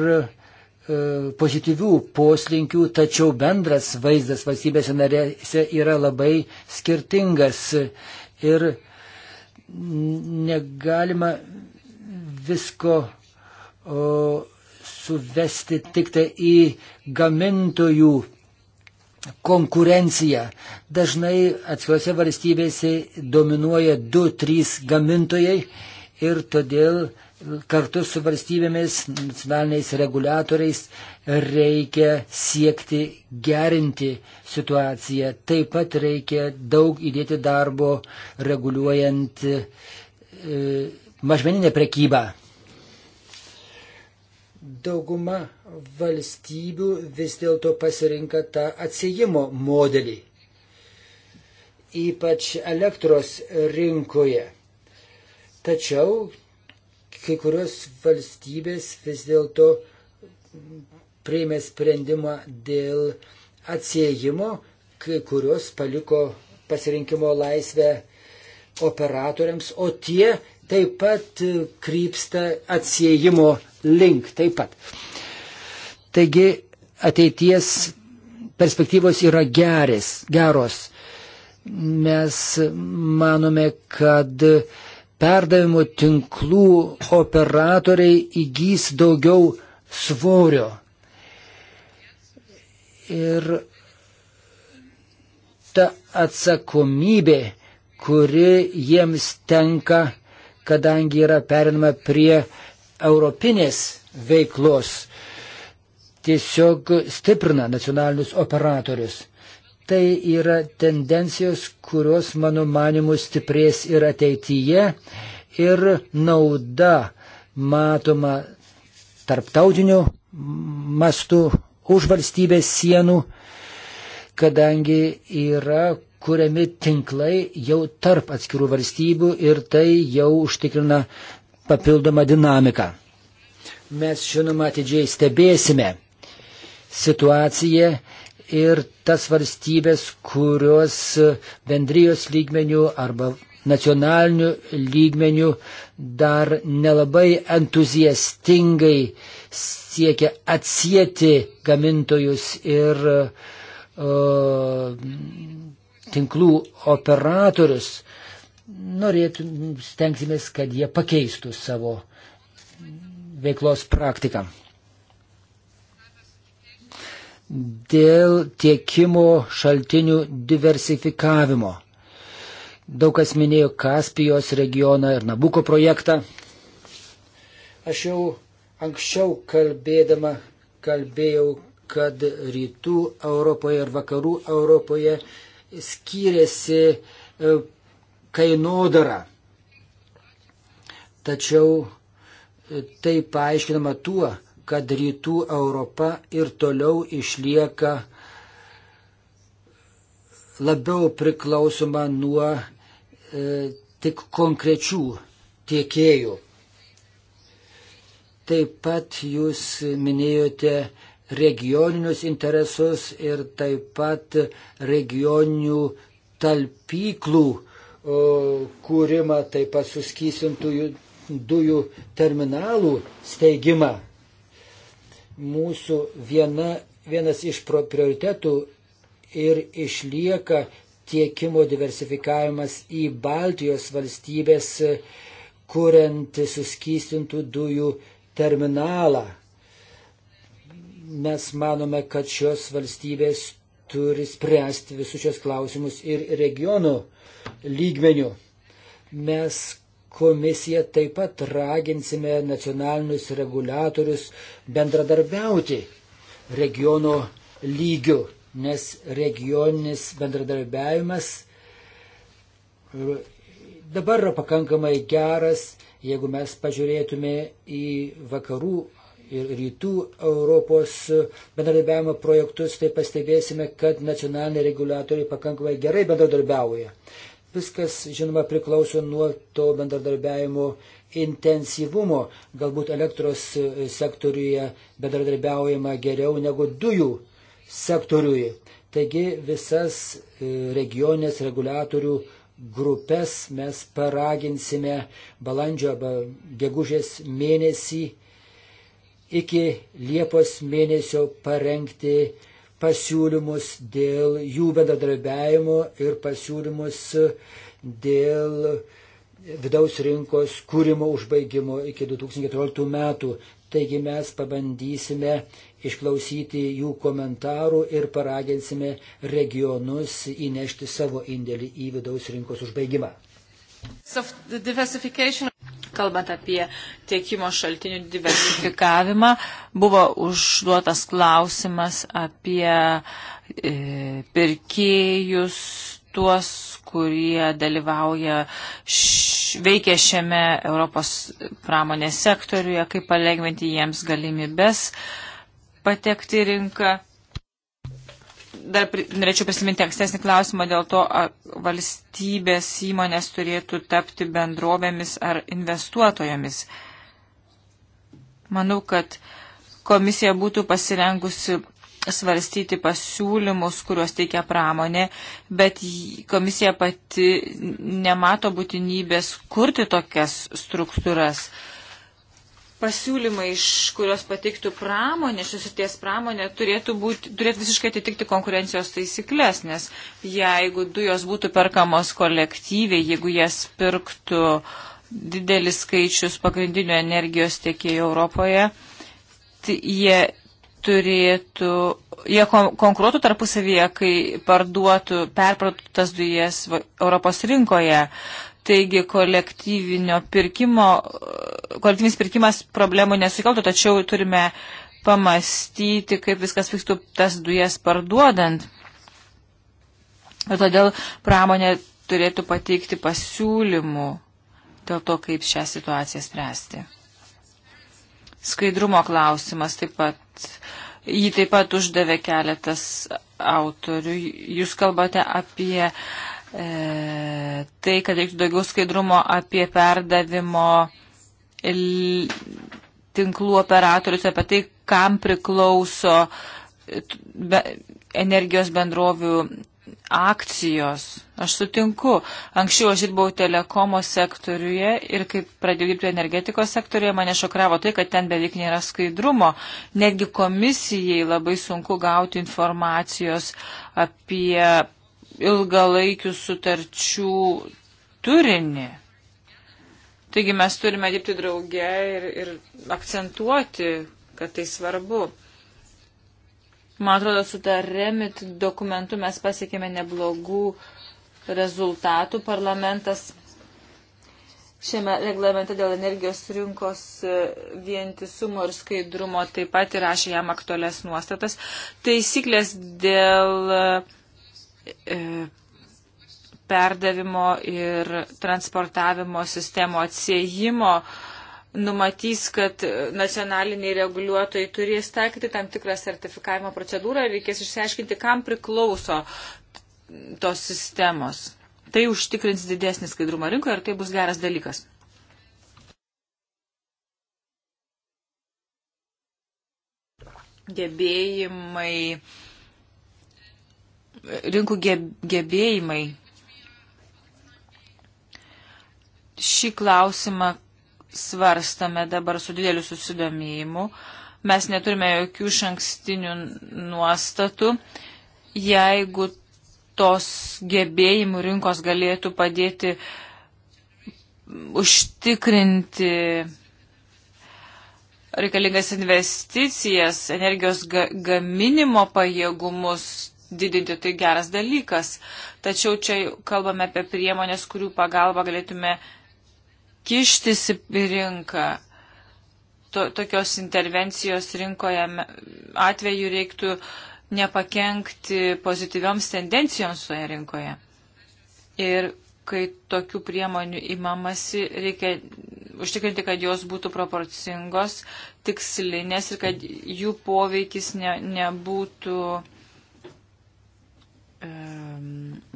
Speaker 3: E, pozityvių poslinkių, tačiau bendras vaizdas valstybėse narėse yra labai skirtingas ir negalima visko o, suvesti tik tai į gamintojų konkurenciją. Dažnai atskiruose valstybėse dominuoja 2-3 gamintojai ir todėl kartu su valstybėmis, nacionaliniais reguliatoriais reikia siekti gerinti situaciją. Taip pat reikia daug įdėti darbo reguliuojant e, mažmeninę prekybą. Dauguma valstybių vis dėlto pasirinka tą atsijimo modelį, ypač elektros rinkoje. Tačiau kai kurios valstybės vis dėlto priėmė sprendimą dėl atsiejimo, kai kurios paliko pasirinkimo laisvę operatoriams, o tie taip pat krypsta atsiejimo link taip pat. Taigi ateities perspektyvos yra geris, geros. Mes manome, kad uh, perdavimo tinklų operatoriai įgys daugiau svorio. Ir ta atsakomybė, kuri jiems tenka, kadangi yra perinama prie europinės veiklos, tiesiog stiprina nacionalinius operatorius. Tai yra tendencijos, kurios, mano manimu, stiprės ir ateityje ir nauda matoma tarptautiniu mastu už valstybės sienų, kadangi yra kuriami tinklai jau tarp atskirų valstybių ir tai jau užtikrina papildomą dinamiką. Mes žinoma atidžiai stebėsime situaciją ir tas valstybės, kurios bendrijos lygmenių arba nacionalinių lygmenių dar nelabai entuziastingai siekia atsijėti gamintojus ir uh, tinklų operatorius, norėtų, stengsimės, kad jie pakeistų savo veiklos praktiką dėl tiekimo šaltinių diversifikavimo. Daug kas minėjo Kaspijos regioną ir Nabuko projektą. Aš jau anksčiau kalbėdama kalbėjau, kad rytų Europoje ir vakarų Europoje skiriasi e, kainodara. Tačiau e, tai paaiškinama tuo, kad rytų Europa ir toliau išlieka labiau priklausoma nuo e, tik konkrečių tiekėjų. Taip pat jūs minėjote regioninius interesus ir taip pat regioninių talpyklų kūrimą, taip pat suskysintųjų dujų terminalų steigimą mūsų viena, vienas iš prioritetų ir išlieka tiekimo diversifikavimas į Baltijos valstybės, kuriant suskystintų dujų terminalą. Mes manome, kad šios valstybės turi spręsti visus šios klausimus ir regionų lygmenių. Mes komisiją taip pat raginsime nacionalinius reguliatorius bendradarbiauti regiono lygiu, nes regioninis bendradarbiavimas e, dabar yra pakankamai geras, jeigu mes pažiūrėtume į vakarų ir rytų Europos bendradarbiavimo projektus, tai pastebėsime, kad nacionaliniai reguliatoriai pakankamai gerai bendradarbiauja. Viskas, žinoma, priklauso nuo to bendradarbiavimo intensyvumo. Galbūt elektros e, sektoriuje bendradarbiaujama geriau negu dujų sektoriuje. Taigi visas e, regionės reguliatorių grupės mes paraginsime balandžio arba gegužės mėnesį iki Liepos mėnesio parengti pasiūlymus dėl jų bendradarbiavimo ir pasiūlymus dėl vidaus rinkos kūrimo užbaigimo iki 2014 metų. Taigi mes pabandysime išklausyti jų komentarų ir paraginsime regionus įnešti savo indėlį į vidaus rinkos užbaigimą
Speaker 2: kalbant apie tiekimo šaltinių diversifikavimą, buvo užduotas klausimas apie e, pirkėjus, tuos, kurie dalyvauja, š, veikia šiame Europos pramonės sektoriuje, kaip palengventi jiems galimybės patekti rinką dar norėčiau prisiminti ankstesnį klausimą dėl to, ar valstybės įmonės turėtų tapti bendrovėmis ar investuotojomis. Manau, kad komisija būtų pasirengusi svarstyti pasiūlymus, kuriuos teikia pramonė, bet komisija pati nemato būtinybės kurti tokias struktūras. Uh, pasiūlymai, iš kurios pateiktų pramonė, susities pramonė, turėtų, būti, turėtų visiškai atitikti konkurencijos taisyklės, nes jeigu dujos būtų perkamos kolektyviai, jeigu jas pirktų didelis skaičius pagrindinio energijos tiekėjų Europoje, tai jie turėtų, jie konkuruotų tarpusavyje, kai parduotų, perparduotų tas dujas Europos rinkoje. Taigi kolektyvinio pirkimo, kolektyvinis pirkimas problemų nesikaltų, tačiau turime pamastyti, kaip viskas vyktų tas dujas parduodant. Ir todėl pramonė turėtų pateikti pasiūlymų dėl to, kaip šią situaciją spręsti. Skaidrumo klausimas taip pat, jį taip pat uždavė keletas autorių. Jūs kalbate apie e, tai, kad reiktų daugiau skaidrumo apie perdavimo tinklų operatorius, apie tai, kam priklauso be, energijos bendrovių akcijos. Aš sutinku. Anksčiau aš dirbau telekomo sektoriuje ir kai pradėjau dirbti energetikos sektoriuje, mane šokravo tai, kad ten beveik nėra skaidrumo. Netgi komisijai labai sunku gauti informacijos apie ilgalaikių sutarčių turinį. Taigi mes turime dirbti drauge ir, ir akcentuoti, kad tai svarbu. Man atrodo, su ta remit dokumentu mes pasiekėme neblogų rezultatų. Parlamentas šiame reglamente dėl energijos rinkos e, vientisumo ir skaidrumo taip pat įrašė jam aktualias nuostatas. Taisyklės dėl E, perdavimo ir transportavimo sistemo atsiejimo numatys, kad nacionaliniai reguliuotojai turės taikyti tam tikrą sertifikavimo procedūrą ir reikės išsiaiškinti, kam priklauso tos sistemos. Tai užtikrins didesnį skaidrumą rinkoje ir tai bus geras dalykas. Gebėjimai rinkų gebėjimai. Šį klausimą svarstame dabar su dideliu susidomėjimu. Mes neturime jokių šankstinių nuostatų. Jeigu tos gebėjimų rinkos galėtų padėti užtikrinti reikalingas investicijas, energijos ga gaminimo pajėgumus, didinti, tai geras dalykas. Tačiau čia kalbame apie priemonės, kurių pagalba galėtume kištis į rinką. To, tokios intervencijos rinkoje atveju reiktų nepakenkti pozityvioms tendencijoms toje rinkoje. Ir kai tokių priemonių įmamasi, reikia užtikrinti, kad jos būtų proporcingos, tikslinės ir kad jų poveikis ne, nebūtų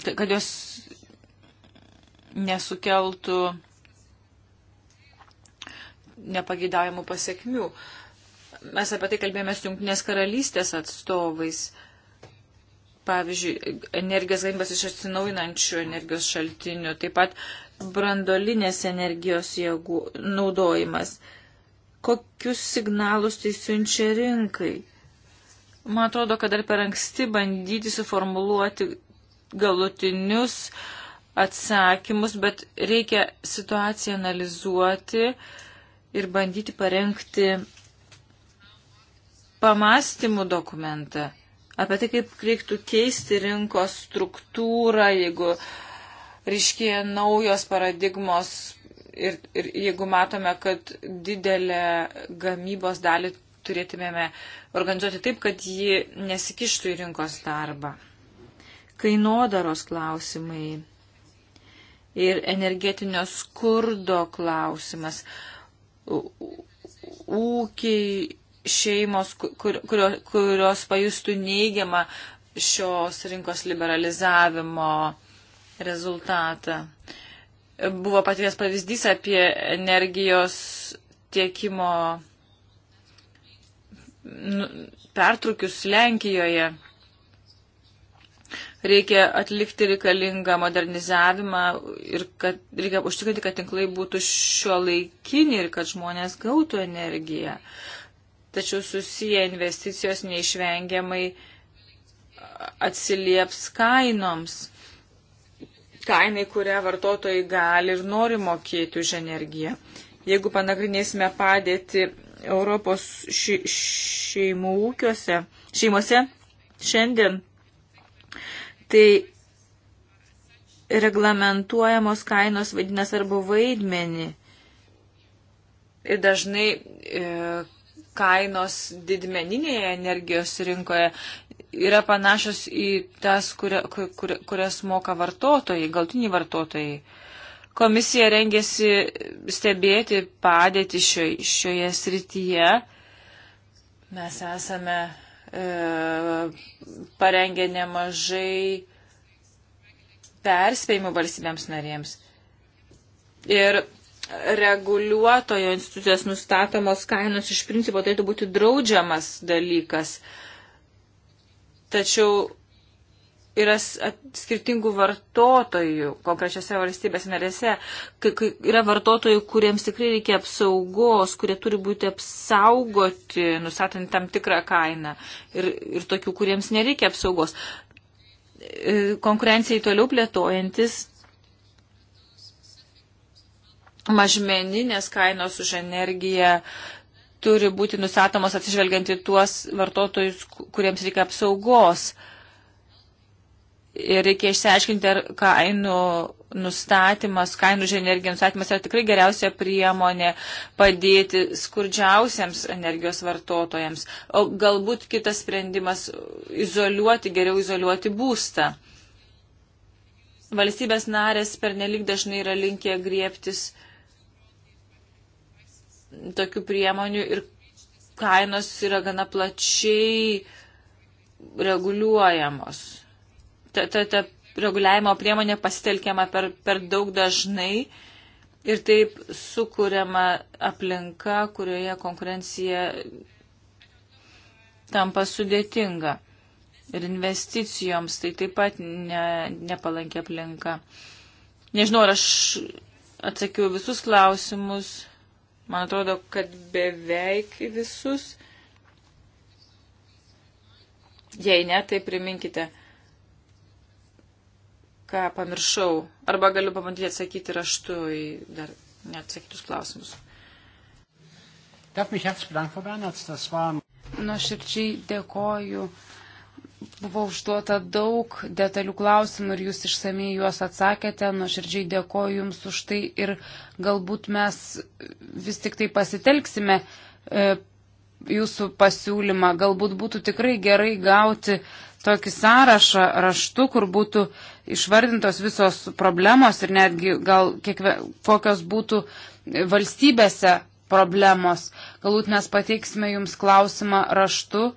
Speaker 2: Tai kad jos nesukeltų nepagydavimų pasiekmių. Mes apie tai kalbėjome su Junktinės karalystės atstovais. Pavyzdžiui, energijos gamybas iš atsinaujinančių energijos šaltinių, taip pat brandolinės energijos jėgų naudojimas. Kokius signalus tai siunčia rinkai? Man atrodo, kad dar per anksti bandyti suformuluoti galutinius atsakymus, bet reikia situaciją analizuoti ir bandyti parengti pamastymų dokumentą apie tai, kaip reiktų keisti rinkos struktūrą, jeigu ryškėja naujos paradigmos ir, ir jeigu matome, kad didelę gamybos dalį turėtumėme organizuoti taip, kad ji nesikištų į rinkos darbą. Kainodaros klausimai ir energetinio skurdo klausimas. Ūkiai, šeimos, kur, kurios, kurios pajustų neigiamą šios rinkos liberalizavimo rezultatą. Buvo paties pavyzdys apie energijos tiekimo pertrukius Lenkijoje. Reikia atlikti reikalingą modernizavimą ir kad reikia užtikrinti, kad tinklai būtų šio laikini ir kad žmonės gautų energiją. Tačiau susiję investicijos neišvengiamai atsilieps kainoms kainai, kurią vartotojai gali ir nori mokėti už energiją. Jeigu panagrinėsime padėti Europos ši, šeimų ūkiuose, šeimose šiandien, tai reglamentuojamos kainos vaidina svarbu vaidmenį. Ir dažnai e, kainos didmeninėje energijos rinkoje yra panašios į tas, kuria, kur, kur, kurias moka vartotojai, galtiniai vartotojai. E, Komisija rengėsi stebėti padėti šio, šioje srityje. Mes esame e, parengę nemažai perspėjimų valstybėms narėms. Ir reguliuotojo institucijos nustatomos kainos iš principo turėtų būti draudžiamas dalykas. Tačiau yra skirtingų vartotojų konkrečiose valstybės narėse. Kai, kai yra vartotojų, kuriems tikrai reikia apsaugos, kurie turi būti apsaugoti, nustatant tam tikrą kainą. Ir, ir tokių, kuriems nereikia apsaugos. E, konkurencijai toliau plėtojantis mažmeninės kainos už energiją turi būti nusatomos atsižvelgiant į tuos vartotojus, kuriems reikia apsaugos. Uh, Ir reikia išsiaiškinti, ar kainų nustatymas, kainų už energiją nustatymas yra tikrai geriausia priemonė padėti skurdžiausiams energijos vartotojams. O galbūt kitas sprendimas - izoliuoti, geriau izoliuoti būstą. Valstybės narės pernelik dažnai yra linkę griebtis tokių priemonių ir kainos yra gana plačiai reguliuojamos ta, ta, ta reguliavimo priemonė pasitelkiama per, per daug dažnai ir taip sukūriama aplinka, kurioje konkurencija tampa sudėtinga. Ir investicijoms tai taip pat ne, nepalankia aplinka. Nežinau, ar aš atsakiau visus klausimus. Man atrodo, kad beveik visus. Jei ne, tai priminkite ką pamiršau. Arba galiu pabandyti atsakyti raštu į dar neatsakytus klausimus.
Speaker 1: Nuoširdžiai dėkoju. Buvo užduota daug detalių klausimų ir jūs išsamei juos atsakėte. Nuoširdžiai dėkoju Jums už tai ir galbūt mes vis tik tai pasitelksime e, Jūsų pasiūlymą. Galbūt būtų tikrai gerai gauti tokį sąrašą raštu, kur būtų išvardintos visos problemos ir netgi gal kiekvie, kokios būtų valstybėse problemos. Galbūt mes pateiksime jums klausimą raštu,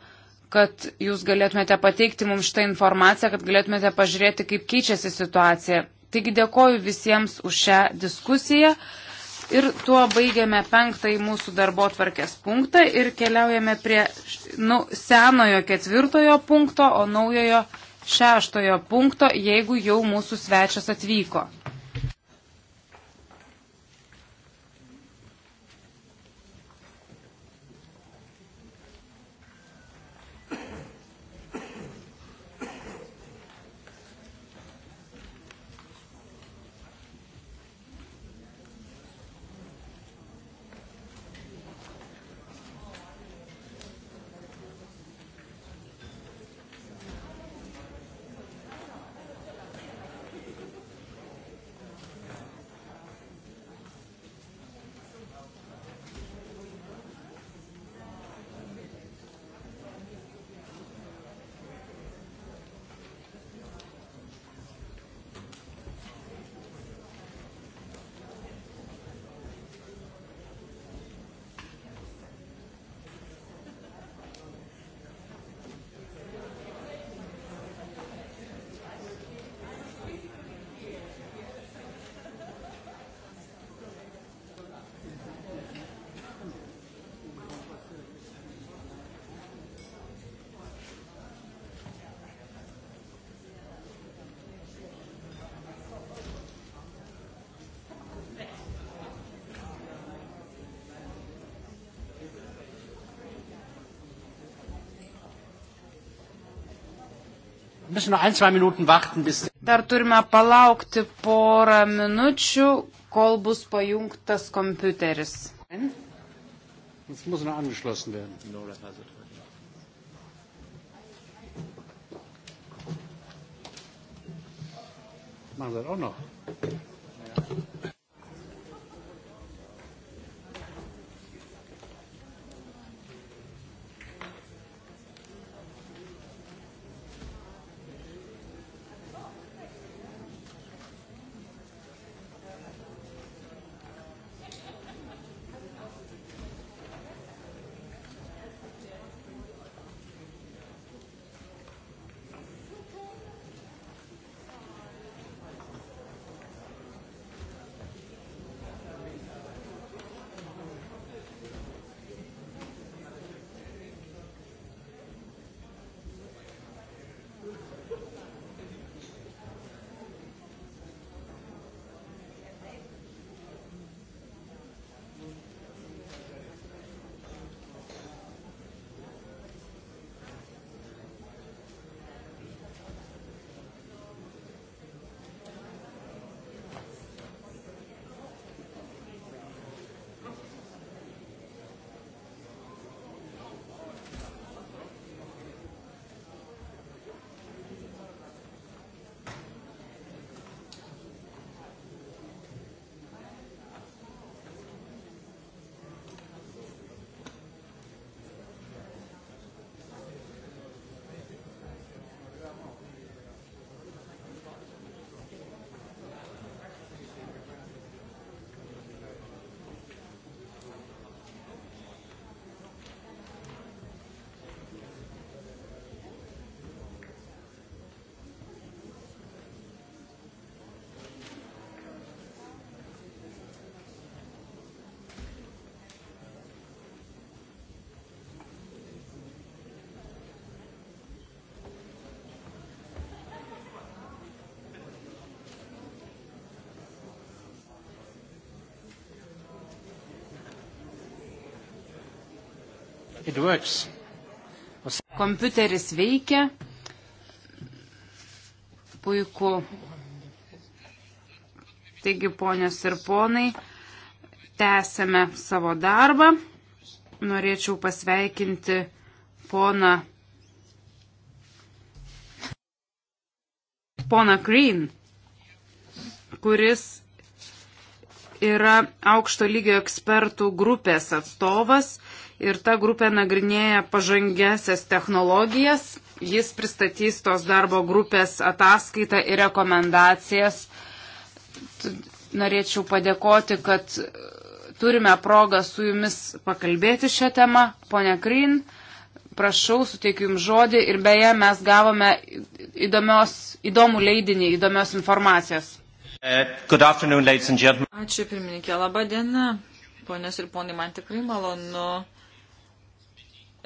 Speaker 1: kad jūs galėtumėte pateikti mums šitą informaciją, kad galėtumėte pažiūrėti, kaip keičiasi situacija. Taigi dėkoju visiems už šią diskusiją. Ir tuo baigiame penktąjį mūsų darbo tvarkės punktą ir keliaujame prie nu, senojo ketvirtojo punkto, o naujojo šeštojo punkto, jeigu jau mūsų svečias atvyko. Dar turime palaukti porą minučių, kol bus pajungtas kompiuteris. Jetzt muss noch angeschlossen werden. No, that has it. Machen Sie das auch noch? Kompiuteris veikia. Puiku. Taigi, ponios ir ponai, tęsėme savo darbą. Norėčiau pasveikinti poną. Pona Green, kuris yra aukšto lygio ekspertų grupės atstovas ir ta grupė nagrinėja pažangesias technologijas. Jis pristatys tos darbo grupės ataskaitą ir rekomendacijas. Norėčiau padėkoti, kad turime progą su jumis pakalbėti šią temą. Pone Krin, prašau, suteikiu jums žodį ir beje mes gavome įdomios, įdomų leidinį, įdomios informacijos.
Speaker 3: Uh, Ačiū
Speaker 1: pirmininkė, laba diena. Ponės ir ponai, man tikrai malonu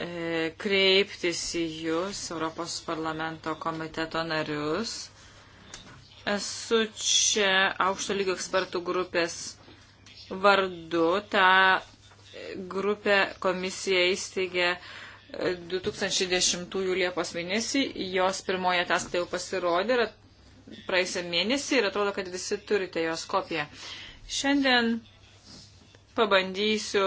Speaker 2: E, kreiptis į Jūs, Europos parlamento komiteto narius. Esu čia aukšto lygio ekspertų grupės vardu. Ta grupė komisija įsteigė 2010 e, Liepos mėnesį. Jos pirmoji ataskaita jau pasirodė praeisę mėnesį ir atrodo, kad visi turite jos kopiją. Šiandien pabandysiu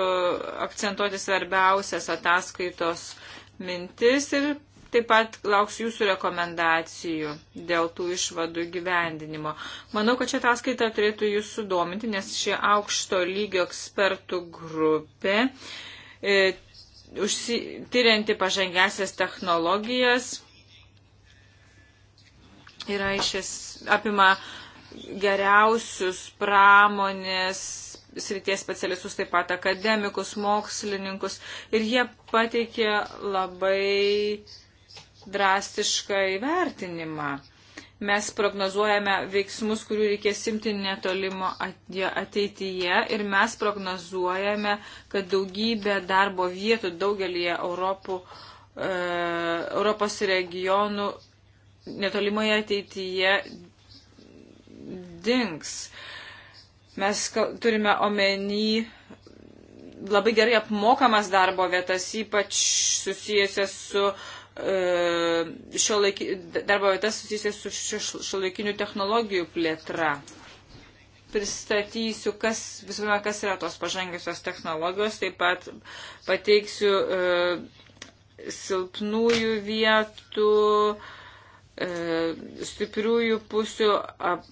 Speaker 2: akcentuoti svarbiausias ataskaitos mintis ir taip pat lauksiu jūsų rekomendacijų dėl tų išvadų gyvendinimo. Manau, kad čia ataskaita turėtų jūs sudominti, nes šie aukšto lygio ekspertų grupė, e, tyrianti pažangesias technologijas, yra iš es, apima geriausius pramonės srities specialistus, taip pat akademikus, mokslininkus. Ir jie pateikė labai drastišką įvertinimą. Mes prognozuojame veiksmus, kurių reikės simti netolimo ateityje ir mes prognozuojame, kad daugybė darbo vietų daugelie Europų, e, Europos regionų netolimoje ateityje dinks. E, Mes turime omeny labai gerai apmokamas darbo vietas, ypač susijusias su e, šio laiki, darbo vietas susijusias su šio, šio laikinių technologijų plėtra pristatysiu, kas, visuomet, kas yra tos pažangiusios technologijos, taip pat pateiksiu e, silpnųjų vietų, e, stipriųjų pusių, ap,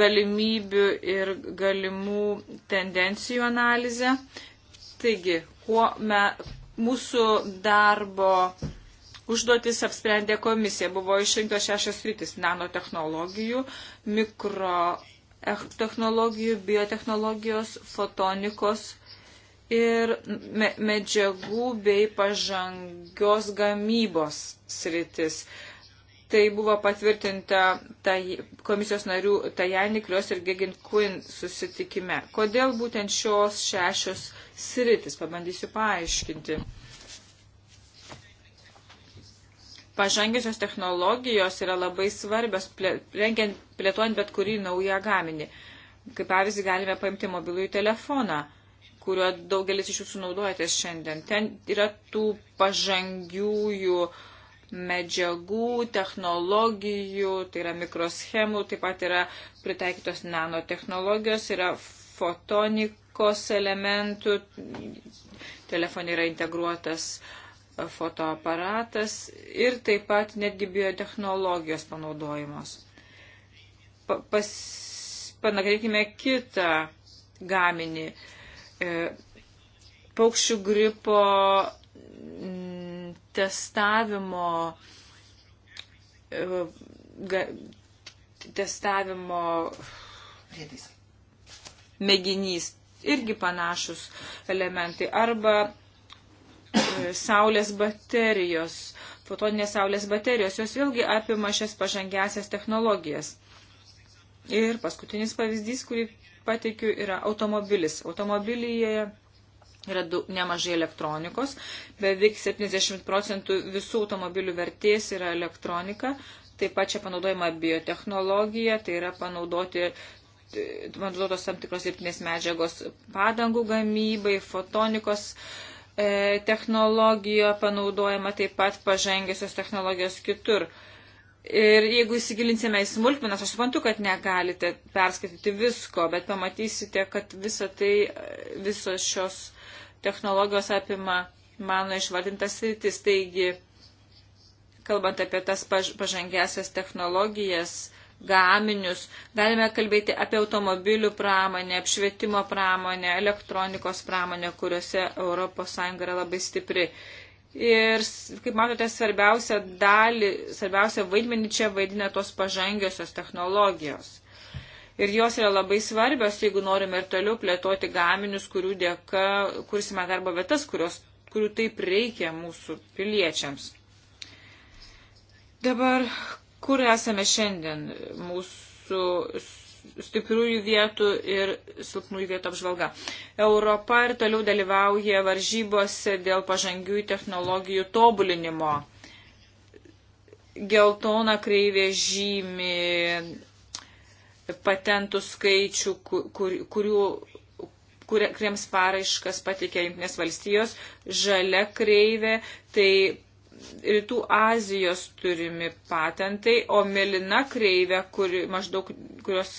Speaker 2: galimybių ir galimų tendencijų analizę. Taigi, kuo me, mūsų darbo užduotis apsprendė komisija. Buvo išrinktos šešios rytis - nanotehnologijų, mikrotechnologijų, eh, biotehnologijos, fotonikos ir me medžiagų bei pažangios gamybos sritis. Tai buvo patvirtinta tai, komisijos narių Tajaniklios ir Gegin Quinn susitikime. Kodėl būtent šios šešios sritis, pabandysiu paaiškinti. Pažangiosios technologijos yra labai svarbios, rengiant, plėtojant bet kurį naują gaminį. Kaip pavyzdį galime paimti mobilųjį telefoną kuriuo daugelis iš jūsų naudojatės šiandien. Ten yra tų pažangiųjų uh, medžiagų, technologijų, tai yra mikroschemų, taip pat yra pritaikytos nanotehnologijos, yra fotonikos elementų, telefonai yra integruotas e, fotoaparatas ir taip pat netgi biotehnologijos panaudojimas. Pa, pas, panagrėkime kitą gaminį. E, paukščių gripo m, testavimo, e, ga, testavimo mėginys irgi panašus elementai. Arba e, saulės baterijos, fotoninės saulės baterijos, jos vėlgi apima šias pažangiasias technologijas. Ir paskutinis pavyzdys, kurį pateikiu, yra automobilis. Automobilyje yra daug, nemažai elektronikos. Beveik 70 procentų visų automobilių vertės yra elektronika. Taip pat čia panaudojama biotehnologija, tai yra panaudoti, panaudotos tam tikros dirbtinės medžiagos padangų gamybai, fotonikos e, technologija panaudojama, taip pat pažengėsios technologijos kitur. Ir jeigu įsigilinsime į smulkmenas, aš suprantu, kad negalite perskaityti visko, bet pamatysite, kad visa tai, visos šios technologijos apima mano išvardintas rytis. Taigi, kalbant apie tas pažangesias technologijas, gaminius, galime kalbėti apie automobilių pramonę, apšvietimo pramonę, elektronikos pramonę, kuriuose ES yra labai stipri. Ir, kaip matote, svarbiausia dalį, svarbiausia vaidmenį čia vaidina tos pažangiosios technologijos ir jos yra labai svarbios, jeigu norime ir toliau plėtoti gaminius, kurių dėka kursime darbo vietas, kurios, kurių taip reikia mūsų piliečiams. Dabar, kur esame šiandien mūsų stipriųjų vietų ir silpnųjų vietų apžvalga. Europa ir toliau dalyvauja varžybose dėl pažangių technologijų tobulinimo. Geltona kreivė žymi patentų skaičių, kur, kurių kuriems paraiškas patikė Junktinės valstijos, žalia kreivė, tai Rytų Azijos turimi patentai, o melina kreivė, kuri maždaug, kurios,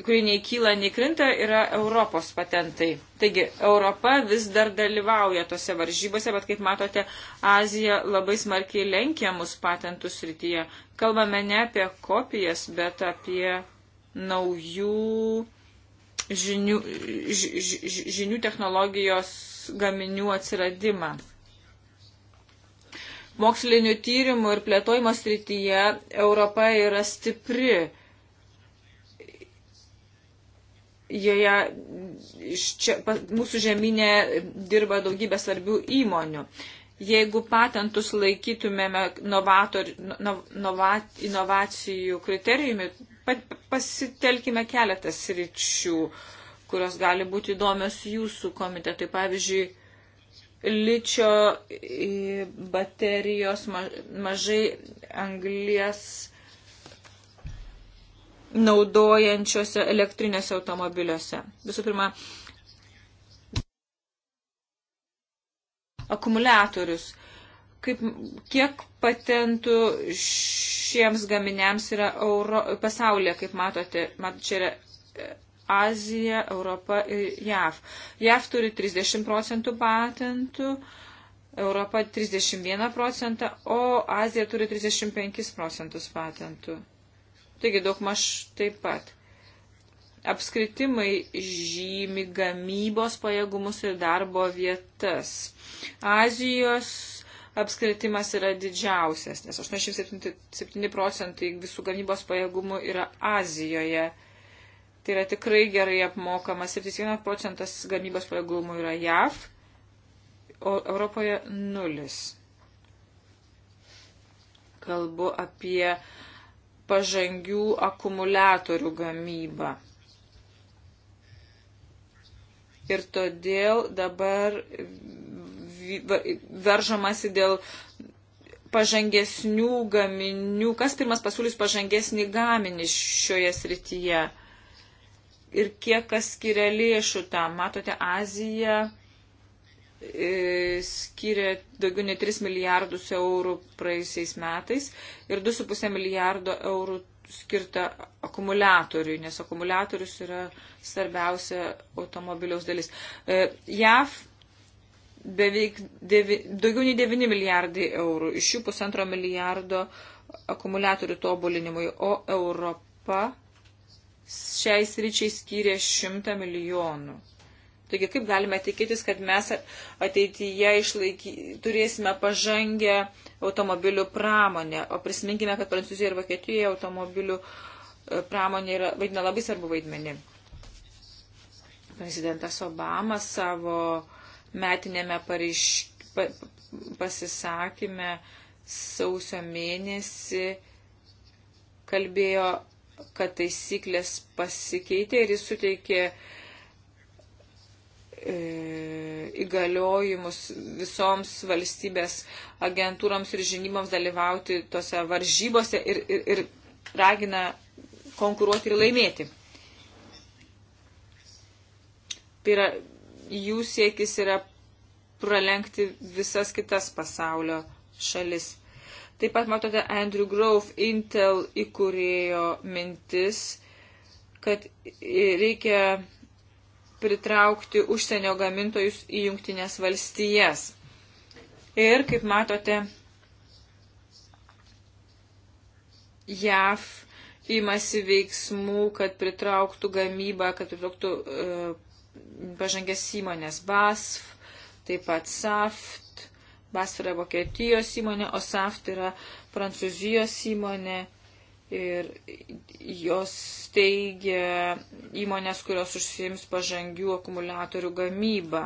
Speaker 2: kuri nei kyla, nei krinta, yra Europos patentai. Taigi, Europa vis dar dalyvauja tose varžybose, bet kaip matote, Azija labai smarkiai lenkia mus patentų srityje. Kalbame ne apie kopijas, bet apie naujų žinių, ž, ž, žinių technologijos gaminių atsiradimą. Mokslinių tyrimų ir plėtojimo srityje Europa yra stipri. Joje čia, mūsų žemynė dirba daugybė svarbių įmonių. Jeigu patentus laikytumėme novator, no, novat, inovacijų kriterijumi, pasitelkime keletą sričių, kurios gali būti įdomios jūsų komitetui. Pavyzdžiui, ličio baterijos, mažai anglies naudojančiose elektrinėse automobiliuose. Visų pirma, akumuliatorius kaip, kiek patentų šiems gaminiams yra Euro, pasaulyje, kaip matote, mat, čia yra e, Azija, Europa ir JAV. JAV turi 30 procentų patentų, Europa 31 procentą, o Azija turi 35 procentus patentų. Taigi daug maž taip pat. Apskritimai žymi gamybos pajėgumus ir darbo vietas. Azijos apskritimas yra didžiausias, nes 87 procentai visų gamybos pajėgumų yra Azijoje. Tai yra tikrai gerai apmokamas, 71 procentas gamybos pajėgumų yra JAV, o Europoje nulis. Kalbu apie pažangių akumuliatorių gamybą. Ir todėl dabar veržamasi dėl pažangesnių gaminių, kas pirmas pasiūlys pažangesnį gaminį šioje srityje ir kiek kas skiria lėšų tam. Matote, Azija e, skiria daugiau nei 3 milijardus eurų praėjusiais metais ir 2,5 milijardo eurų skirta akumuliatoriui, nes akumuliatorius yra svarbiausia automobiliaus dalis. E, JAV beveik devi, daugiau nei 9 milijardai eurų, iš jų pusantro milijardo akumuliatorių tobulinimui, o Europa šiai sričiai skyrė 100 milijonų. Taigi kaip galime tikėtis, kad mes ateityje išlaiky, turėsime pažangę automobilių pramonę, o prisiminkime, kad Prancūzijoje ir Vokietijoje automobilių e, pramonė yra, vaidina labai svarbu vaidmenį. Prezidentas Obama savo uh, metinėme pareiš, pa, pasisakime sausio mėnesį kalbėjo, kad taisyklės pasikeitė ir jis suteikė e, įgaliojimus visoms valstybės agentūroms ir žinybams dalyvauti tose varžybose ir, ir, ir ragina konkuruoti ir laimėti. Tai yra jų siekis yra pralenkti visas kitas pasaulio šalis. Taip pat matote Andrew Grove, Intel įkūrėjo mintis, kad reikia pritraukti užsienio gamintojus į jungtinės valstijas. Ir, kaip matote, JAV įmasi veiksmų, kad pritrauktų gamybą, kad pritrauktų uh, pažangės įmonės BASF, taip pat SAFT. BASF yra Vokietijos įmonė, o SAFT yra Prancūzijos įmonė. Ir jos teigia įmonės, kurios užsiims pažangių akumuliatorių gamybą.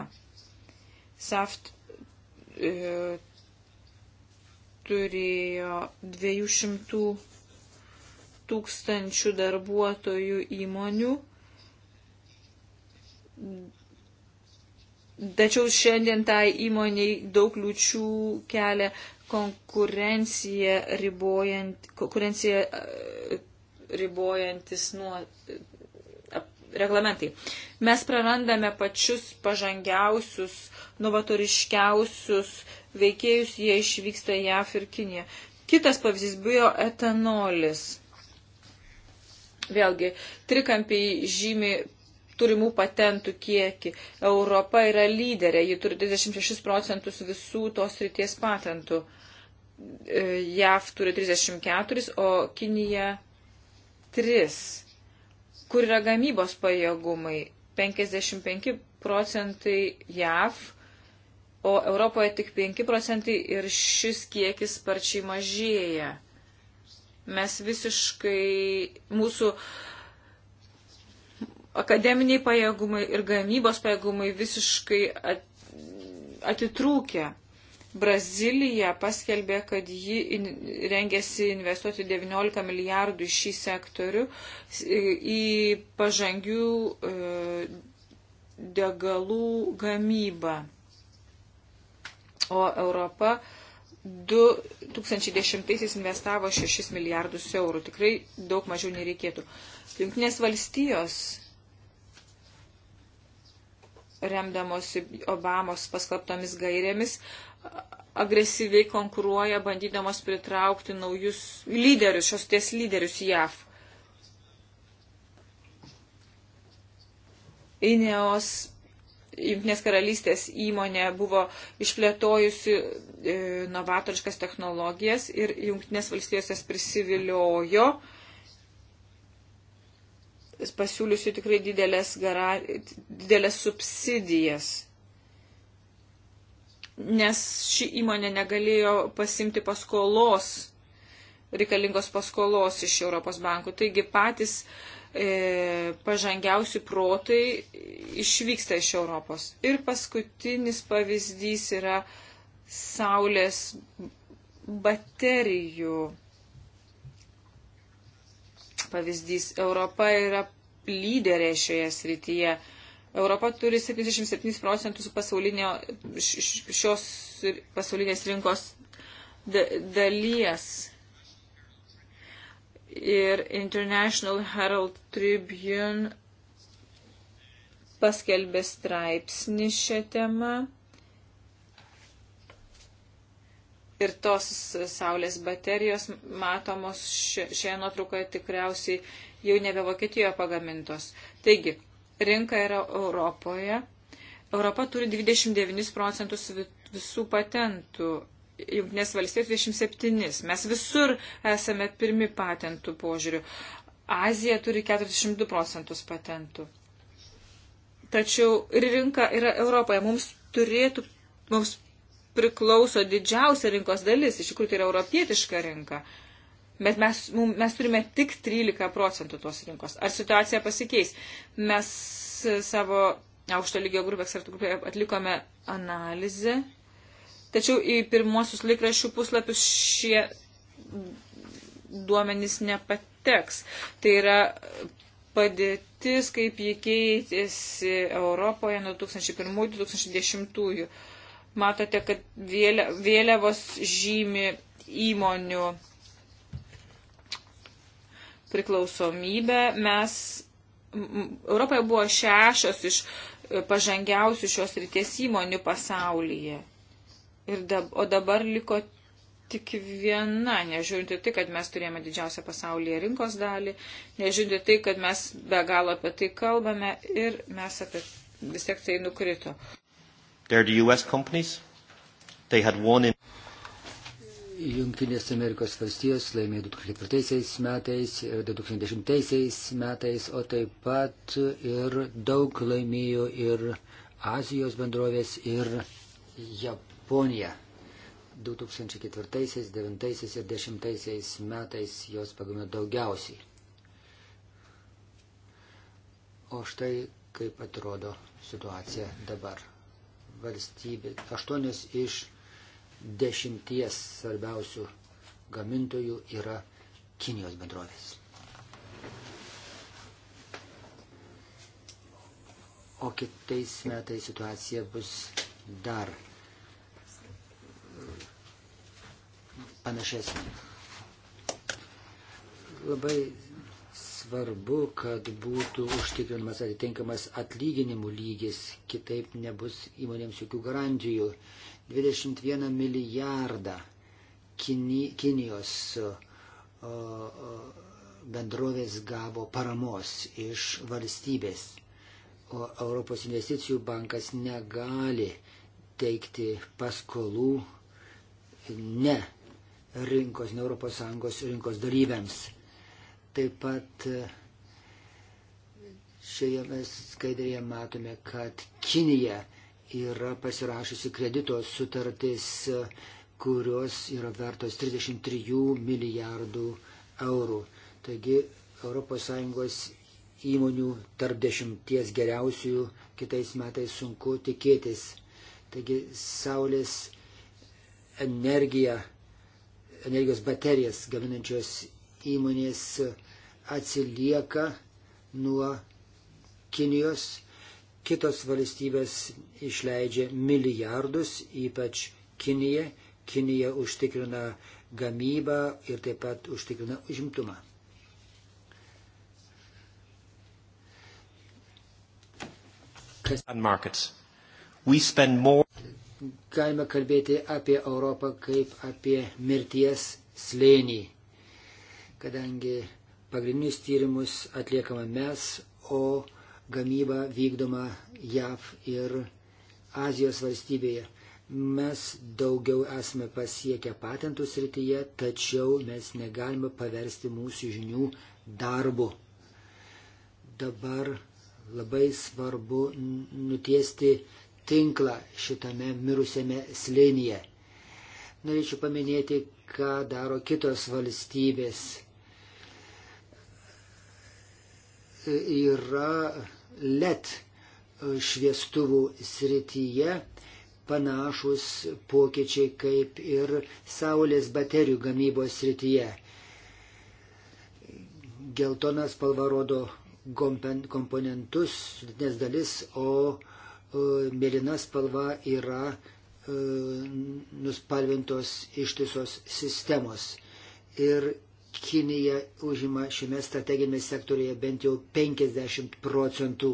Speaker 2: SAFT e, turėjo 200 tūkstančių darbuotojų įmonių Tačiau šiandien tai įmoniai daug kliučių kelia konkurencija, ribojant, konkurencija e, ribojantis nuo e, reglamentai. Mes prarandame pačius pažangiausius, novatoriškiausius veikėjus, jie išvyksta į JAF ir Kiniją. Kitas pavyzdys buvo etanolis. Vėlgi, trikampiai žymi turimų patentų kiekį. Europa yra lyderė, ji turi 36 procentus visų tos ryties patentų. E, JAV turi 34, o Kinija 3. Kur yra gamybos pajėgumai? 55 procentai JAV, o Europoje tik 5 procentai ir šis kiekis sparčiai mažėja. Mes visiškai mūsų uh, akademiniai pajėgumai ir gamybos pajėgumai visiškai atitrūkę. Brazilija paskelbė, kad ji in, rengėsi investuoti 19 milijardų į šį sektorių, į pažangių e, degalų gamybą. O Europa 2010 investavo 6 milijardus eurų. Tikrai daug mažiau nereikėtų. Junktinės valstijos remdamosi Obamos paskelbtomis gairėmis, agresyviai konkuruoja, bandydamos pritraukti naujus lyderius, šios ties lyderius JAV. Ineos Junktinės karalystės įmonė buvo išplėtojusi e, novatoriškas technologijas ir Junktinės valstijos jas prisiviliojo. E, pasiūlysiu tikrai didelės, gara, didelės subsidijas, nes ši įmonė negalėjo pasimti paskolos, reikalingos paskolos iš Europos bankų. Taigi patys e, pažangiausi protai išvyksta iš Europos. Ir paskutinis pavyzdys yra Saulės baterijų pavyzdys. Europa yra lyderė šioje srityje. Europa turi 77 procentus pasaulinio, šios pasaulinės rinkos dalies. Ir International Herald Tribune paskelbė straipsnį šią temą. Ir tos saulės baterijos matomos šioje nuotraukoje tikriausiai jau nebe Vokietijoje pagamintos. Taigi, rinka yra Europoje. Europa turi 29 procentus visų patentų, jungtinės valstijos 27. Mes visur esame pirmi patentų požiūrių. Azija turi 42 procentus patentų. Tačiau ir rinka yra Europoje. Mums turėtų, mums priklauso didžiausia rinkos dalis, iš tikrųjų tai yra europietiška rinka. Bet mes, mes turime tik 13 procentų tos rinkos. Ar situacija pasikeis? Mes e, savo aukšto lygio grupė, ekspertų grupė atlikome analizę, tačiau į pirmuosius laikraščių puslapius šie duomenys nepateks. Tai yra padėtis, kaip jie keitėsi Europoje nuo 2001-2010 matote, kad vėliavos žymi įmonių priklausomybę. Mes, Europoje buvo šešios iš e, pažangiausių šios ryties įmonių pasaulyje. Ir dab, o dabar liko tik viena, nežiūrint į tai, kad mes turėjome didžiausią pasaulyje rinkos dalį, nežiūrint į tai, kad mes be galo apie tai kalbame ir mes apie vis tiek tai nukrito.
Speaker 3: They're the US companies. They had one in. Junktinės Amerikos valstijos laimėjo 2004 metais e, ir 2010 metais, o taip pat ir daug laimėjo ir Azijos bendrovės ir Japonija. 2004, 2009 ir 2010 metais jos pagamino daugiausiai. O štai kaip atrodo situacija dabar valstybė. Aštuonis iš dešimties svarbiausių gamintojų yra Kinijos bendrovės. O kitais metais situacija bus dar panašesnė. Labai svarbu, kad būtų užtikrinamas atitinkamas atlyginimų lygis, kitaip nebus įmonėms jokių garantijų. 21 milijardą Kini, Kinijos o, o, bendrovės gavo paramos iš valstybės, o Europos investicijų bankas negali teikti paskolų ne rinkos, ne ES rinkos dalyviams Taip pat e, šioje skaidrėje matome, kad Kinija yra pasirašusi kredito sutartis, e, kurios yra vertos 33 milijardų eurų. Taigi ES įmonių tarp dešimties geriausių kitais metais sunku tikėtis. Taigi saulės energija, energijos baterijas gaminančios įmonės atsilieka nuo Kinijos. Kitos valstybės išleidžia milijardus, ypač Kinija. Kinija užtikrina gamybą ir taip pat užtikrina užimtumą. Kas... More... Galime kalbėti apie Europą kaip apie mirties slėnį, kadangi pagrindinius tyrimus atliekama mes, o gamyba vykdoma JAV ir Azijos valstybėje. Mes daugiau esame pasiekę patentų srityje, tačiau mes negalime paversti mūsų žinių darbu. Dabar labai svarbu nutiesti tinklą šitame mirusiame slėnyje. Norėčiau paminėti, ką daro kitos valstybės yra LED šviestuvų srityje panašus pokyčiai kaip ir saulės baterijų gamybos srityje. Geltonas spalva rodo komponentus, sudėtinės dalis, o mėlyna spalva yra e, nuspalvintos ištisos sistemos. Ir Kinija užima šiame strateginėme sektorėje bent jau 50 procentų.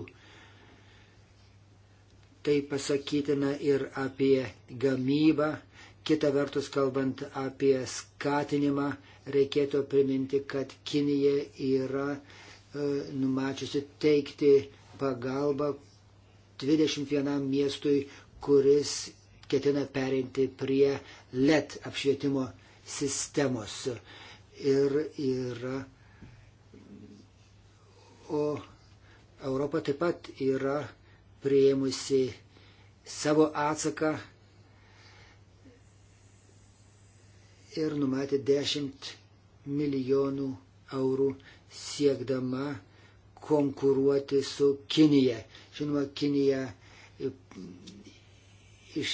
Speaker 3: Tai pasakytina ir apie gamybą. Kita vertus, kalbant apie skatinimą, reikėtų priminti, kad Kinija yra e, numačiusi teikti pagalbą 21 miestui, kuris ketina perinti prie LED apšvietimo sistemos. E, ir yra. O Europa taip pat yra prieimusi savo atsaką ir numatė 10 milijonų eurų siekdama konkuruoti su Kinija. Žinoma, Kinija iš,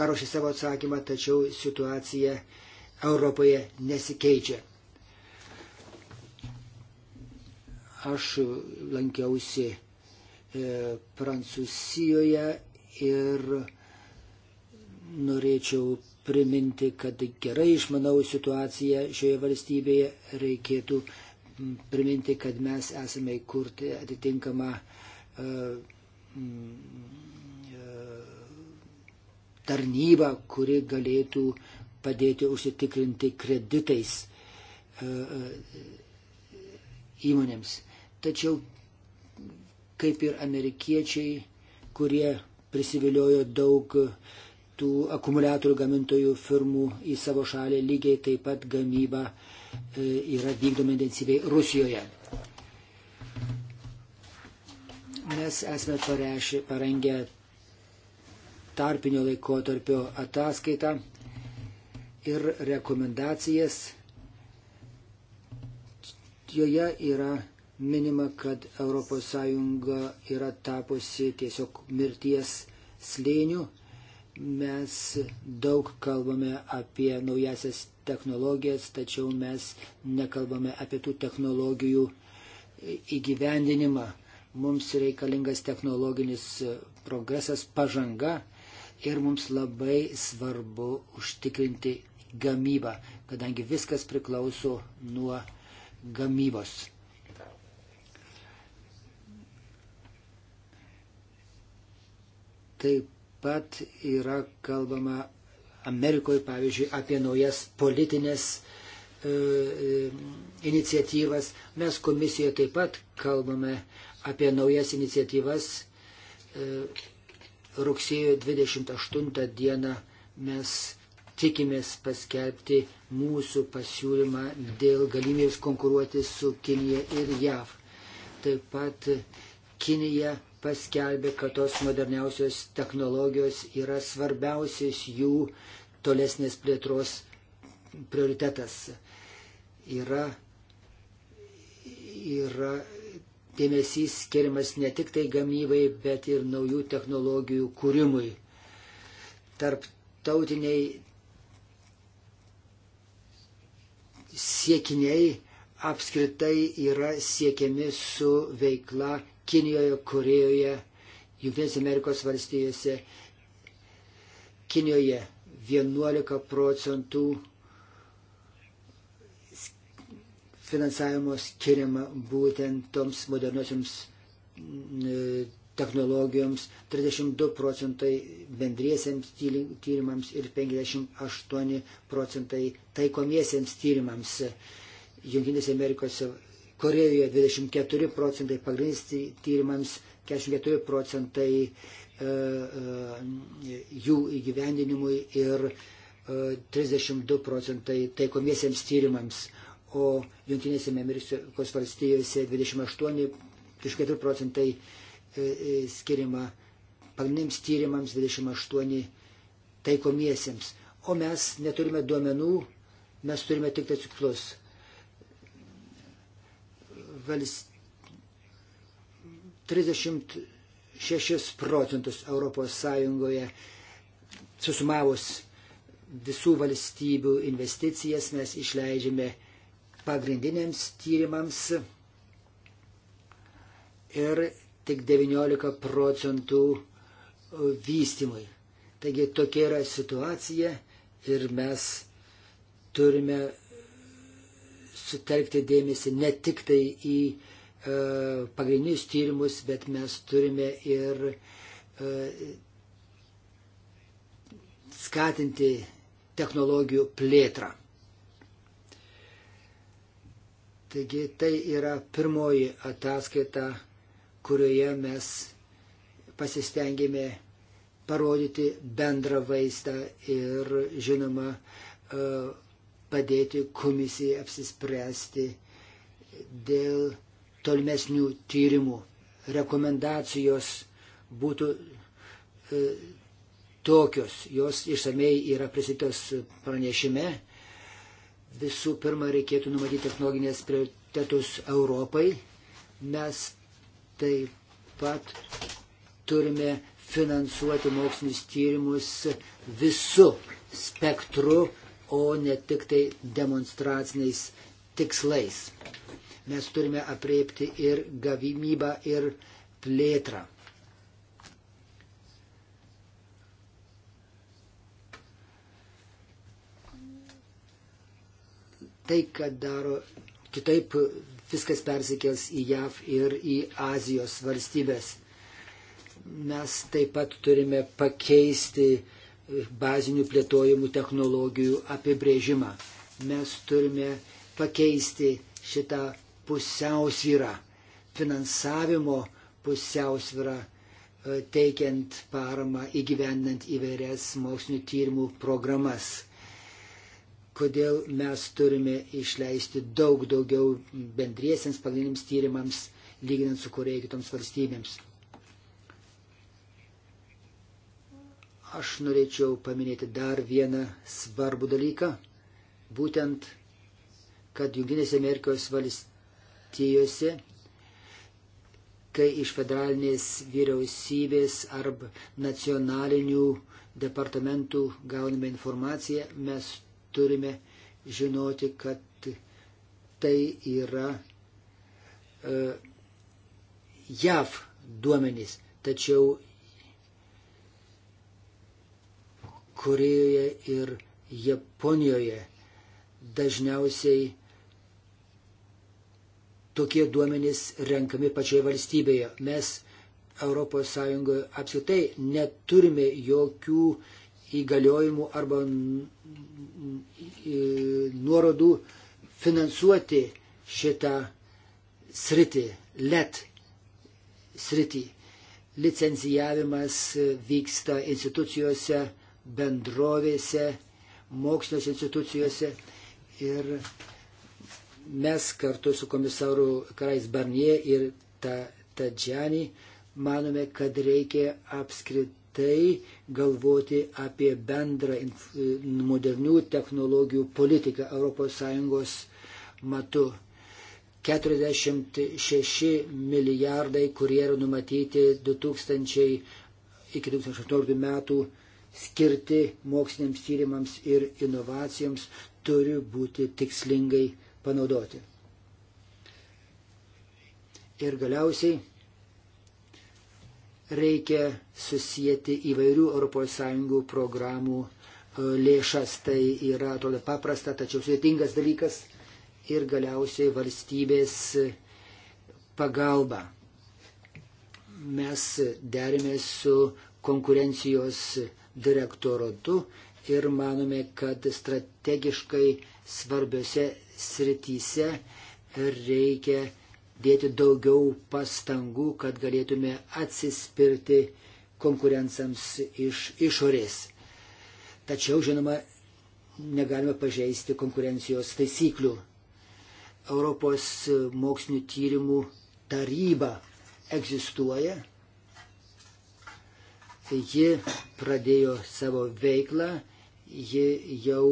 Speaker 3: paruošė savo atsakymą, tačiau situacija Europoje nesikeičia. Aš lankiausi e, Prancūzijoje ir norėčiau priminti, kad gerai išmanau situaciją šioje valstybėje. Reikėtų priminti, kad mes esame įkurti atitinkamą e, m, tarnybą, kuri galėtų padėti užsitikrinti kreditais e, e, įmonėms. Tačiau, kaip ir amerikiečiai, kurie prisiviliojo daug tų akumuliatorių gamintojų firmų į savo šalį, lygiai taip pat gamyba e, yra vykdoma intensyviai Rusijoje. Mes esame parengę tarpinio laikotarpio ataskaitą ir rekomendacijas. Joje yra minima, kad ES yra tapusi tiesiog mirties slėnių. Mes daug kalbame apie naujasias technologijas, tačiau mes nekalbame apie tų technologijų įgyvendinimą. Mums reikalingas technologinis progresas, pažanga, ir mums labai svarbu užtikrinti gamybą, kadangi viskas priklauso nuo gamybos. Taip pat yra kalbama Amerikoje, pavyzdžiui, apie naujas politinės e, e, iniciatyvas. Mes komisijoje taip pat kalbame apie naujas iniciatyvas e, rugsėjo 28 dieną mes tikimės paskelbti mūsų pasiūlymą dėl galimybės konkuruoti su Kinija ir JAV. Taip pat Kinija paskelbė, kad tos moderniausios technologijos yra svarbiausias jų tolesnės plėtros prioritetas. Yra, yra dėmesys skiriamas ne tik tai gamybai, bet ir naujų technologijų kūrimui. Tarptautiniai siekiniai apskritai yra siekiami su veikla Kinijoje, Korejoje, Junktinėse Amerikos valstijose, Kinijoje 11 procentų finansavimo skiriama būtent toms moderniosiams mm, e, technologijoms, 32 procentai bendriesiems tyrimams ir 58 procentai taikomiesiems tyrimams. Junktinėse Amerikos Korejoje 24 procentai pagrindinis tyrimams, 44 procentai e, e, jų įgyvendinimui ir e, 32 procentai taikomiesiems tyrimams. E, o Junktinėse Amerikos valstijose 28,4 procentai e, e, skiriama pagrindiniams tyrimams, 28 taikomiesiems. O mes neturime duomenų, mes turime tik tai ciklus. Valst... 36 procentus ES susumavus visų valstybių investicijas mes išleidžiame pagrindiniams tyrimams ir tik 19 procentų vystimui. Taigi tokia yra situacija ir mes turime sutelkti dėmesį ne tik tai į e, pagrindinius tyrimus, bet mes turime ir e, skatinti technologijų plėtrą. Taigi tai yra pirmoji ataskaita, kurioje mes pasistengėme parodyti bendrą vaizdą ir, žinoma, e, padėti komisijai apsispręsti dėl tolimesnių tyrimų. Rekomendacijos būtų e, tokios, jos išsamei yra prisitos pranešime, Visų pirma, reikėtų numatyti technologinės prioritetus Europai. Mes taip pat turime finansuoti mokslinius tyrimus visų spektru, o ne tik tai demonstraciniais tikslais. Mes turime apriepti ir gavimybą, ir plėtrą. tai, kad daro kitaip, viskas persikels į JAV ir į Azijos valstybės. Mes taip pat turime pakeisti bazinių plėtojimų technologijų apibrėžimą. Mes turime pakeisti šitą pusiausvyrą, finansavimo pusiausvyrą, e, teikiant paramą įgyvendinant įvairias mokslinio tyrimų programas kodėl mes turime išleisti daug daugiau bendriesiams pagrindiniams tyrimams, lyginant su kurie kitoms valstybėms. Aš norėčiau paminėti dar vieną svarbų dalyką, būtent, kad Junktinėse Amerikos valstijose, kai iš federalinės vyriausybės arba nacionalinių departamentų gauname informaciją, mes turime žinoti, kad tai yra uh, JAV duomenys, tačiau Korejoje ir Japonijoje dažniausiai tokie duomenys renkami pačioje valstybėje. Mes ES apskritai neturime jokių uh, įgaliojimų arba nuorodų finansuoti šitą sritį, let sritį. Licencijavimas vyksta institucijose, bendrovėse, mokslinės institucijose ir mes kartu su komisaru Karais Barnie ir Tadžiani manome, kad reikia apskritai tai galvoti apie bendrą modernių technologijų politiką ES matu. 46 milijardai, kurie yra numatyti 2000 iki 2018 metų skirti moksliniams tyrimams ir inovacijoms, turi būti tikslingai panaudoti. Ir galiausiai reikia susijęti įvairių ES programų e, lėšas. Tai yra, atrodo, paprasta, tačiau sudėtingas dalykas ir galiausiai valstybės pagalba. Mes derimės su konkurencijos direktoratu ir manome, kad strategiškai svarbiose srityse reikia dėti daugiau pastangų, kad galėtume atsispirti konkurencams iš išorės. Tačiau, žinoma, negalime pažeisti konkurencijos taisyklių. Europos mokslinių tyrimų taryba egzistuoja. Ji pradėjo savo veiklą, ji jau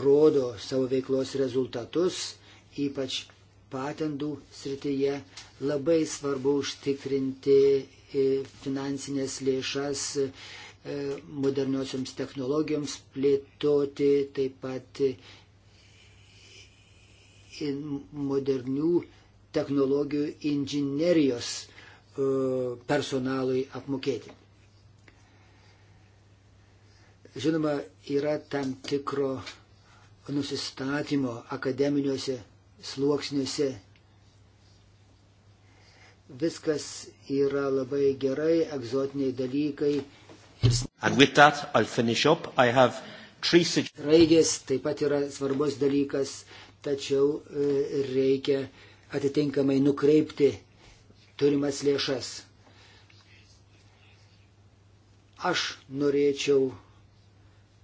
Speaker 3: rodo savo veiklos rezultatus, ypač patentų srityje labai svarbu užtikrinti e, finansinės lėšas e, moderniosioms technologijoms plėtoti, taip pat modernių technologijų inžinerijos e, personalui apmokėti. Žinoma, yra tam tikro nusistatymo akademiniuose sluoksniuose. Viskas yra labai gerai, egzotiniai dalykai. Raigės taip pat yra svarbus dalykas, tačiau e, reikia atitinkamai nukreipti turimas lėšas. Aš norėčiau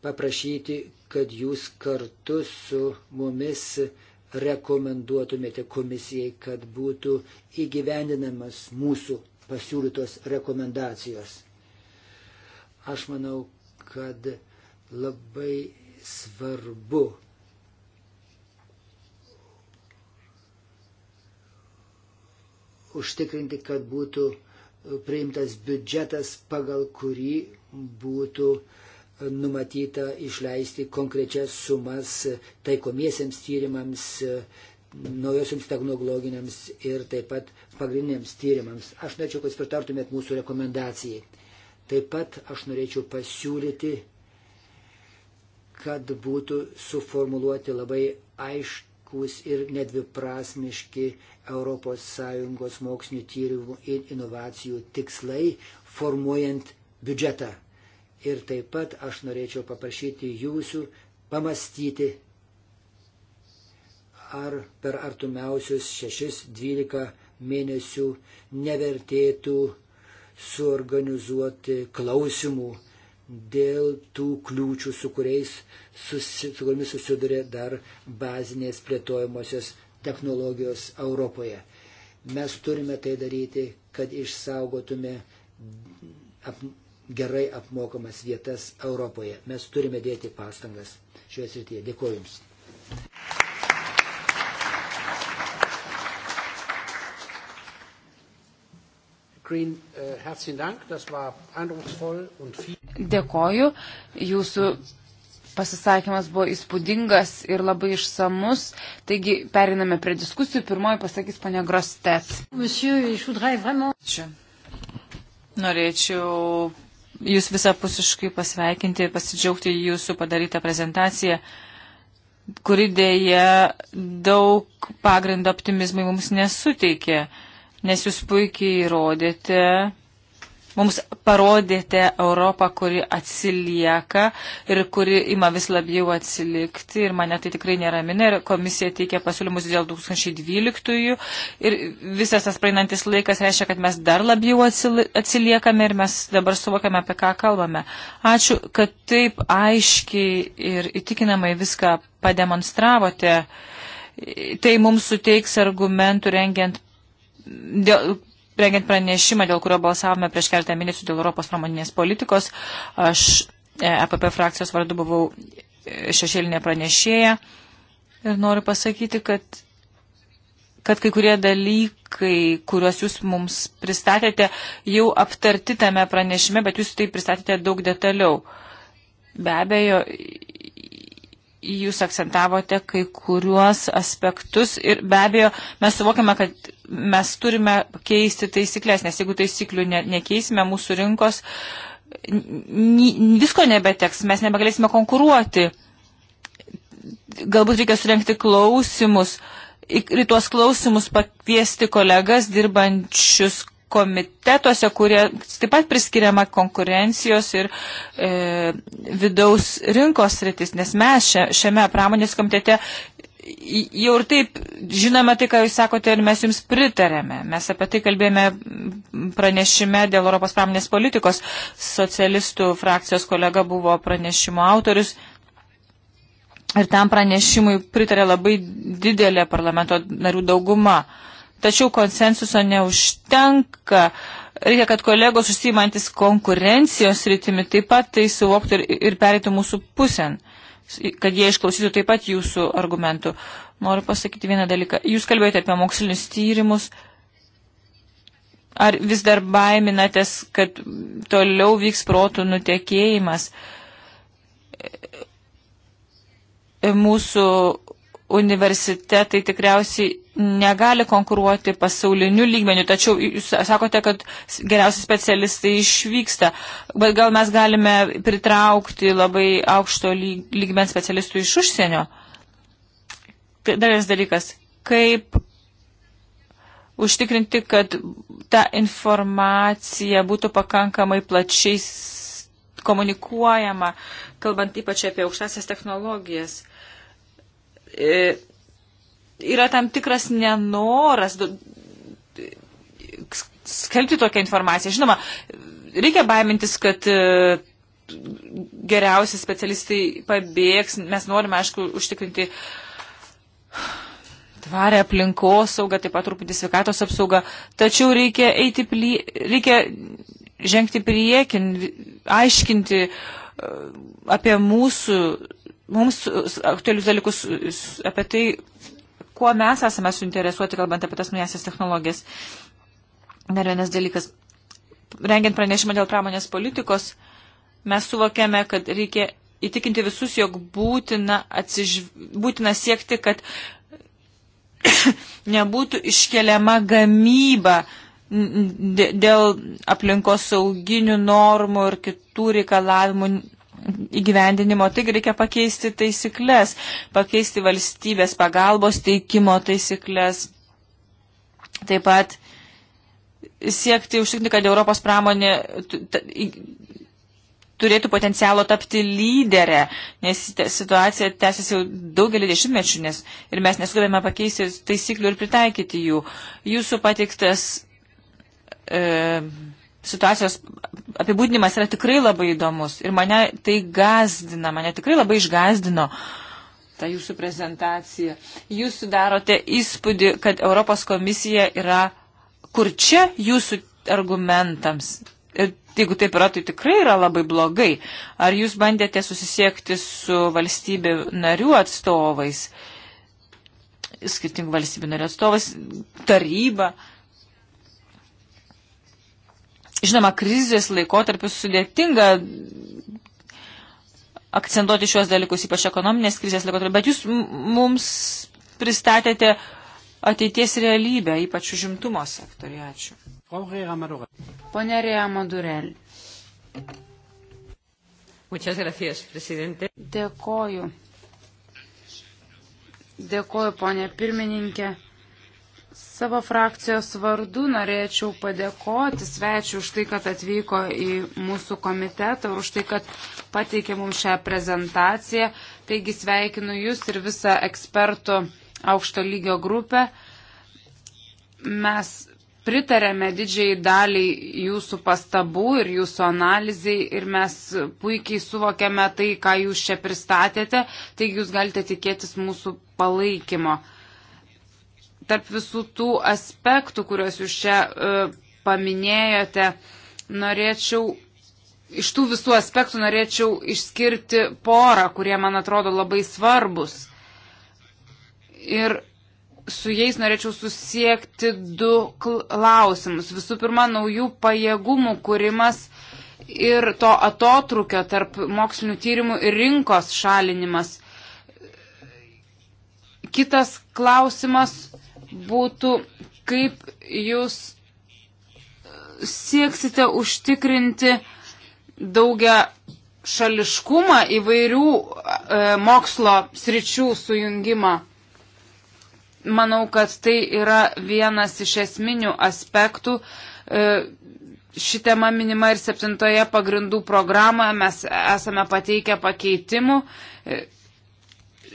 Speaker 3: paprašyti, kad jūs kartu su mumis uh, rekomenduotumėte komisijai, kad būtų įgyvendinamas mūsų pasiūlytos rekomendacijos? Aš manau, kad labai svarbu užtikrinti, kad būtų priimtas biudžetas, pagal kurį būtų uh, numatyta išleisti konkrečias sumas taikomiesiems tyrimams, naujosiams technologiniams ir taip pat pagrindiniams tyrimams. Aš norėčiau, kad jūs pritartumėt mūsų rekomendacijai. Taip pat aš norėčiau pasiūlyti, kad būtų suformuluoti labai aiškus ir nedviprasmiški ES mokslinio tyrimų ir inovacijų tikslai, formuojant biudžetą. Ir taip pat aš norėčiau paprašyti jūsų pamastyti, ar per artumiausius 6-12 mėnesių nevertėtų suorganizuoti klausimų dėl tų kliūčių, su, kuriais, susi, su kuriomis susiduria dar bazinės plėtojamosios technologijos Europoje. Mes turime tai daryti, kad išsaugotume ap, gerai apmokamas vietas Europoje. Mes turime dėti pastangas šioje srityje. Dėkuoju Jums. Äh,
Speaker 1: Dėkoju. Jūsų pasisakymas buvo įspūdingas ir labai išsamus. Taigi periname prie diskusijų. Pirmoji pasakys ponia Grostet.
Speaker 2: Norėčiau Jūs visapusiškai pasveikinti ir pasidžiaugti jūsų padarytą prezentaciją, kuri dėja daug pagrindo optimizmai mums nesuteikė, nes jūs puikiai įrodėte, Mums parodėte Europą, kuri atsilieka ir kuri ima vis labiau atsilikti ir mane tai tikrai neramina ir komisija teikia pasiūlymus dėl 2012 ir visas tas praeinantis laikas reiškia, kad mes dar labiau atsiliekame ir mes dabar suvokiame, apie ką kalbame. Ačiū, kad taip aiškiai ir įtikinamai viską pademonstravote. Tai mums suteiks argumentų rengiant dėl, rengiant pranešimą, dėl kurio balsavome prieš keltą mėnesių dėl Europos pramoninės politikos. Aš EPP e frakcijos vardu buvau e, šešėlinė pranešėja ir noriu pasakyti, kad kad kai kurie dalykai, kuriuos jūs mums pristatėte, jau aptarti tame pranešime, bet jūs tai pristatėte daug detaliau. Be abejo, jūs akcentavote kai kuriuos aspektus ir be abejo mes suvokiame, kad mes turime keisti taisyklės, nes jeigu taisyklių ne, nekeisime mūsų rinkos, visko nebeteks, mes nebegalėsime konkuruoti. Galbūt reikia surenkti klausimus, į tuos klausimus pakviesti kolegas dirbančius komitetuose, kurie taip pat priskiriama konkurencijos ir e, vidaus rinkos rytis, nes mes šia, šiame pramonės komitete jau ir taip žinome tai, ką jūs sakote ir mes jums pritarėme. Mes apie tai kalbėjome pranešime dėl Europos pramonės politikos. Socialistų frakcijos kolega buvo pranešimo autorius. Ir tam pranešimui pritarė labai didelė parlamento narių dauguma. Uh, Tačiau konsensuso neužtenka. Reikia, kad kolegos užsimantis konkurencijos rytimi taip pat tai suvoktų ir, ir perėtų mūsų pusėn, kad jie išklausytų taip pat jūsų argumentų. Noriu pasakyti vieną dalyką. Jūs kalbėjote apie mokslinius tyrimus. Ar vis dar baiminatės, kad toliau vyks protų nutekėjimas? Mūsų universitetai tikriausiai negali konkuruoti pasauliniu lygmeniu, tačiau jūs sakote, kad geriausi specialistai išvyksta, bet gal mes galime pritraukti labai aukšto lygmens specialistų iš užsienio? Dar vienas dalykas, kaip užtikrinti, kad ta informacija būtų pakankamai plačiai komunikuojama, kalbant ypač apie aukštasias technologijas. E, yra tam tikras nenoras skelbti tokią informaciją. Žinoma, reikia baimintis, kad e, geriausi specialistai pabėgs. Mes norime, aišku, užtikrinti tvarę aplinkos saugą, taip pat truputį sveikatos apsaugą, tačiau reikia eiti, plie, reikia žengti priekin, aiškinti e, apie mūsų, mums aktualius dalykus, apie tai, kuo mes esame suinteresuoti, kalbant apie tas naujasias technologijas. Dar vienas dalykas. Rengiant pranešimą dėl pramonės politikos, mes suvokėme, kad reikia įtikinti visus, jog būtina, atsiž... būtina siekti, kad <coughs> nebūtų iškeliama gamyba dėl aplinkos sauginių normų ir kitų reikalavimų įgyvendinimo, taigi reikia pakeisti taisyklės, pakeisti valstybės pagalbos teikimo taisyklės. Taip pat siekti užtikrinti, kad Europos pramonė turėtų potencialo tapti lyderę, nes situacija tęsiasi jau daugelį dešimtmečių nes, ir mes nesugebėme pakeisti taisyklių ir pritaikyti jų. Jūsų pateiktas e, situacijos apibūdinimas yra tikrai labai įdomus ir mane tai gazdina, mane tikrai labai išgazdino ta jūsų prezentacija. Jūs sudarote įspūdį, kad Europos komisija yra kur čia jūsų argumentams. Ir jeigu taip yra, tai tikrai yra labai blogai. Ar jūs bandėte susisiekti su valstybių narių atstovais, skirtingų valstybių narių atstovais, taryba? Uh, Žinoma, krizės laikotarpius sudėtinga akcentuoti šios dalykus, ypač ekonominės krizės laikotarpiu, bet jūs mums pristatėte ateities realybę, ypač užimtumo
Speaker 1: sektoriuje. Ačiū. Pone Rea Madurel. Gracias, Dėkoju. Dėkoju, ponė pirmininkė. Savo frakcijos vardu norėčiau padėkoti svečiu už tai, kad atvyko į mūsų komitetą ir už tai, kad pateikė mums šią prezentaciją. Taigi sveikinu Jūs ir visą ekspertų aukšto lygio grupę. Mes pritarėme didžiai daliai Jūsų pastabų ir Jūsų analizai ir mes puikiai suvokėme tai, ką Jūs čia pristatėte. Taigi Jūs galite tikėtis mūsų palaikymo tarp visų tų aspektų, kuriuos jūs čia e, paminėjote, norėčiau, iš tų visų aspektų norėčiau išskirti porą, kurie man atrodo labai svarbus. Ir su jais norėčiau susiekti du klausimus. Visų pirma, naujų pajėgumų kūrimas ir to atotrukio tarp mokslinių tyrimų ir rinkos šalinimas. Kitas klausimas būtų, kaip jūs sieksite užtikrinti daugia šališkumą įvairių e, mokslo sričių sujungimą. Manau, kad tai yra vienas iš esminių aspektų. E, ši tema minima ir septintoje pagrindų programoje. Mes esame pateikę pakeitimų e,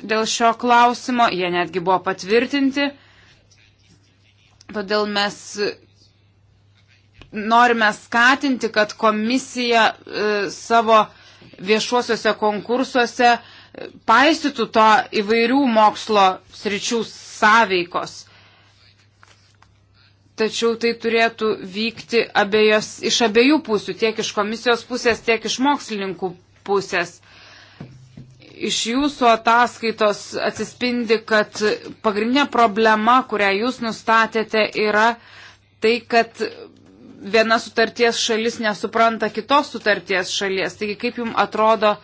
Speaker 1: dėl šio klausimo. Jie netgi buvo patvirtinti. E, Todėl mes norime skatinti, kad komisija e, savo viešuosiuose konkursuose e, paisytų to įvairių mokslo sričių sąveikos. Tačiau tai turėtų vykti abiejos, iš abiejų pusių, tiek iš komisijos pusės, tiek iš mokslininkų pusės iš jūsų ataskaitos atsispindi, kad pagrindinė problema, kurią jūs nustatėte, yra tai, kad viena sutarties šalis nesupranta kitos sutarties šalies. Taigi, kaip jums atrodo,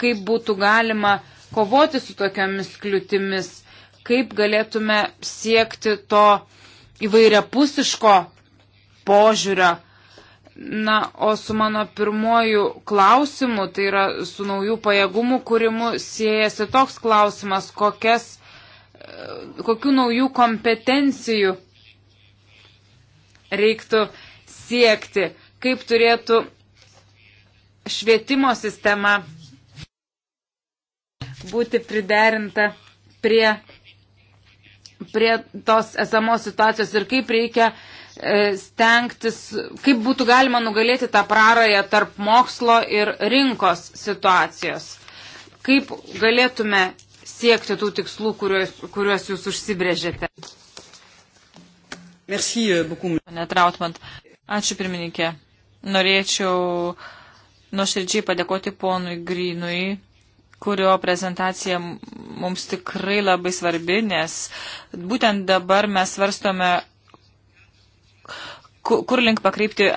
Speaker 1: kaip būtų galima kovoti su tokiamis kliūtimis, kaip galėtume siekti to įvairiapusiško požiūrio Na, o su mano pirmoju klausimu, tai yra su naujų pajėgumų kūrimu, siejasi toks klausimas, kokias, e, kokių naujų kompetencijų reiktų siekti, kaip turėtų švietimo sistema būti priderinta prie, prie tos esamos situacijos ir kaip reikia uh, E, stengtis, kaip būtų galima nugalėti tą prarąją tarp mokslo ir rinkos situacijos. Kaip galėtume siekti tų tikslų, kuriuos, kuriuos jūs užsibrėžėte? Merci euh, beaucoup.
Speaker 2: Netrautmant. Ačiū pirmininkė. Norėčiau nuoširdžiai padėkoti ponui Grinui kurio prezentacija mums tikrai labai svarbi, nes būtent dabar mes svarstome kur link pakreipti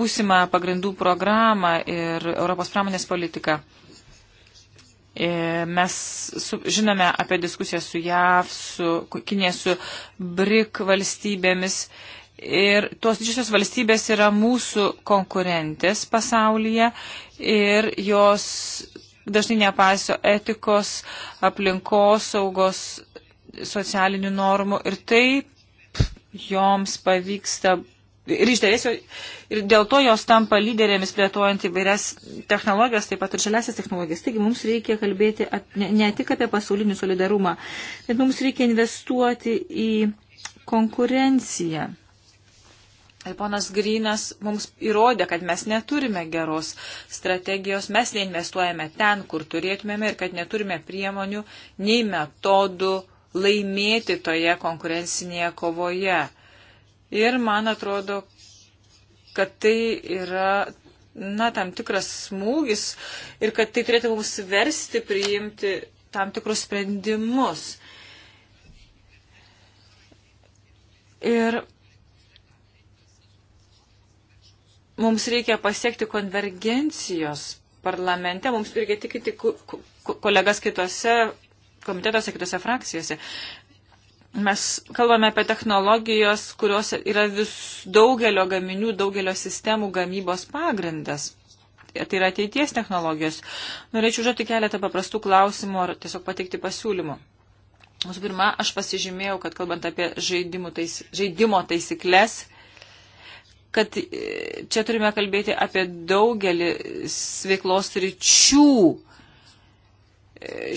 Speaker 2: būsimą pagrindų programą ir Europos pramonės politiką. E, mes su, žinome apie diskusiją su JAV, su Kinė, su BRIC valstybėmis. Ir tos didžiosios valstybės yra mūsų konkurentės pasaulyje ir jos dažnai nepaiso etikos, aplinkos, saugos, socialinių normų ir taip joms pavyksta ir išdėlės ir dėl to jos tampa lyderėmis plėtojant įvairias technologijas, taip pat ir žaliasias technologijas. Taigi mums reikia kalbėti at, ne, ne tik apie pasaulinį solidarumą, bet mums reikia investuoti į konkurenciją. Ir ponas Grynas mums įrodė, kad mes neturime geros strategijos, mes neinvestuojame ten, kur turėtumėme ir kad neturime priemonių nei metodų laimėti toje konkurencinėje kovoje. Ir man atrodo, kad tai yra, na, tam tikras smūgis ir kad tai turėtų mums versti priimti tam tikrus sprendimus. Ir mums reikia pasiekti konvergencijos parlamente, mums reikia tikinti kolegas kitose komitetuose, kitose frakcijose. Mes kalbame apie technologijos, kurios yra vis daugelio gaminių, daugelio sistemų gamybos pagrindas. Tai yra ateities technologijos. Norėčiau žodžiu keletą paprastų klausimų ar tiesiog pateikti pasiūlymų. Visų pirma, aš pasižymėjau, kad kalbant apie tais, žaidimo taisyklės, kad e, čia turime kalbėti apie daugelį sveiklos ryčių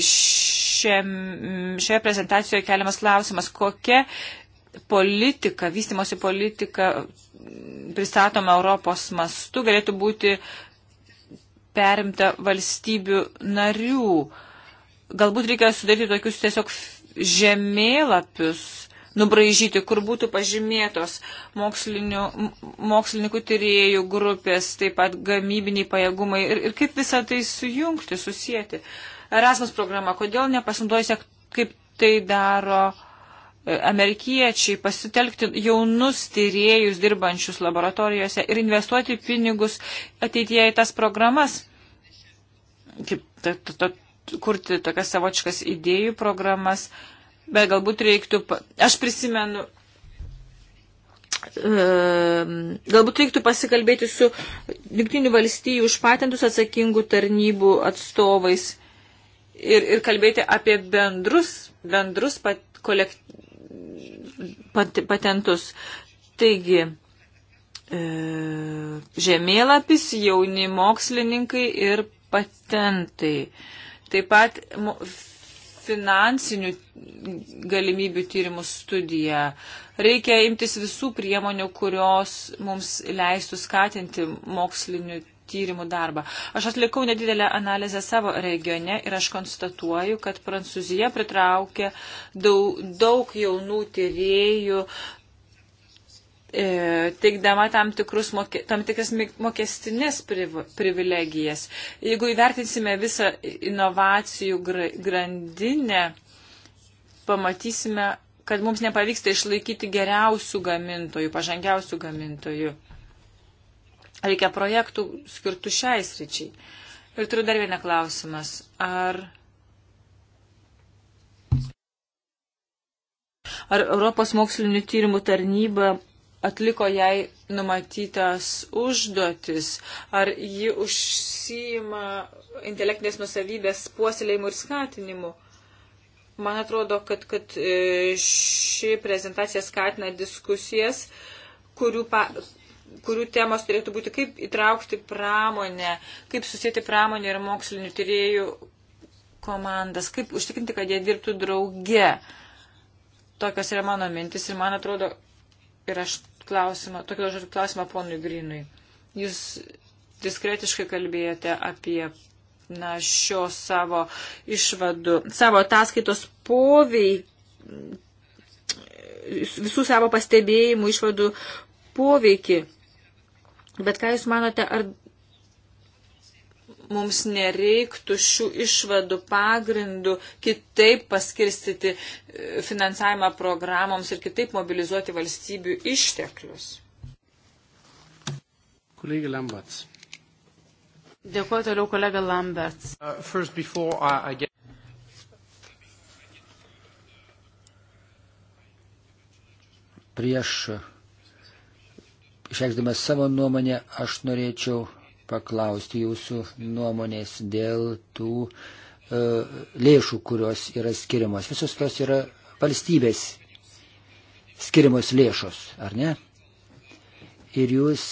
Speaker 2: šiam, šioje prezentacijoje keliamas klausimas, kokia politika, vystimosi politika pristatoma Europos mastu galėtų būti perimta valstybių narių. Galbūt reikia sudaryti tokius tiesiog žemėlapius, nubraižyti, kur būtų pažymėtos mokslininkų tyriejų grupės, taip pat gamybiniai pajėgumai ir, ir kaip visą tai sujungti, susijęti. Uh, Erasmus programa, kodėl nepasinaudojasi, kaip tai daro e, amerikiečiai, pasitelkti jaunus tyriejus dirbančius laboratorijose ir investuoti pinigus ateityje į tas programas, kaip ta, ta, ta, kurti tokias savočkas idėjų programas, bet galbūt reiktų, aš prisimenu, e, galbūt reiktų pasikalbėti su Junktinių valstybių už patentus atsakingų tarnybų atstovais ir, ir kalbėti apie bendrus, bendrus pat, kolekt, pat, patentus. Taigi, e, žemėlapis, jauni mokslininkai ir patentai. Taip pat mo, finansinių galimybių tyrimų studija. Reikia imtis visų priemonių, kurios mums leistų skatinti mokslinių tyrimų darbą. Aš atlikau nedidelę analizę savo regione ir aš konstatuoju, kad Prancūzija pritraukė daug, daug jaunų tyriejų, e, teikdama tam, mokė, tam tikras mokestinės priv, privilegijas. Jeigu įvertinsime visą inovacijų grandinę, pamatysime, kad mums nepavyksta išlaikyti geriausių gamintojų, pažangiausių gamintojų. Reikia projektų skirtų šiai sričiai. Ir turiu dar vieną klausimas. Ar Ar Europos mokslinių tyrimų tarnyba atliko jai numatytas užduotis? Ar ji užsijima intelektinės nusavybės puoselėjimu ir skatinimu? Man atrodo, kad, kad e, ši prezentacija skatina diskusijas, kurių pa, kurių temos turėtų būti, kaip įtraukti pramonę, kaip susėti pramonę ir mokslinių tyriejų komandas, kaip užtikrinti, kad jie dirbtų drauge. Tokios yra mano mintis ir man atrodo, ir aš klausimą, tokio žodžio klausimą ponui Grinui. Jūs diskretiškai kalbėjote apie na, šio savo išvadų, savo ataskaitos poveikį, visų savo pastebėjimų išvadų poveikį. Bet ką Jūs manote, ar mums nereiktų šių išvadų pagrindų kitaip paskirstyti e, finansavimą programoms ir kitaip mobilizuoti valstybių išteklius?
Speaker 3: Kolegė Lamberts.
Speaker 1: Dėkuoju toliau kolega Lamberts. Uh, first, before, uh, I get...
Speaker 3: Prieš išreikšdamas savo nuomonę, aš norėčiau paklausti jūsų nuomonės dėl tų e, lėšų, kurios yra skiriamos. Visos tos yra valstybės skiriamos lėšos, ar ne? Ir jūs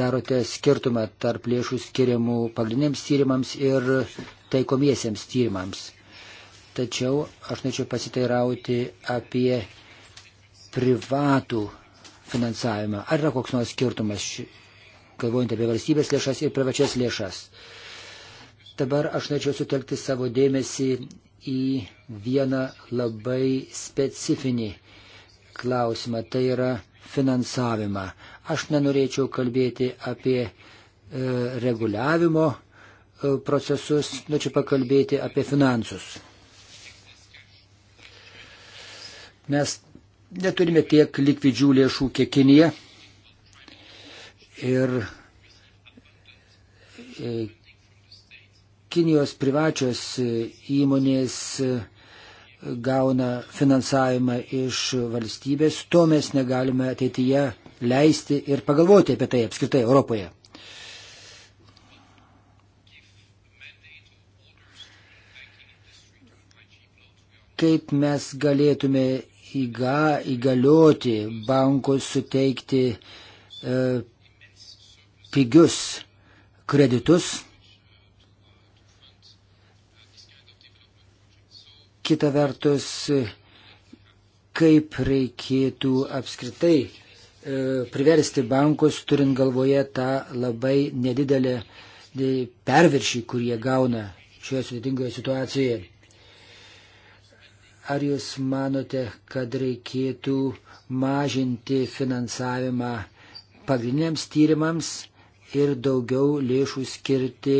Speaker 3: darote skirtumą tarp lėšų skiriamų pagrindiniams tyrimams ir taikomiesiems tyrimams. Tačiau aš norėčiau pasiteirauti apie privatų finansavimą. Ar yra koks nors skirtumas, galvojant apie valstybės lėšas ir privačias lėšas? Dabar aš norėčiau sutelkti savo dėmesį į vieną labai specifinį klausimą, tai yra finansavimą. Aš nenorėčiau kalbėti apie e, reguliavimo e, procesus, norėčiau pakalbėti apie finansus. Mes neturime tiek likvidžių lėšų kiek Kinija. Ir e, Kinijos privačios įmonės e, gauna finansavimą iš valstybės, to mes negalime ateityje leisti ir pagalvoti apie tai apskritai Europoje. Kaip mes galėtume įga, įgalioti bankus suteikti e, pigius kreditus. Kita vertus, kaip reikėtų apskritai e, priversti bankus, turint galvoje tą labai nedidelę perviršį, kurį jie gauna šioje sudėtingoje situacijoje. Ar jūs manote, kad reikėtų mažinti finansavimą pagrindiniams tyrimams ir daugiau lėšų skirti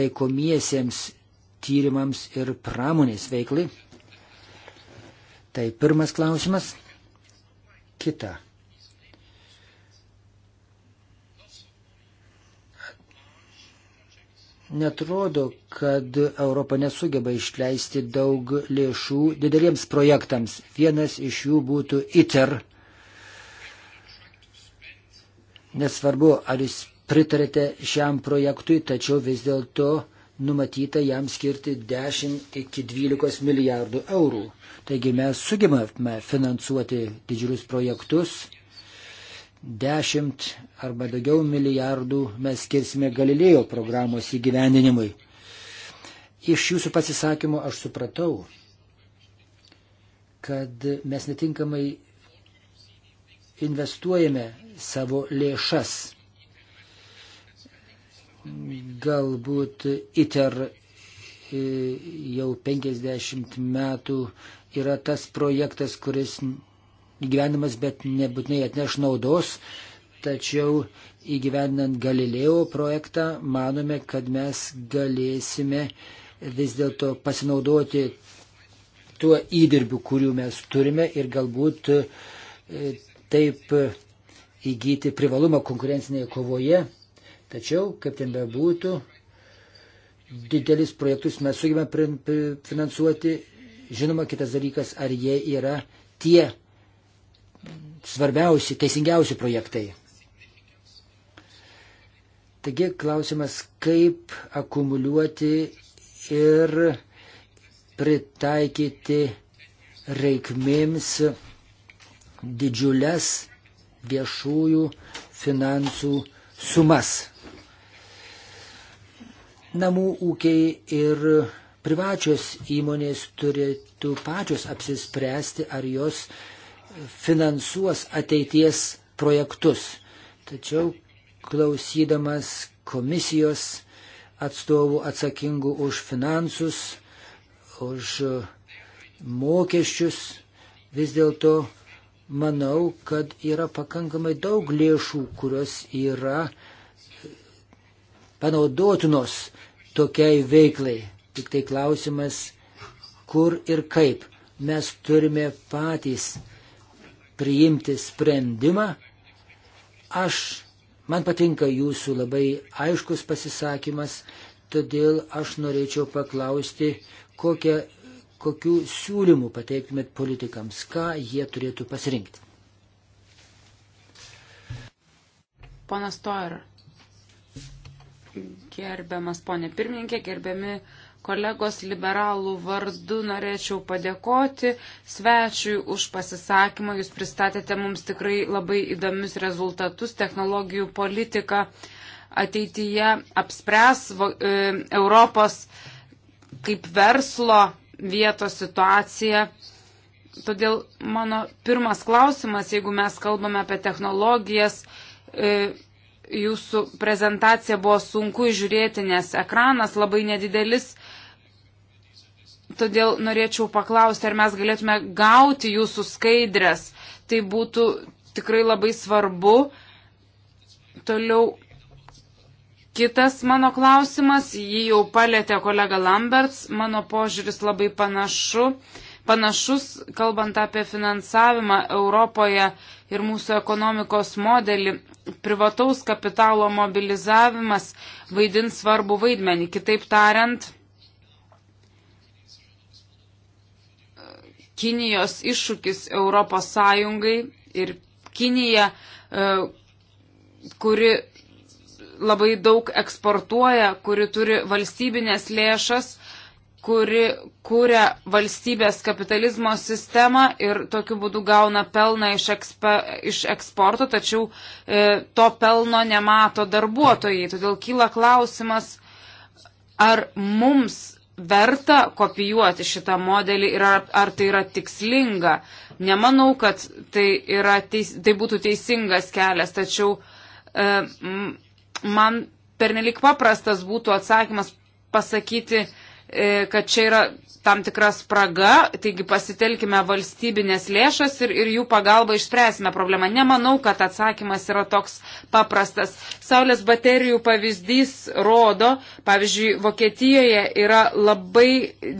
Speaker 3: taikomiesiems tyrimams ir pramonės veiklai? Tai pirmas klausimas. Kita netrodo, kad Europa nesugeba išleisti daug lėšų dideliems projektams. Vienas iš jų būtų ITER. Nesvarbu, ar jūs pritarėte šiam projektui, tačiau vis dėlto numatyta jam skirti 10 iki 12 milijardų eurų. Taigi mes sugebame finansuoti didžiulius projektus 10 arba daugiau milijardų mes skirsime Galilėjo programos įgyvendinimui. Iš jūsų pasisakymų aš supratau, kad mes netinkamai investuojame savo lėšas. Galbūt ITER e, jau 50 metų yra tas projektas, kuris gyvenimas, bet nebūtinai atneš naudos. Tačiau įgyvendinant Galilėjo projektą, manome, kad mes galėsime vis dėlto pasinaudoti tuo įdirbiu, kurių mes turime ir galbūt e, taip įgyti privalumą konkurencinėje kovoje. Tačiau, kaip ten bebūtų, didelis projektus mes sugebame finansuoti. Žinoma, kitas dalykas, ar jie yra tie svarbiausi, teisingiausi projektai. Taigi klausimas, kaip akumuliuoti ir pritaikyti reikmėms didžiulės viešųjų finansų sumas. Namų ūkiai ir privačios įmonės turėtų pačios apsispręsti, ar jos uh, finansuos ateities projektus. Tačiau klausydamas komisijos atstovų atsakingų už finansus, už mokesčius, vis dėlto manau, kad yra pakankamai daug lėšų, kurios yra panaudotinos tokiai veiklai. Tik tai klausimas, kur ir kaip mes turime patys priimti sprendimą. Aš, man patinka jūsų labai aiškus pasisakymas, todėl aš norėčiau paklausti, kokią, kokių siūlymų pateiktumėt politikams, ką jie turėtų pasirinkti.
Speaker 1: Ponas Toer, gerbiamas ponė pirmininkė, gerbiami uh, kolegos liberalų vardu norėčiau padėkoti svečiui už pasisakymą. Jūs pristatėte mums tikrai labai įdomius rezultatus. Technologijų politika ateityje apspręs e, Europos kaip verslo vietos situaciją. Todėl mano pirmas klausimas, jeigu mes kalbame apie technologijas, e, jūsų prezentacija buvo sunku žiūrėti, nes ekranas labai nedidelis. Todėl norėčiau paklausti, ar mes galėtume gauti jūsų skaidrės. Tai būtų tikrai labai svarbu. Toliau kitas mano klausimas, jį jau palėtė kolega Lamberts, mano požiūris labai panašu. Panašus, kalbant apie finansavimą Europoje ir mūsų ekonomikos modelį, privataus kapitalo mobilizavimas vaidins svarbu vaidmenį. Kitaip tariant, Kinijos iššūkis Europos Sąjungai ir Kinija, e, kuri labai daug eksportuoja, kuri turi valstybinės lėšas, kuri kūrė valstybės kapitalizmo sistemą ir tokiu būdu gauna pelną iš, ekspe, iš eksporto, tačiau e, to pelno nemato darbuotojai. Todėl kyla klausimas, ar mums verta kopijuoti šitą modelį ir ar, ar tai yra tikslinga. Nemanau, kad tai, yra, teis, tai būtų teisingas kelias, tačiau e, man pernelik paprastas būtų atsakymas pasakyti, E, kad čia yra tam tikra spraga, taigi pasitelkime valstybinės lėšas ir, ir jų pagalba išspręsime problemą. Nemanau, kad atsakymas yra toks paprastas. Saulės baterijų pavyzdys rodo, pavyzdžiui, Vokietijoje yra labai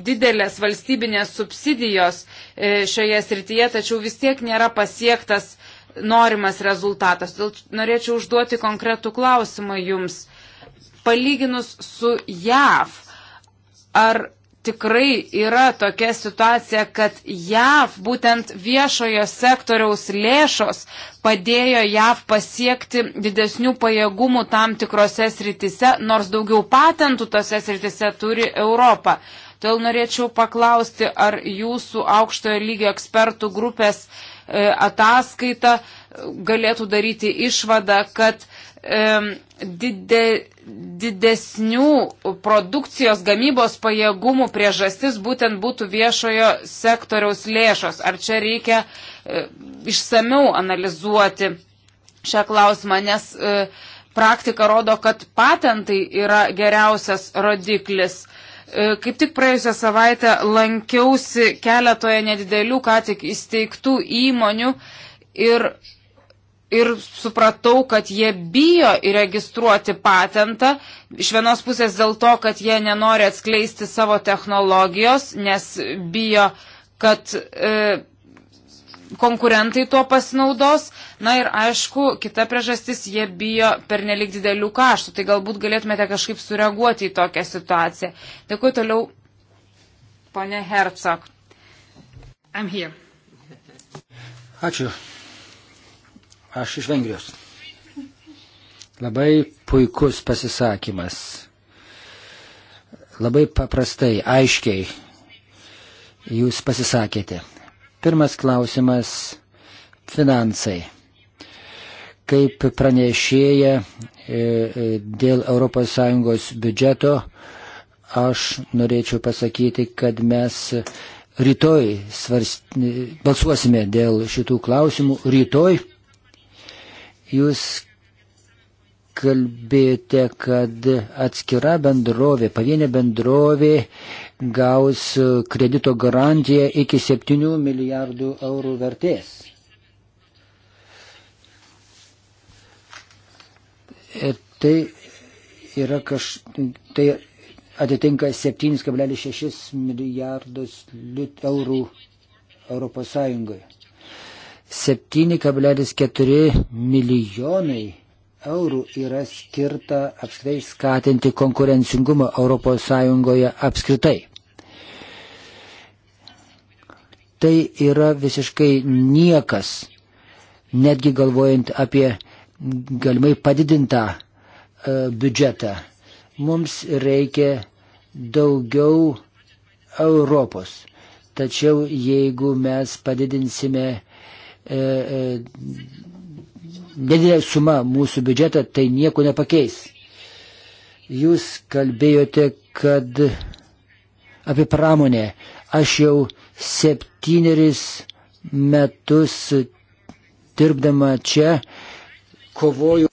Speaker 1: didelės valstybinės subsidijos e, šioje srityje, tačiau vis tiek nėra pasiektas norimas rezultatas. Todėl norėčiau užduoti konkretų klausimą jums. Palyginus su JAV, ar tikrai yra tokia situacija, kad JAV būtent viešojo sektoriaus lėšos padėjo JAV pasiekti didesnių pajėgumų tam tikrose sritise, nors daugiau patentų tose sritise turi Europą. Todėl norėčiau paklausti, ar jūsų aukštojo lygio ekspertų grupės e, ataskaita e, galėtų daryti išvadą, kad e, dide, didesnių produkcijos gamybos pajėgumų priežastis būtent būtų viešojo sektoriaus lėšos. Ar čia reikia e, išsamiau analizuoti šią klausimą, nes e, praktika rodo, kad patentai yra geriausias rodiklis. E, kaip tik praėjusią savaitę lankiausi keletoje nedidelių, ką tik įsteigtų įmonių ir ir supratau, kad jie bijo įregistruoti patentą. Iš vienos pusės dėl to, kad jie nenori atskleisti savo technologijos, nes bijo, kad e, konkurentai tuo pasinaudos. Na ir aišku, kita priežastis, jie bijo pernelik didelių kaštų. Tai galbūt galėtumėte kažkaip sureaguoti į tokią situaciją. Dėkui toliau, ponė Hercog.
Speaker 3: Ačiū. Aš iš Vengrijos. Labai puikus pasisakymas. Labai paprastai, aiškiai jūs pasisakėte. Pirmas klausimas - finansai. Kaip pranešėja e, e, dėl ES biudžeto, aš norėčiau pasakyti, kad mes rytoj svarst... balsuosime dėl šitų klausimų. Rytoj Jūs kalbėjote, kad atskira bendrovė, pavienė bendrovė gaus kredito garantiją iki 7 milijardų eurų vertės. Ir tai yra kaž... Tai atitinka 7,6 milijardus eurų Europos Sąjungoje. 7,4 milijonai eurų yra skirta apskritai skatinti konkurencingumą ES apskritai. Tai yra visiškai niekas, netgi galvojant apie galimai padidintą e, biudžetą. Mums reikia daugiau Europos. Tačiau jeigu mes padidinsime E, e, nedidelė suma mūsų biudžetą, tai nieko nepakeis. Jūs kalbėjote, kad apie pramonę. Aš jau septyneris metus dirbdama čia kovoju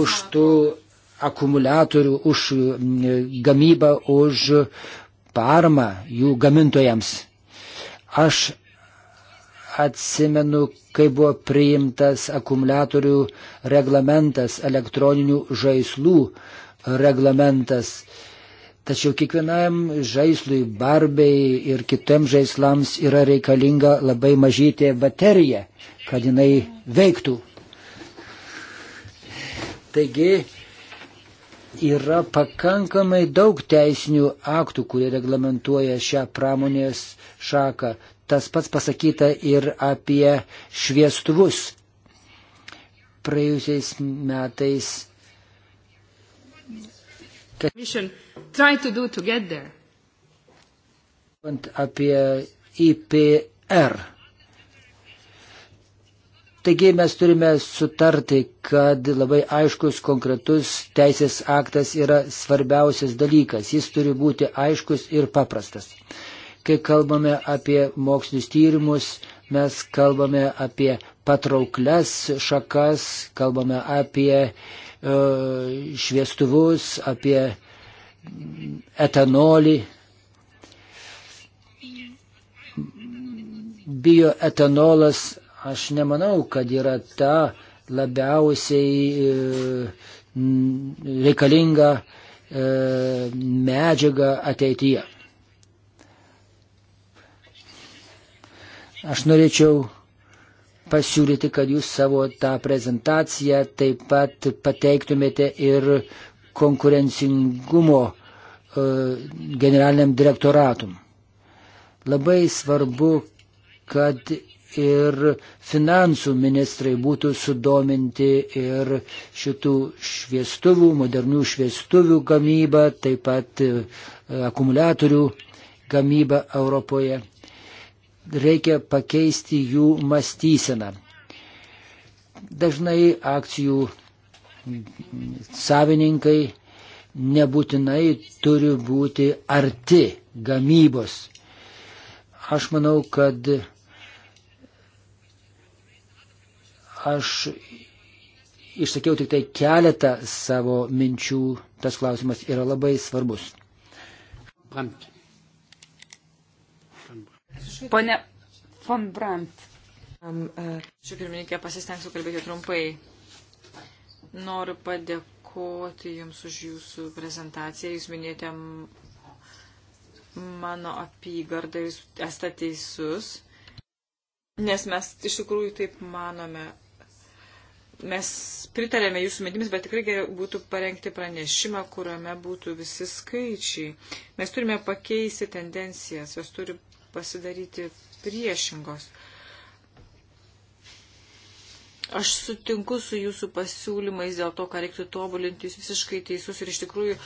Speaker 3: už tų akumuliatorių, už mm, gamybą, už paramą jų gamintojams. Aš atsimenu, kai buvo priimtas akumuliatorių reglamentas, elektroninių žaislų reglamentas. Tačiau kiekvienam žaislui, barbei ir kitiems žaislams yra reikalinga labai mažytė baterija, kad jinai veiktų. Taigi yra pakankamai daug teisinių aktų, kurie reglamentuoja šią pramonės šaką. Tas pats pasakyta ir apie šviestuvus. Praėjusiais metais. Kalbant apie IPR Taigi mes turime sutarti, kad labai aiškus konkretus teisės aktas yra svarbiausias dalykas. Jis turi būti aiškus ir paprastas. Kai kalbame apie mokslinius tyrimus, mes kalbame apie patrauklias šakas, kalbame apie e, šviestuvus, apie etanolį. Bioetanolas Aš nemanau, kad yra ta labiausiai e, reikalinga e, medžiaga ateityje. Aš norėčiau pasiūlyti, kad jūs savo tą prezentaciją taip pat pateiktumėte ir konkurencingumo e, generaliniam direktoratum. Labai svarbu, kad ir finansų ministrai būtų sudominti ir šitų šviestuvų, modernių šviestuvių gamybą, taip pat e, akumuliatorių gamybą Europoje. Reikia pakeisti jų mąstyseną. Dažnai akcijų savininkai nebūtinai turi būti arti gamybos. Aš manau, kad Aš išsakiau tik tai keletą savo minčių, tas klausimas yra labai svarbus.
Speaker 2: Brandt.
Speaker 1: Pone von Brandt. E, Ačiū
Speaker 2: pirmininkė, pasistengsiu kalbėti trumpai. Noriu padėkoti Jums už Jūsų prezentaciją. Jūs minėjote mano apygardą, Jūs esate teisus, nes mes iš tikrųjų taip manome mes pritarėme jūsų medimis, bet tikrai geriau būtų parengti pranešimą, kuriame būtų visi skaičiai. Mes turime pakeisti tendencijas, jos turi pasidaryti priešingos. Aš sutinku su jūsų pasiūlymais dėl to, ką reiktų tobulinti, jūs visiškai teisus ir iš tikrųjų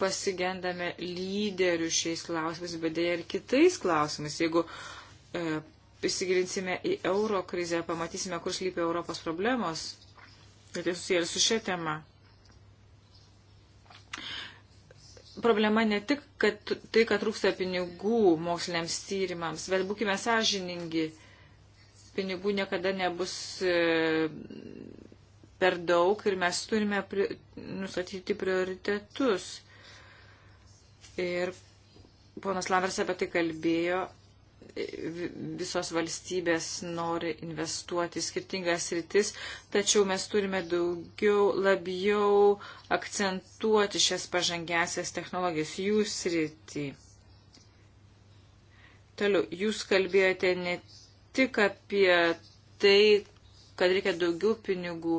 Speaker 2: pasigendame lyderių šiais klausimais, bet dėja ir kitais klausimais. Jeigu e, įsigilinsime į euro krizę, pamatysime, kur slypi Europos problemos, tai susiję ir su šia tema. Problema ne tik kad, tai, kad trūksta pinigų moksliniams tyrimams, bet būkime sąžiningi, pinigų niekada nebus e, per daug ir mes turime pri, nustatyti prioritetus. Ir ponas Lavers apie tai kalbėjo, visos valstybės nori investuoti skirtingas rytis, tačiau mes turime daugiau, labiau akcentuoti šias pažangesias technologijas jų srity. Toliau, jūs kalbėjote ne tik apie tai, kad reikia daugiau pinigų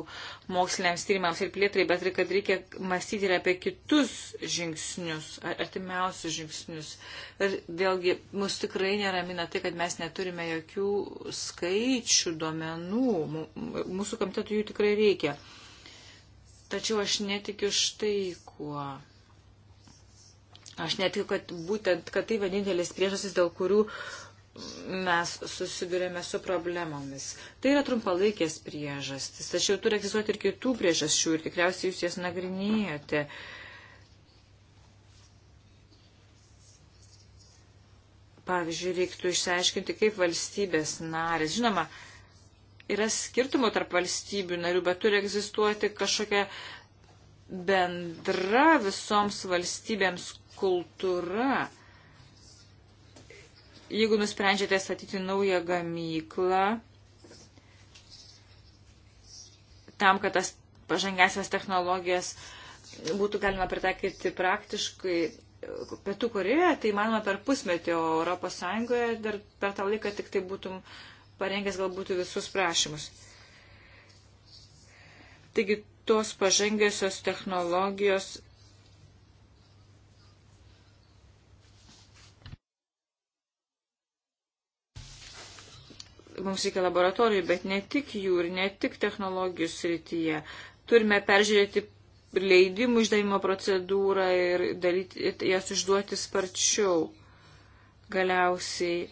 Speaker 2: moksliniams tyrimams ir plėtrai, bet ir kad reikia mąstyti ir apie kitus žingsnius, artimiausius žingsnius. Ir vėlgi, mus tikrai neramina tai, kad mes neturime jokių skaičių, duomenų. Mūsų komitetų jų tikrai reikia. Tačiau aš netikiu štai kuo. Aš netikiu, kad būtent, kad tai vienintelis priežasis, dėl kurių uh, mes susidurėme su problemomis. Tai yra trumpalaikės priežastis, tačiau turi egzistuoti ir kitų priežasčių ir tikriausiai jūs jas nagrinėjote. Pavyzdžiui, reiktų išsiaiškinti, kaip valstybės narės. Žinoma, yra skirtumų tarp valstybių narių, bet turi egzistuoti kažkokia bendra visoms valstybėms kultūra jeigu nusprendžiate statyti naują gamyklą, tam, kad tas pažangesias technologijas būtų galima pritaikyti praktiškai Pietų Korejoje, tai manoma per pusmetį, o Europos Sąjungoje dar per tą laiką tik tai būtum parengęs galbūt visus prašymus. Taigi tos pažangiosios technologijos mums reikia laboratorijų, bet ne tik jų ir ne tik technologijų srityje. Turime peržiūrėti leidimų išdavimo procedūrą ir dalyti, jas išduoti sparčiau. Galiausiai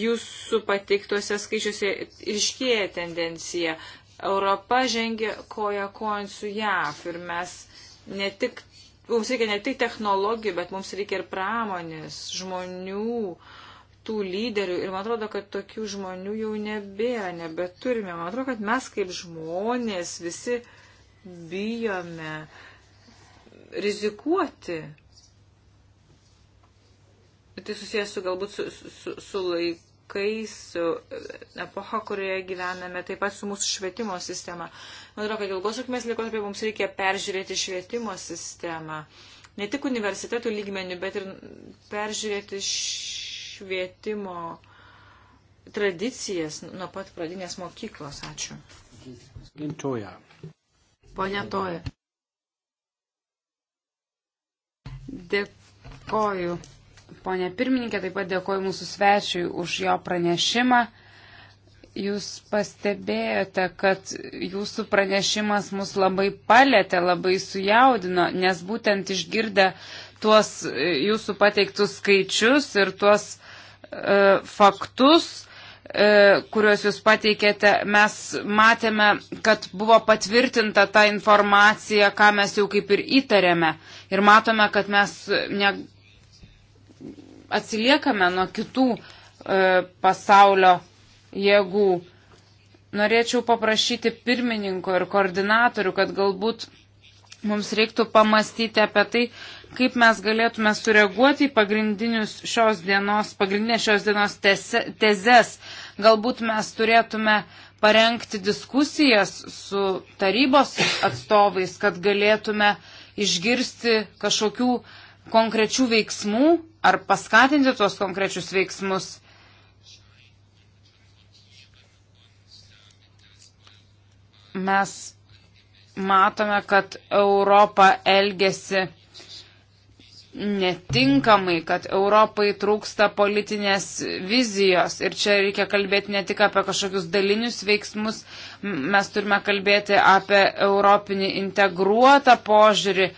Speaker 2: jūsų pateiktose skaičiuose iškėja tendencija. Europa žengia koja kojant su JAF ir mes ne tik mums reikia ne tik technologijų, bet mums reikia ir pramonės, žmonių, tų lyderių. Ir man atrodo, kad tokių žmonių jau nebėra, nebeturime. Man atrodo, kad mes kaip žmonės visi bijome rizikuoti. Tai susijęs su galbūt su, su, su laikais, su epocha, kurioje gyvename, taip pat su mūsų švietimo sistema. Man atrodo, kad ilgos sėkmės laikotarpį mums reikia peržiūrėti švietimo sistemą. Ne tik universitetų lygmenių, bet ir peržiūrėti švietimo tradicijas nuo pat pradinės mokyklos.
Speaker 1: Ačiū. Gintoja. Pone Toja. Dėkoju. Pone pirmininkė, taip pat dėkoju mūsų svečiui už jo pranešimą jūs pastebėjote, kad jūsų pranešimas mus labai palėtė, labai sujaudino, nes būtent išgirdę tuos e, jūsų pateiktus skaičius ir tuos e, faktus, e, kuriuos jūs pateikėte, mes matėme, kad buvo patvirtinta ta informacija, ką mes jau kaip ir įtarėme. Ir matome, kad mes ne... atsiliekame nuo kitų e, pasaulio jėgų. Norėčiau paprašyti pirmininko ir koordinatorių, kad galbūt mums reiktų pamastyti apie tai, kaip mes galėtume sureaguoti į pagrindinius šios dienos, pagrindinės šios dienos tese, tezes. Galbūt mes turėtume parengti diskusijas su tarybos atstovais, kad galėtume išgirsti kažkokių konkrečių veiksmų ar paskatinti tuos konkrečius veiksmus. mes matome, kad Europa elgesi netinkamai, kad Europai trūksta politinės vizijos. Ir čia reikia kalbėti ne tik apie kažkokius dalinius veiksmus, mes turime kalbėti apie europinį integruotą požiūrį,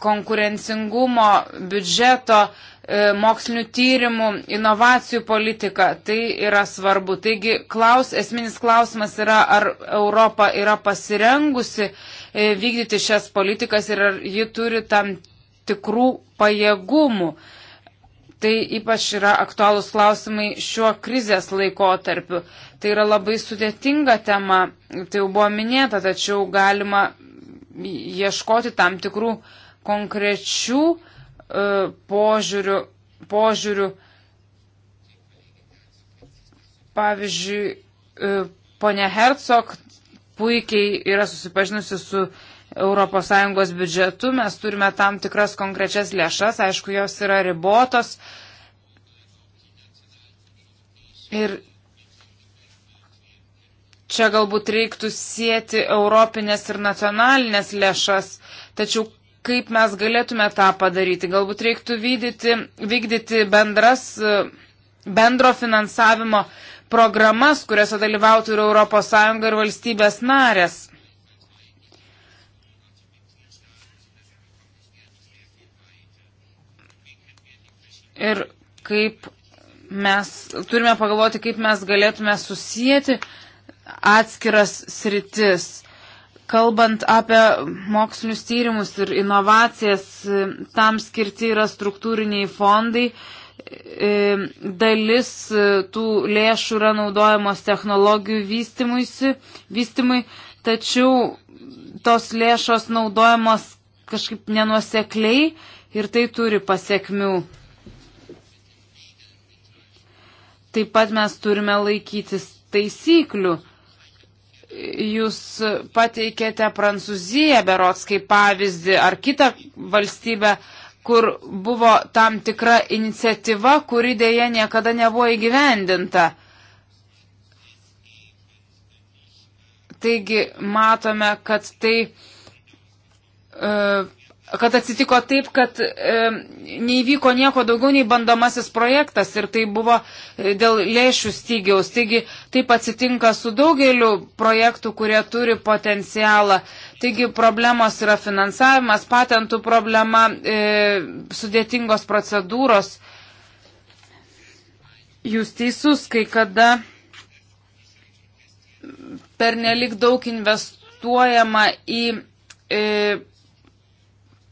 Speaker 1: konkurencingumo, biudžeto E, mokslinių tyrimų, inovacijų politika. Tai yra svarbu. Taigi klaus, esminis klausimas yra, ar Europa yra pasirengusi e, vykdyti šias politikas ir ar ji turi tam tikrų pajėgumų. Tai ypač yra aktualūs klausimai šiuo krizės laikotarpiu. Tai yra labai sudėtinga tema, tai jau buvo minėta, tačiau galima ieškoti tam tikrų konkrečių požiūrių, e, požiūrių pavyzdžiui, e, ponia Hercog puikiai yra susipažinusi su ES biudžetu, mes turime tam tikras konkrečias lėšas, aišku, jos yra ribotos. Ir čia galbūt reiktų sėti europinės ir nacionalinės lėšas, tačiau kaip mes galėtume tą padaryti. Galbūt reiktų vykdyti, vykdyti bendras, e, bendro finansavimo programas, kuriuose dalyvautų ir ES ir valstybės narės. Ir kaip mes turime pagalvoti, kaip mes galėtume susijęti atskiras sritis. Kalbant apie mokslinius tyrimus ir inovacijas, e, tam skirti yra struktūriniai fondai. E, dalis e, tų lėšų yra naudojamos technologijų vystimui, tačiau tos lėšos naudojamos kažkaip nenuosekliai ir tai turi pasiekmių. Taip pat mes turime laikytis taisyklių jūs pateikėte Prancūziją berots kaip pavyzdį ar kitą valstybę, kur buvo tam tikra iniciatyva, kuri dėja niekada nebuvo įgyvendinta. Taigi matome, kad tai e, kad atsitiko taip, kad e, neįvyko nieko daugiau nei bandomasis projektas ir tai buvo e, dėl lėšių stygiaus. Taigi taip atsitinka su daugeliu projektų, kurie turi potencialą. Taigi problemos yra finansavimas, patentų problema, e, sudėtingos procedūros. Jūs teisus, kai kada per nelik daug investuojama į e,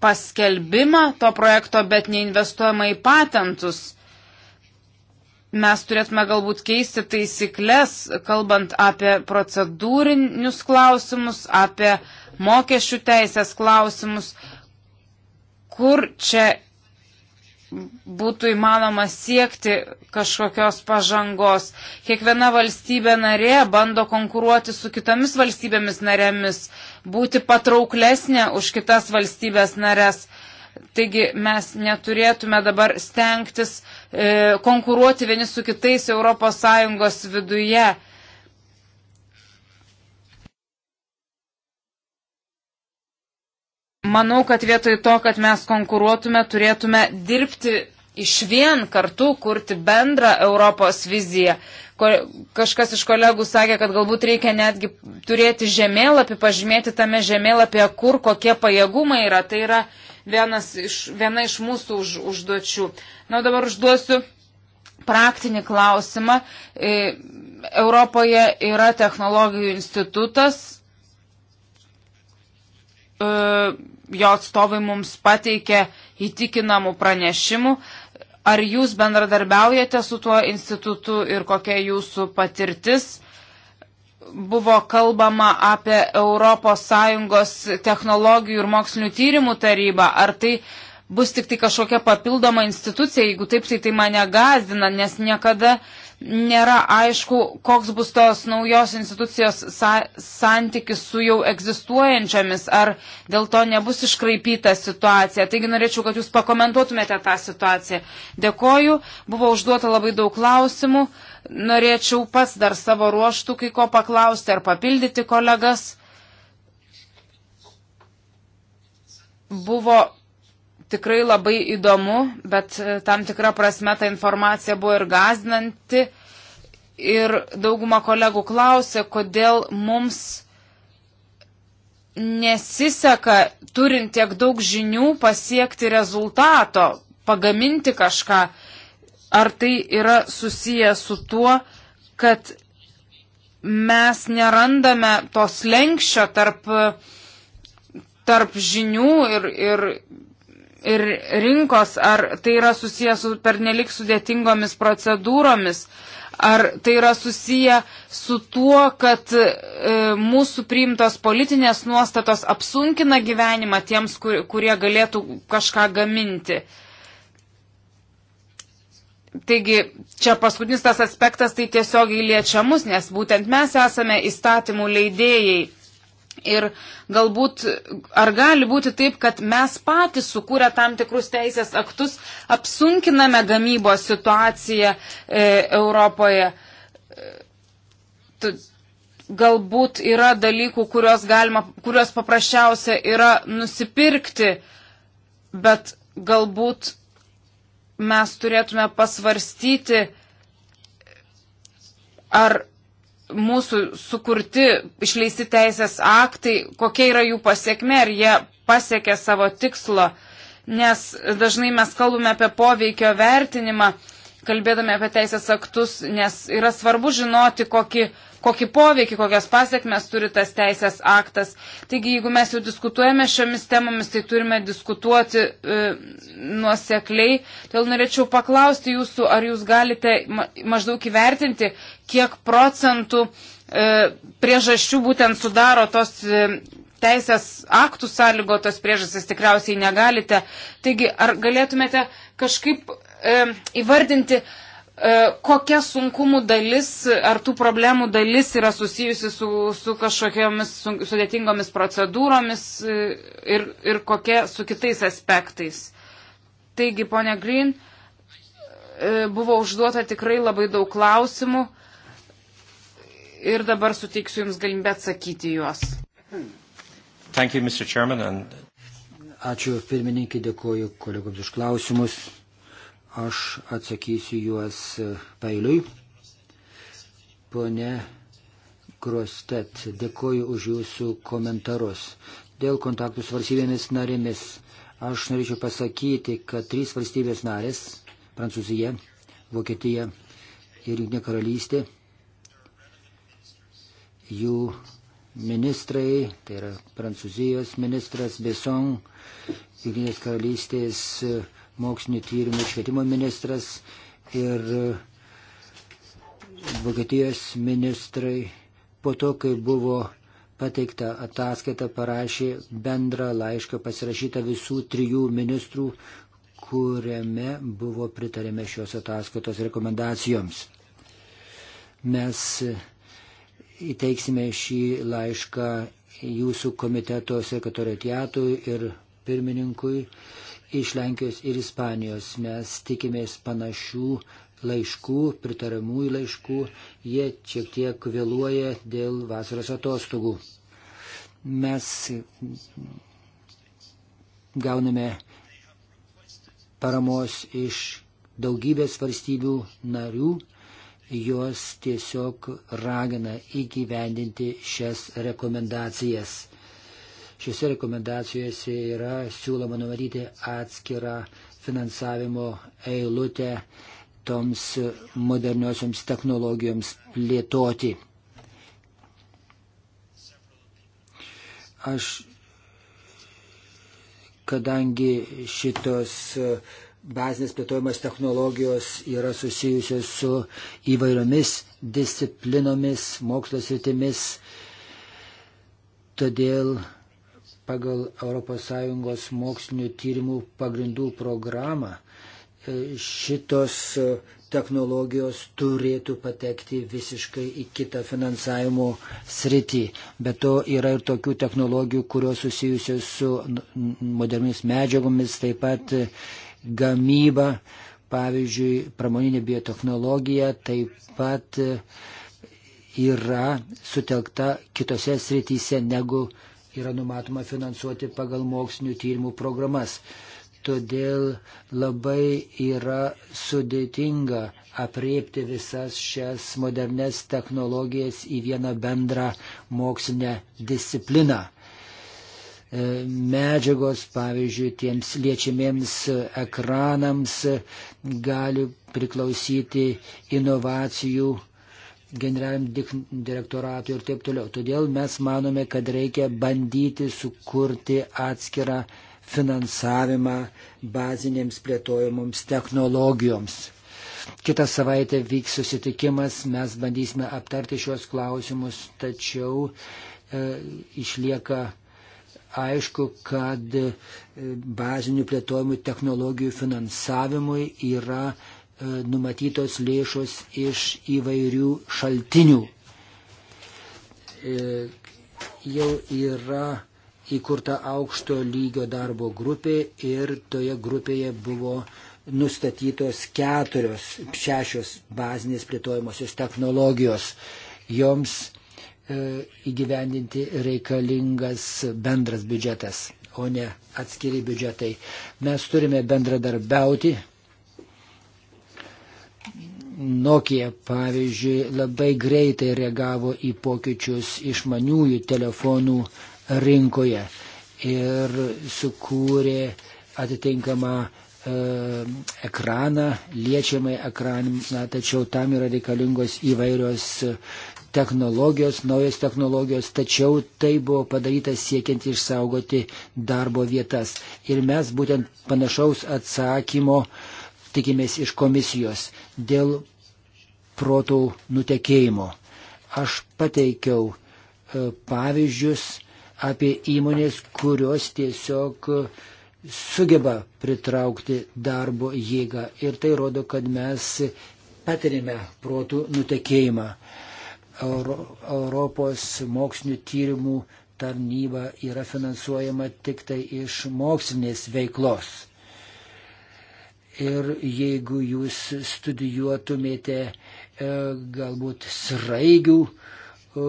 Speaker 1: paskelbimą to projekto, bet neinvestuojama į patentus. Mes turėtume galbūt keisti taisyklės, kalbant apie procedūrinius klausimus, apie mokesčių teisės klausimus, kur čia būtų įmanoma siekti kažkokios pažangos. Kiekviena valstybė narė bando konkuruoti su kitomis valstybėmis narėmis būti patrauklesnė už kitas valstybės narės. Taigi mes neturėtume dabar stengtis e, konkuruoti vieni su kitais ES viduje. Manau, kad vietoj to, kad mes konkuruotume, turėtume dirbti iš vien kartu, kurti bendrą Europos viziją. Kažkas iš kolegų sakė, kad galbūt reikia netgi turėti žemėlapį, pažymėti tame žemėlapyje, kur kokie pajėgumai yra. Tai yra vienas iš, viena iš mūsų už, užduočių. Na, dabar užduosiu praktinį klausimą. E, Europoje yra technologijų institutas. E, jo atstovai mums pateikė įtikinamų pranešimų. Ar jūs bendradarbiaujate su tuo institutu ir kokia jūsų patirtis? Buvo kalbama apie ES technologijų ir mokslinių tyrimų tarybą. Ar tai bus tik tai kažkokia papildoma institucija? Jeigu taip, tai tai mane gazdina, nes niekada uh, nėra aišku, koks bus tos naujos institucijos sa santykis su jau egzistuojančiamis, ar dėl to nebus iškraipyta situacija. Taigi norėčiau, kad jūs pakomentuotumėte tą situaciją. Dėkoju, buvo užduota labai daug klausimų. Norėčiau pats dar savo ruoštų kai ko paklausti ar papildyti kolegas. Buvo tikrai labai įdomu, bet e, tam tikra prasme ta informacija buvo ir gazdinanti. Ir dauguma kolegų klausė, kodėl mums nesiseka, turint tiek daug žinių, pasiekti rezultato, pagaminti kažką. Ar tai yra susiję su tuo, kad mes nerandame tos lenkščio tarp e, tarp žinių ir, ir ir rinkos, ar tai yra susiję su pernelik sudėtingomis procedūromis, ar tai yra susiję su tuo, kad e, mūsų priimtos politinės nuostatos apsunkina gyvenimą tiems, kur, kurie galėtų kažką gaminti. Taigi čia paskutinis tas aspektas tai tiesiogiai liečia mus, nes būtent mes esame įstatymų leidėjai. Ir galbūt, ar gali būti taip, kad mes patys sukūrę tam tikrus teisės aktus apsunkiname gamybos situaciją e, Europoje. T galbūt yra dalykų, kuriuos, galima, kuriuos paprasčiausia yra nusipirkti, bet galbūt mes turėtume pasvarstyti, ar mūsų sukurti, išleisti teisės aktai, kokia yra jų pasiekme, ar jie pasiekė savo tikslo, nes dažnai mes kalbame apie poveikio vertinimą, kalbėdami apie teisės aktus, nes yra svarbu žinoti, kokį, kokį poveikį, kokias pasiekmes turi tas teisės aktas. Taigi, jeigu mes jau diskutuojame šiomis temomis, tai turime diskutuoti e, nuosekliai. Todėl norėčiau paklausti jūsų, ar jūs galite maždaug įvertinti, kiek procentų e, priežasčių būtent sudaro tos. E, Teisės aktų sąlygotos priežastis tikriausiai negalite. Taigi, ar galėtumėte kažkaip E, įvardinti, e, kokia sunkumų dalis ar tų problemų dalis yra susijusi su, su kažkokiamis sudėtingomis procedūromis e, ir, ir kokia su kitais aspektais. Taigi, ponia Green, buvo užduota tikrai labai daug klausimų ir dabar suteiksiu Jums galimybę atsakyti juos.
Speaker 2: Thank you, Mr. Chairman, and...
Speaker 3: Ačiū pirmininkai, dėkoju kolegoms už klausimus. Aš atsakysiu juos pailiui. Pone Krostet, dėkoju už jūsų komentarus. Dėl kontaktų su valstybėmis narėmis aš norėčiau pasakyti, kad trys valstybės narės - Prancūzija, Vokietija ir Junktinė karalystė - jų ministrai, tai yra Prancūzijos ministras Besong, Junktinės karalystės mokslinio tyrimų švietimo ministras ir e, Vokietijos ministrai po to, kai buvo pateiktą ataskaitą parašė bendrą laišką pasirašytą visų trijų ministrų, kuriame buvo pritarėme šios ataskaitos rekomendacijoms. Mes įteiksime šį laišką jūsų komiteto sekretoriatui ir pirmininkui iš Lenkijos ir Ispanijos. Mes tikimės panašių laiškų, pritariamųjų laiškų. Jie šiek tiek vėluoja dėl vasaros atostogų. Mes gauname paramos iš daugybės valstybių narių jos tiesiog ragina įgyvendinti šias rekomendacijas. Šiuose rekomendacijose yra siūloma numatyti atskirą finansavimo eilutę toms moderniosioms technologijoms plėtoti. Aš, kadangi šitos bazinės plėtojamos technologijos yra susijusios su įvairiomis disciplinomis, mokslo sritimis, todėl pagal ES mokslinių tyrimų pagrindų programą e, šitos e, technologijos turėtų patekti visiškai į kitą finansavimo sritį. Bet to yra ir tokių technologijų, kurios susijusios su moderniais medžiagomis, taip pat e, gamyba, pavyzdžiui, pramoninė biotehnologija, taip pat yra sutelkta kitose srityse negu yra numatoma finansuoti pagal mokslinių tyrimų programas. Todėl labai yra sudėtinga apriepti visas šias modernes technologijas į vieną bendrą mokslinę discipliną e, medžiagos, pavyzdžiui, tiems liečiamiems ekranams gali priklausyti inovacijų generaliniam direktoratui ir taip toliau. Todėl mes manome, kad reikia bandyti sukurti atskirą finansavimą bazinėms plėtojamoms technologijoms. Kitą savaitę vyks susitikimas, mes bandysime aptarti šios klausimus, tačiau e, išlieka aišku, kad e, bazinių plėtojimų technologijų finansavimui yra E, numatytos lėšos iš įvairių šaltinių. E, jau yra įkurta aukšto lygio darbo grupė ir toje grupėje buvo nustatytos keturios, šešios bazinės plėtojamosios technologijos. Joms e, įgyvendinti reikalingas bendras biudžetas, o ne atskiri biudžetai. Mes turime bendradarbiauti Nokia, pavyzdžiui, labai greitai reagavo į pokyčius išmaniųjų telefonų rinkoje ir sukūrė atitinkamą e, ekraną, liečiamai ekraną, tačiau tam yra reikalingos įvairios technologijos, naujos technologijos, tačiau tai buvo padaryta siekiant išsaugoti darbo vietas. Ir mes būtent panašaus atsakymo uh, tikimės iš komisijos dėl protų nutekėjimo. Aš pateikiau e, pavyzdžius apie įmonės, kurios tiesiog e, sugeba pritraukti darbo jėgą. Ir tai rodo, kad mes patirime protų nutekėjimą. Euro, Europos mokslinių tyrimų tarnyba yra finansuojama tik tai iš mokslinės veiklos. Ir jeigu jūs studijuotumėte e, galbūt sraigių e,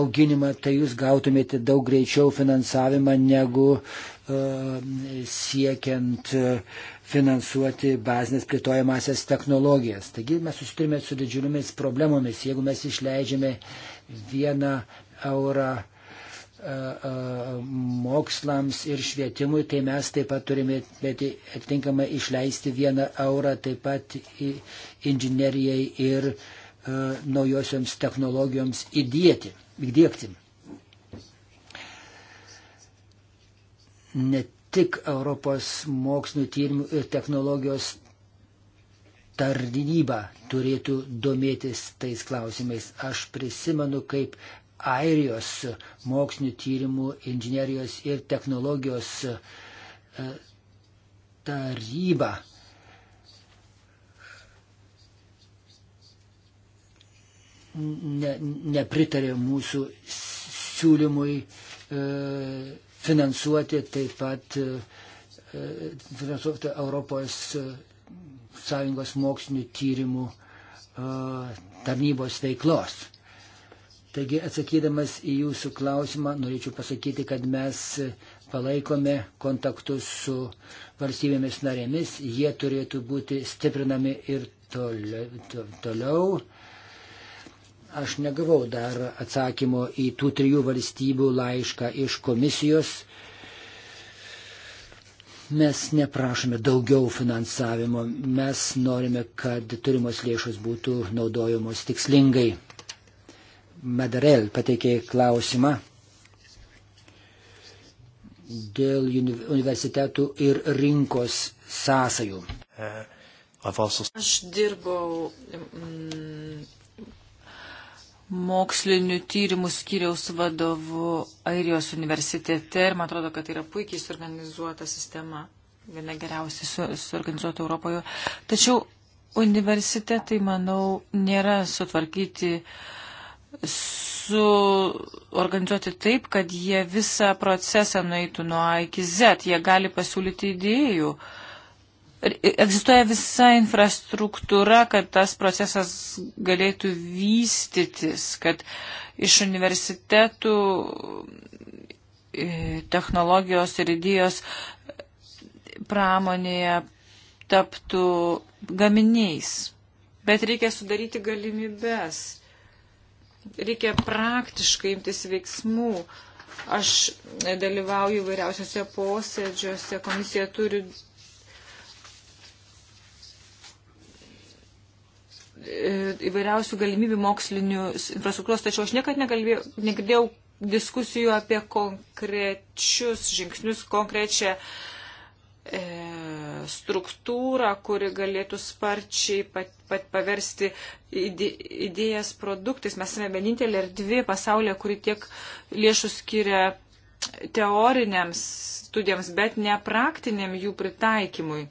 Speaker 3: auginimą, tai jūs gautumėte daug greičiau finansavimą negu e, siekiant finansuoti bazinės plėtojamasias technologijas. Taigi mes susiturime su didžiulėmis problemomis. Jeigu mes išleidžiame vieną eurą mokslams ir švietimui, tai mes taip pat turime atitinkamai išleisti vieną eurą taip pat inžinerijai ir naujosioms technologijoms įdėti, įdėkti. Ne tik Europos mokslinio tyrimų ir technologijos tarnyba turėtų domėtis tais klausimais. Aš prisimenu, kaip Airijos mokslinių tyrimų, inžinerijos ir technologijos e, taryba. Ne, nepritarė mūsų siūlymui e, finansuoti taip pat e, e finansuoti Europos Sąjungos mokslinių tyrimų e, tarnybos veiklos. Taigi atsakydamas į jūsų klausimą, norėčiau pasakyti, kad mes palaikome kontaktus su valstybėmis narėmis, jie turėtų būti stiprinami ir toliau. Aš negavau dar atsakymo į tų trijų valstybių laišką iš komisijos. Mes neprašome daugiau finansavimo, mes norime, kad turimos lėšos būtų naudojamos tikslingai. Madarel pateikė klausimą dėl universitetų ir rinkos sąsajų.
Speaker 2: Uh,
Speaker 1: Aš
Speaker 2: dirbau mm, mokslinių tyrimų skyriaus vadovu Airijos universitete ir man atrodo, kad tai yra puikiai suorganizuota sistema, viena geriausiai su, suorganizuota Europoje. Tačiau universitetai, manau, nėra sutvarkyti uh, suorganizuoti taip, kad jie visą procesą nueitų nuo A iki Z, jie gali pasiūlyti idėjų. Egzistuoja visa infrastruktūra, kad tas procesas galėtų vystytis, kad iš universitetų e, technologijos ir idėjos pramonėje taptų gaminiais. Bet reikia sudaryti galimybės reikia praktiškai imtis veiksmų. Aš dalyvauju vairiausiose posėdžiuose, komisija turi įvairiausių galimybių mokslinių infrastruktūros, tačiau aš niekad negirdėjau diskusijų apie konkrečius žingsnius, konkrečią e, struktūrą, kuri galėtų sparčiai pat, pat paversti idėjas produktais. Mes esame vienintelė erdvė pasaulyje, kuri tiek lėšų skiria teoriniams studijams, bet ne praktiniam jų pritaikymui.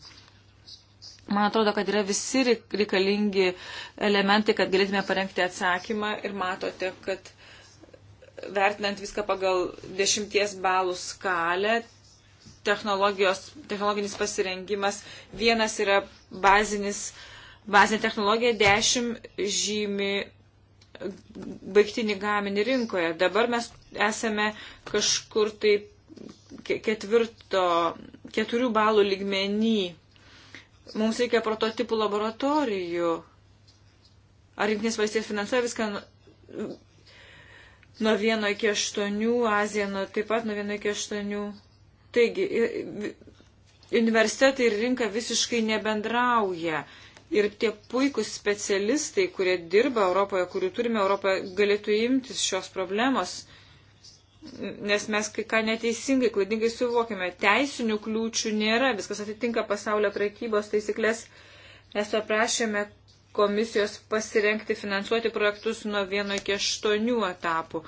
Speaker 2: Man atrodo, kad yra visi reikalingi elementai, kad galėtume parengti atsakymą ir matote, kad vertinant viską pagal dešimties balų skalę, technologinis pasirengimas. Vienas yra bazinis, bazinė technologija, dešimt žymi baigtinį gaminį rinkoje. Dabar mes esame kažkur tai ketvirto, keturių balų lygmenį. Mums reikia prototipų laboratorijų. Ar Junktinės valstijos finansuoja viską nuo vieno iki aštuonių, Azija nuo, taip pat nuo vieno iki aštuonių. Taigi, universitetai ir rinka visiškai nebendrauja. Ir tie puikūs specialistai, kurie dirba Europoje, kurių turime Europoje, galėtų imtis šios problemos, nes mes kai ką neteisingai, klaidingai suvokime. Teisinių kliūčių nėra, viskas atitinka pasaulio prekybos taisyklės. Mes paprašėme komisijos pasirenkti finansuoti projektus nuo vieno iki aštuonių etapų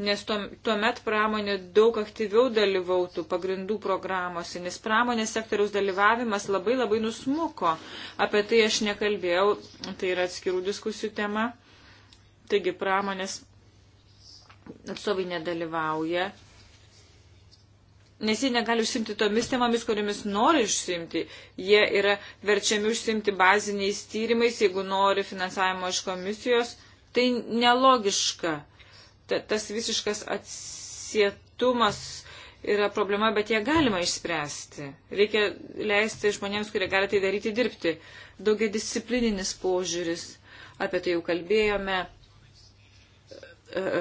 Speaker 2: nes tuomet pramonė daug aktyviau dalyvautų pagrindų programuose, nes pramonės sektoriaus dalyvavimas labai labai nusmuko. Apie tai aš nekalbėjau, tai yra atskirų diskusijų tema. Taigi pramonės atstovai nedalyvauja, nes jie negali užsimti tomis temomis, kuriomis nori užsimti. Jie yra verčiami užsimti baziniais tyrimais, jeigu nori finansavimo iš komisijos. Tai nelogiška tas visiškas atsietumas yra problema, bet ją galima išspręsti. Reikia leisti žmonėms, kurie gali tai daryti, dirbti. Daugia disciplininis požiūris, apie tai jau kalbėjome. E, e,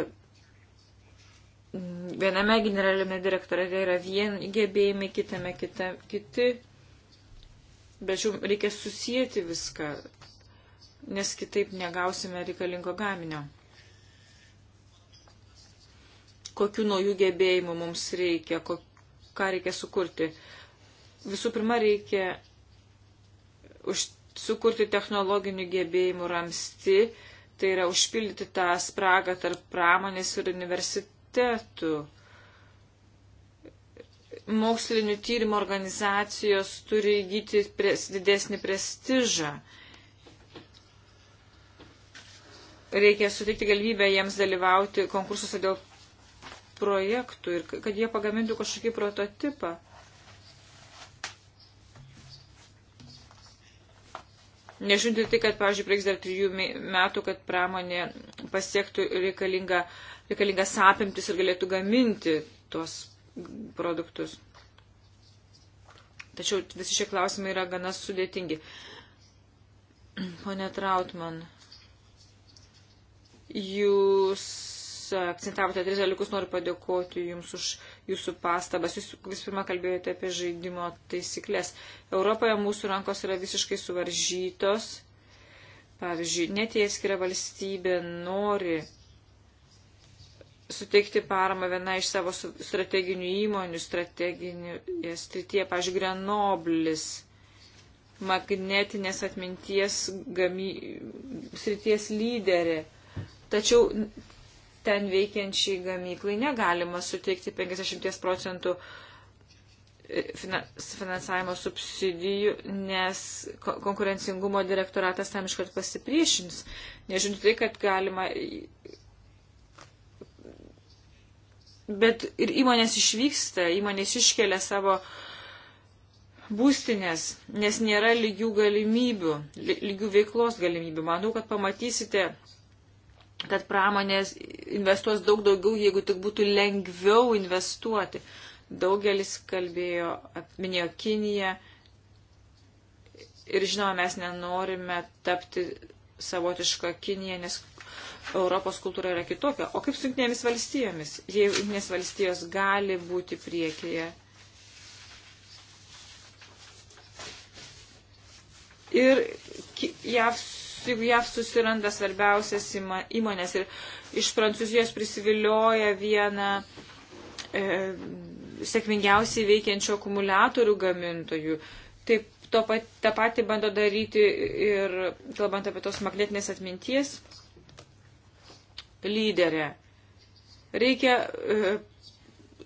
Speaker 2: viename generalinėme direktorate yra vieni gebėjimai, kitame kita, kiti. Bet jau reikia susijęti viską, nes kitaip negausime reikalingo gaminio kokių naujų gebėjimų mums reikia, ko, ką reikia sukurti. Visų pirma, reikia už, sukurti technologinių gebėjimų ramsti, tai yra užpildyti tą spragą tarp pramonės ir universitetų. Mokslinių tyrimų organizacijos turi įgyti pres, didesnį prestižą reikia suteikti galimybę jiems dalyvauti konkursuose dėl projektų ir kad jie pagamintų kažkokį prototipą. Nežiūrint į tai, kad, pavyzdžiui, prieks dar trijų metų, kad pramonė pasiektų reikalingą, reikalingas apimtis ir galėtų gaminti tuos produktus. Tačiau visi šie klausimai yra gana sudėtingi. Pone Trautman, jūs akcentavote tris dalykus, noriu padėkoti Jums už Jūsų pastabas. Jūs vis pirma kalbėjote apie žaidimo taisyklės. Europoje mūsų rankos yra visiškai suvaržytos. Pavyzdžiui, net jei skiria valstybė nori suteikti paramą viena iš savo strateginių įmonių, strateginių srityje, pažiūrėjau, Grenoblis, magnetinės atminties gamy, srities lyderė. Tačiau ten veikiančiai gamyklai negalima suteikti 50 procentų e, finansavimo subsidijų, nes konkurencingumo direktoratas tam iškart pasipriešins. Nežinau tai, kad galima. Bet ir įmonės išvyksta, įmonės iškelia savo būstinės, nes nėra lygių galimybių, lygių veiklos galimybių. Manau, kad pamatysite kad pramonės investuos daug daugiau, jeigu tik būtų lengviau investuoti. Daugelis kalbėjo, minėjo Kiniją ir žinoma, mes nenorime tapti savotišką Kiniją, nes Europos kultūra yra kitokia. O kaip su jungtinėmis valstijomis? Jei jungtinės valstijos gali būti priekyje. Ir JAV jeigu JAV susiranda svarbiausias įmonės ir iš Prancūzijos prisivilioja vieną e, sėkmingiausiai veikiančių akumuliatorių gamintojų. Taip, to pat, tą patį bando daryti ir, kalbant apie tos magnetinės atminties, lyderė. Reikia e,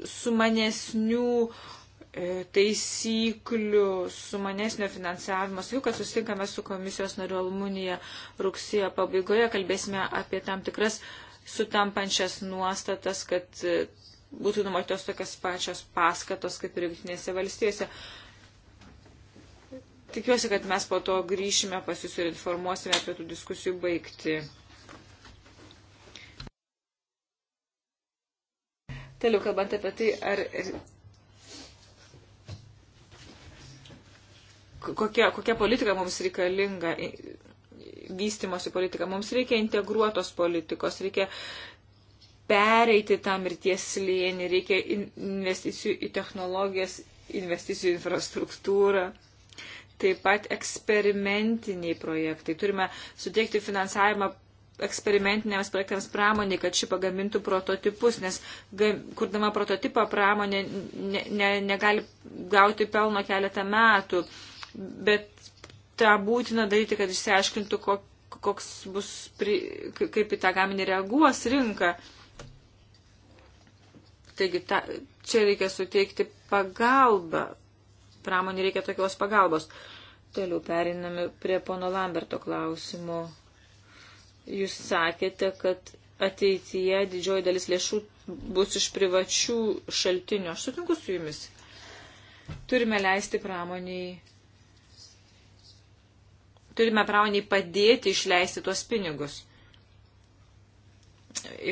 Speaker 2: sumanesnių E, taisyklių sumanesnio finansavimo. Sakiau, kad susitinkame su komisijos nariu Almunija rugsėjo pabaigoje, kalbėsime apie tam tikras sutampančias nuostatas, kad e, būtų numatytos tokias pačios paskatos kaip ir jungtinėse valstijose. Tikiuosi, kad mes po to grįšime pas jūs ir informuosime apie tų diskusijų baigti. Toliau kalbant apie tai, ar kokia, kokia politika mums reikalinga, vystimosi politika. Mums reikia integruotos politikos, reikia pereiti tą mirties slėnį, reikia investicijų į technologijas, investicijų į infrastruktūrą. Taip pat eksperimentiniai projektai. Turime suteikti finansavimą eksperimentiniams projektams pramoniai, kad ši pagamintų prototipus, nes kurdama prototipą pramonė ne, ne, negali gauti pelno keletą metų. Uh, bet tą būtina daryti, kad išsiaiškintų, koks bus, kaip į tą gaminį reaguos rinka. Taigi ta, čia reikia suteikti pagalbą. Pramonį reikia tokios pagalbos. Toliau periname prie pono Lamberto klausimo. Jūs sakėte, kad ateityje didžioji dalis lėšų bus iš privačių šaltinių. Aš sutinku su jumis. Turime leisti pramoniai turime praoniai padėti išleisti tuos pinigus.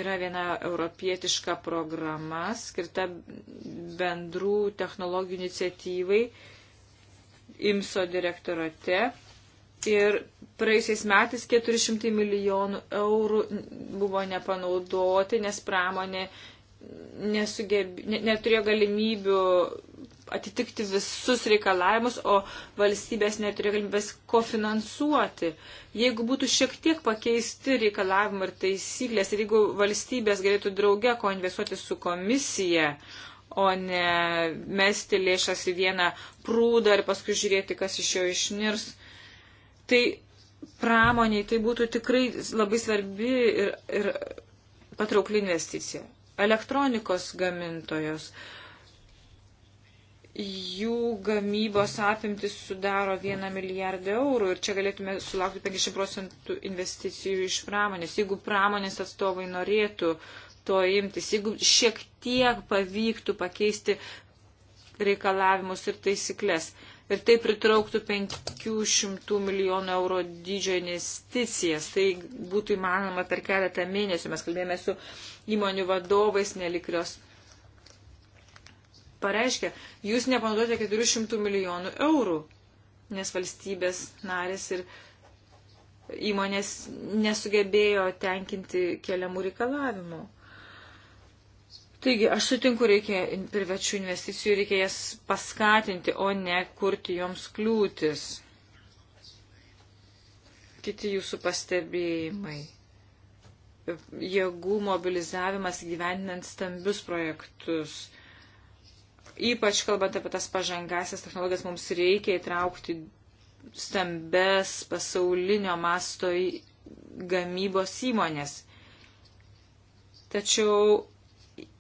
Speaker 2: Yra viena europietiška programa skirta bendrų technologijų iniciatyvai IMSO direktorate. Ir praeisiais metais 400 milijonų eurų buvo nepanaudoti, nes pramonė nesugeb, neturėjo galimybių atitikti visus reikalavimus, o valstybės neturėjo galimybės kofinansuoti. Jeigu būtų šiek tiek pakeisti reikalavimai ir taisyklės, ir jeigu valstybės galėtų drauge koinvestuoti su komisija, o ne mesti lėšas į vieną prūdą ir paskui žiūrėti, kas iš jo išnirs, tai pramoniai tai būtų tikrai labai svarbi ir, ir patraukli investicija elektronikos gamintojos. Jų gamybos apimtis sudaro 1 milijardą eurų ir čia galėtume sulaukti 50 procentų investicijų iš pramonės. Jeigu pramonės atstovai norėtų to imtis, jeigu šiek tiek pavyktų pakeisti reikalavimus ir taisyklės ir tai pritrauktų 500 milijonų euro dydžio investicijas. Tai būtų įmanoma per keletą mėnesių. Mes kalbėjome su įmonių vadovais nelikrios. Pareiškia, jūs nepanaudote 400 milijonų eurų, nes valstybės narės ir įmonės nesugebėjo tenkinti keliamų reikalavimų. Taigi, aš sutinku, reikia privačių investicijų, reikia jas paskatinti, o ne kurti joms kliūtis. Kiti jūsų pastebėjimai. Jėgų mobilizavimas gyveninant stambius projektus. Ypač kalbant apie tas pažangasias technologijas, mums reikia įtraukti stambes pasaulinio masto gamybos įmonės. Tačiau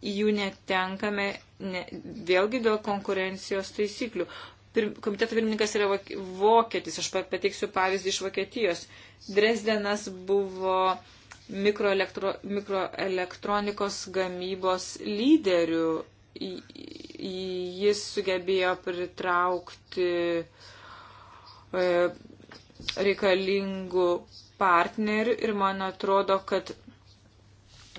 Speaker 2: jų netenkame ne, vėlgi dėl konkurencijos taisyklių. Pir, komiteto pirmininkas yra vokietis, aš pateiksiu pavyzdį iš Vokietijos. Dresdenas buvo mikroelektro, mikroelektronikos gamybos lyderių. Jis sugebėjo pritraukti e, reikalingų partnerių ir man atrodo, kad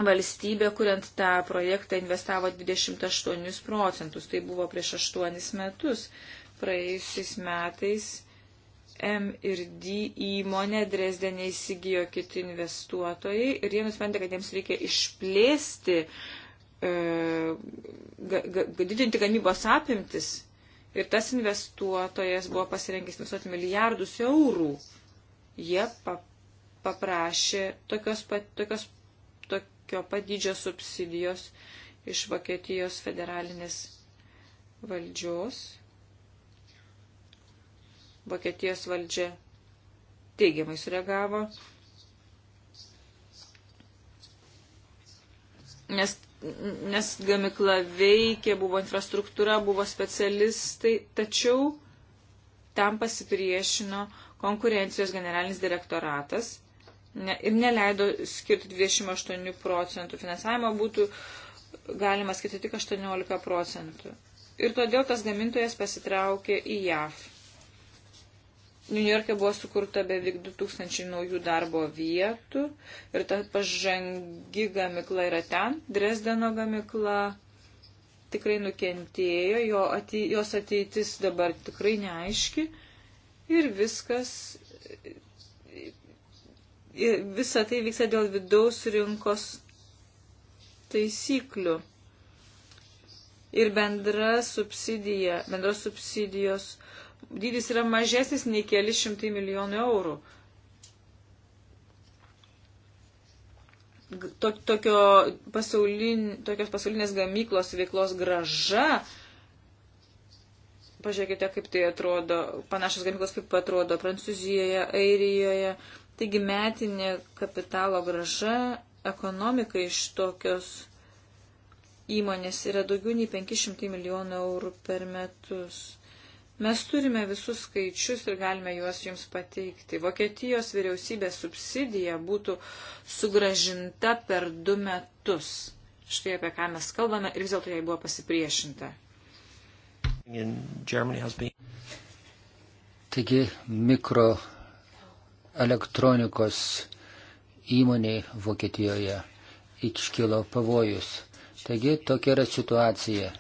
Speaker 2: valstybė, kuriant tą projektą, investavo 28 procentus. Tai buvo prieš 8 metus. Praėjusiais metais M ir D įmonė Dresdenė įsigijo kiti investuotojai ir jie nusprendė, kad jiems reikia išplėsti, e, ga, ga, didinti gamybos apimtis. Ir tas investuotojas buvo pasirengęs investuoti milijardus eurų. Jie paprašė tokios, pat, tokios tokio padydžio subsidijos iš Vokietijos federalinės valdžios. Vokietijos valdžia teigiamai sureagavo, nes, nes gamikla veikė, buvo infrastruktūra, buvo specialistai, tačiau tam pasipriešino konkurencijos generalinis direktoratas ne, ir neleido skirti 28 procentų finansavimo, būtų galima skirti tik 18 procentų. Ir todėl tas gamintojas pasitraukė į JAV. New York'e buvo sukurta beveik 2000 naujų darbo vietų ir ta pažangi gamikla yra ten. Dresdeno gamikla tikrai nukentėjo, jo atei, jos ateitis dabar tikrai neaiški ir viskas Visa tai vyksta dėl vidaus rinkos taisyklių. Ir bendra subsidija, bendros subsidijos dydis yra mažesnis nei keli šimtai milijonų eurų. Tokio pasaulin, tokios pasaulinės gamyklos veiklos graža pažiūrėkite, kaip tai atrodo, panašios gamyklos kaip atrodo Prancūzijoje, Airijoje, Taigi metinė kapitalo graža ekonomikai iš tokios įmonės yra daugiau nei 500 milijonų eurų per metus. Mes turime visus skaičius ir galime juos jums pateikti. Vokietijos vyriausybės subsidija būtų sugražinta per du metus. Štai apie ką mes kalbame ir vis dėlto jai buvo pasipriešinta.
Speaker 3: Taigi mikro elektronikos įmoniai Vokietijoje iškilo pavojus. Taigi tokia yra situacija.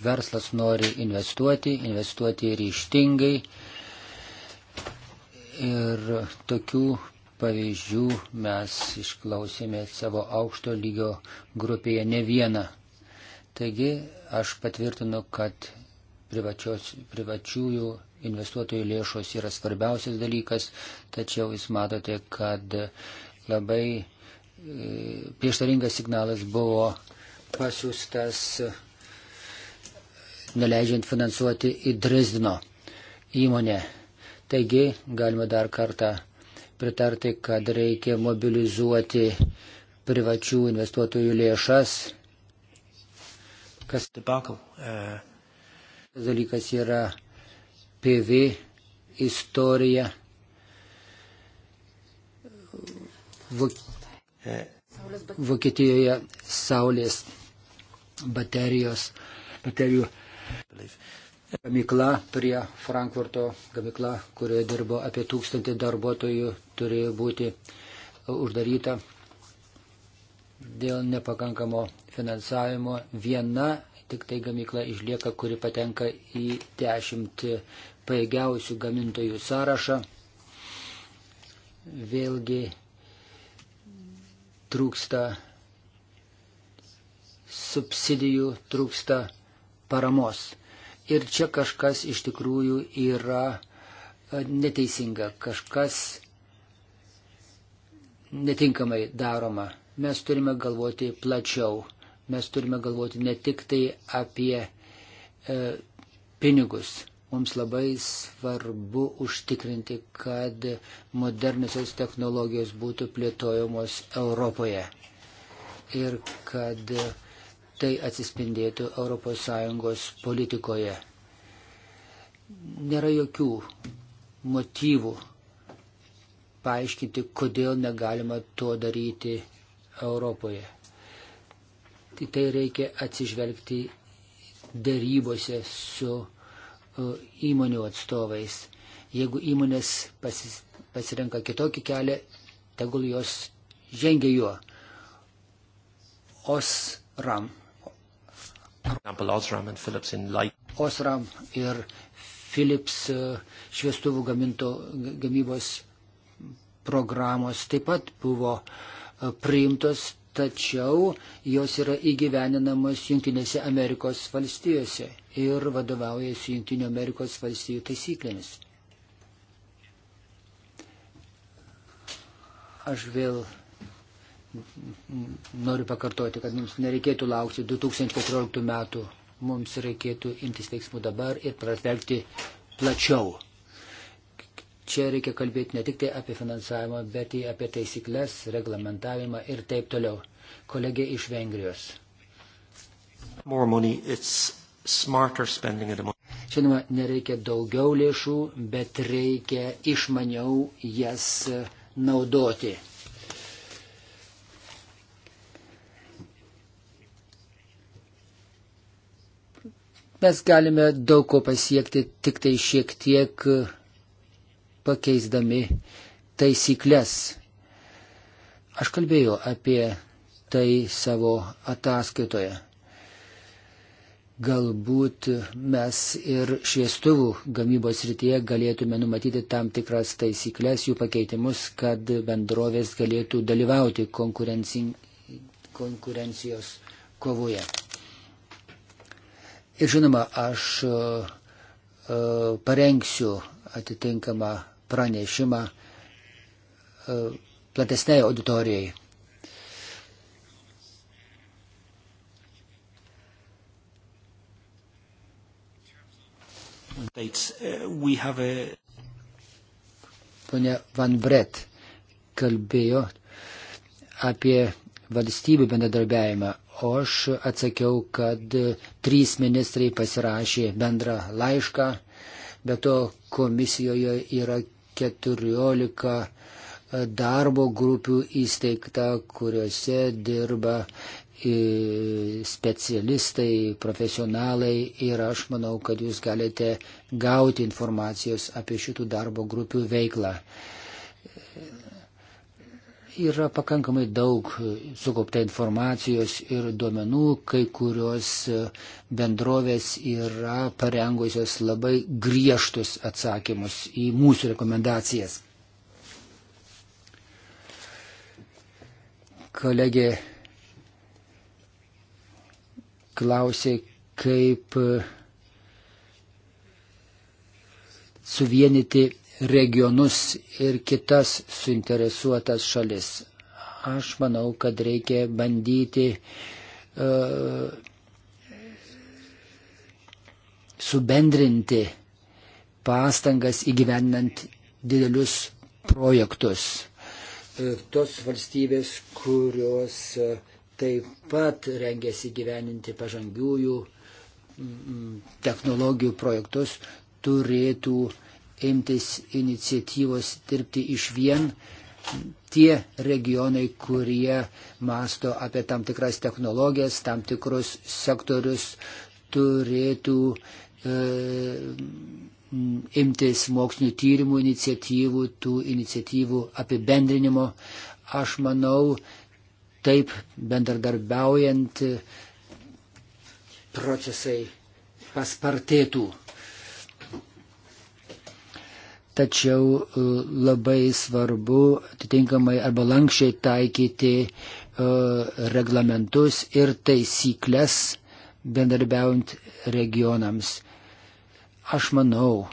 Speaker 3: Verslas nori investuoti, investuoti ryštingai. Ir tokių pavyzdžių mes išklausėme savo aukšto lygio grupėje ne vieną. Taigi aš patvirtinu, kad privačios, privačiųjų investuotojų lėšos yra svarbiausias dalykas, tačiau jūs matote, kad labai e, prieštaringas signalas buvo pasiūstas neleidžiant finansuoti į Dresdino įmonę. Taigi galima dar kartą pritarti, kad reikia mobilizuoti privačių investuotojų lėšas. Kas? Debacle, uh... Dalykas yra PV istorija. Vokietijoje saulės baterijos, baterijų gamykla prie Frankfurto gamykla, kurioje dirbo apie tūkstantį darbuotojų, turėjo būti uždaryta dėl nepakankamo finansavimo. Viena tik tai gamykla išlieka, kuri patenka į dešimt paėgiausių gamintojų sąrašą. Vėlgi trūksta subsidijų, trūksta paramos. Ir čia kažkas iš tikrųjų yra e, neteisinga, kažkas netinkamai daroma. Mes turime galvoti plačiau mes turime galvoti ne tik tai apie e, pinigus. Mums labai svarbu užtikrinti, kad modernusios technologijos būtų plėtojamos Europoje ir kad tai atsispindėtų ES politikoje. Nėra jokių motyvų paaiškinti, kodėl negalima to daryti Europoje į tai reikia atsižvelgti dėrybose su e, įmonių atstovais. Jeigu įmonės pasis, pasirenka kitokį kelią, tegul jos žengia juo. Osram. Osram ir Philips e, šviestuvų gaminto, gamybos programos taip pat buvo e, priimtos tačiau jos yra įgyveninamos Junktinėse Amerikos valstijose ir vadovaujasi Junktinių Amerikos valstijų taisyklėmis. Aš vėl noriu pakartoti, kad mums nereikėtų laukti 2014 metų, mums reikėtų imtis veiksmų dabar ir prasvelgti plačiau. Čia reikia kalbėti ne tik tai apie finansavimą, bet ir apie taisyklės, reglamentavimą ir taip toliau. Kolegė iš Vengrijos. Money, Žinoma, nereikia daugiau lėšų, bet reikia išmaniau jas e, naudoti. mes galime daug ko pasiekti tik tai šiek tiek e, pakeisdami taisyklės. Aš kalbėjau apie tai savo ataskaitoje. Galbūt mes ir šviestuvų gamybos rytyje galėtume numatyti tam tikras taisyklės, jų pakeitimus, kad bendrovės galėtų dalyvauti konkurencijos kovoje. Ir žinoma, aš e, parengsiu atitinkamą pranešimą e, platesniai auditorijai. Uh, Pone Van Bret kalbėjo apie valstybių bendradarbiavimą, o aš atsakiau, kad e, trys ministrai pasirašė bendrą laišką, bet to komisijoje yra 14 darbo grupių įsteigta, kuriuose dirba e, specialistai, profesionalai ir aš manau, kad jūs galite gauti informacijos apie šitų darbo grupių veiklą yra pakankamai daug sukaupta informacijos ir duomenų, kai kurios bendrovės yra parengusios labai griežtus atsakymus į mūsų rekomendacijas. Kolegė klausė, kaip suvienyti regionus ir kitas suinteresuotas šalis. Aš manau, kad reikia bandyti uh, subendrinti pastangas įgyvendinant didelius projektus. Uh, tos valstybės, kurios uh, taip pat rengiasi gyveninti pažangiųjų technologijų projektus, turėtų uh, imtis iniciatyvos dirbti iš vien tie regionai, kurie masto apie tam tikras technologijas, tam tikrus sektorius, turėtų e, imtis mokslinių tyrimų iniciatyvų, tų iniciatyvų apibendrinimo. Aš manau, taip bendradarbiaujant e, procesai paspartėtų tačiau e, labai svarbu atitinkamai arba lankščiai taikyti e, reglamentus ir taisyklės bendarbiaujant regionams. Aš manau,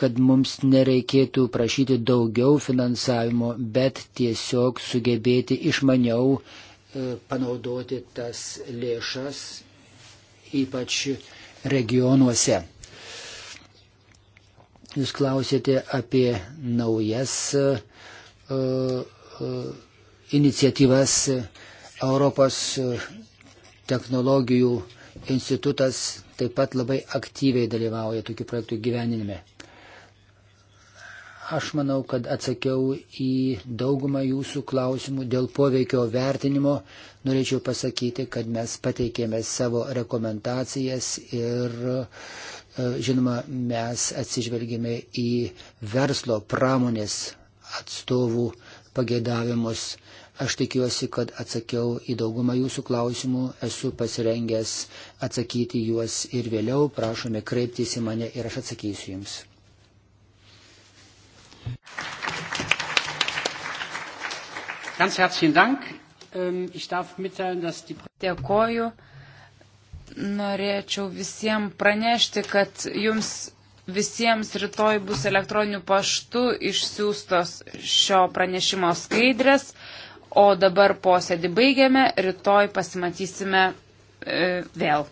Speaker 3: kad mums nereikėtų prašyti daugiau finansavimo, bet tiesiog sugebėti išmaniau e, panaudoti tas lėšas, ypač regionuose. Jūs klausėte apie naujas uh, uh, iniciatyvas Europos e, technologijų institutas taip pat labai aktyviai dalyvauja tokių projektų gyveninime. Aš manau, kad atsakiau į daugumą jūsų klausimų dėl poveikio vertinimo. Norėčiau pasakyti, kad mes pateikėme savo rekomendacijas ir Žinoma, mes atsižvelgėme į verslo pramonės atstovų pageidavimus. Aš tikiuosi, kad atsakiau į daugumą jūsų klausimų, esu pasirengęs atsakyti juos ir vėliau, prašome kreiptis į mane ir aš atsakysiu jums.
Speaker 1: Ähm, Dėkoju. Norėčiau visiems pranešti, kad jums visiems rytoj bus elektroniniu paštu išsiųstos šio pranešimo skaidrės, o dabar posėdį baigiame, rytoj pasimatysime e, vėl.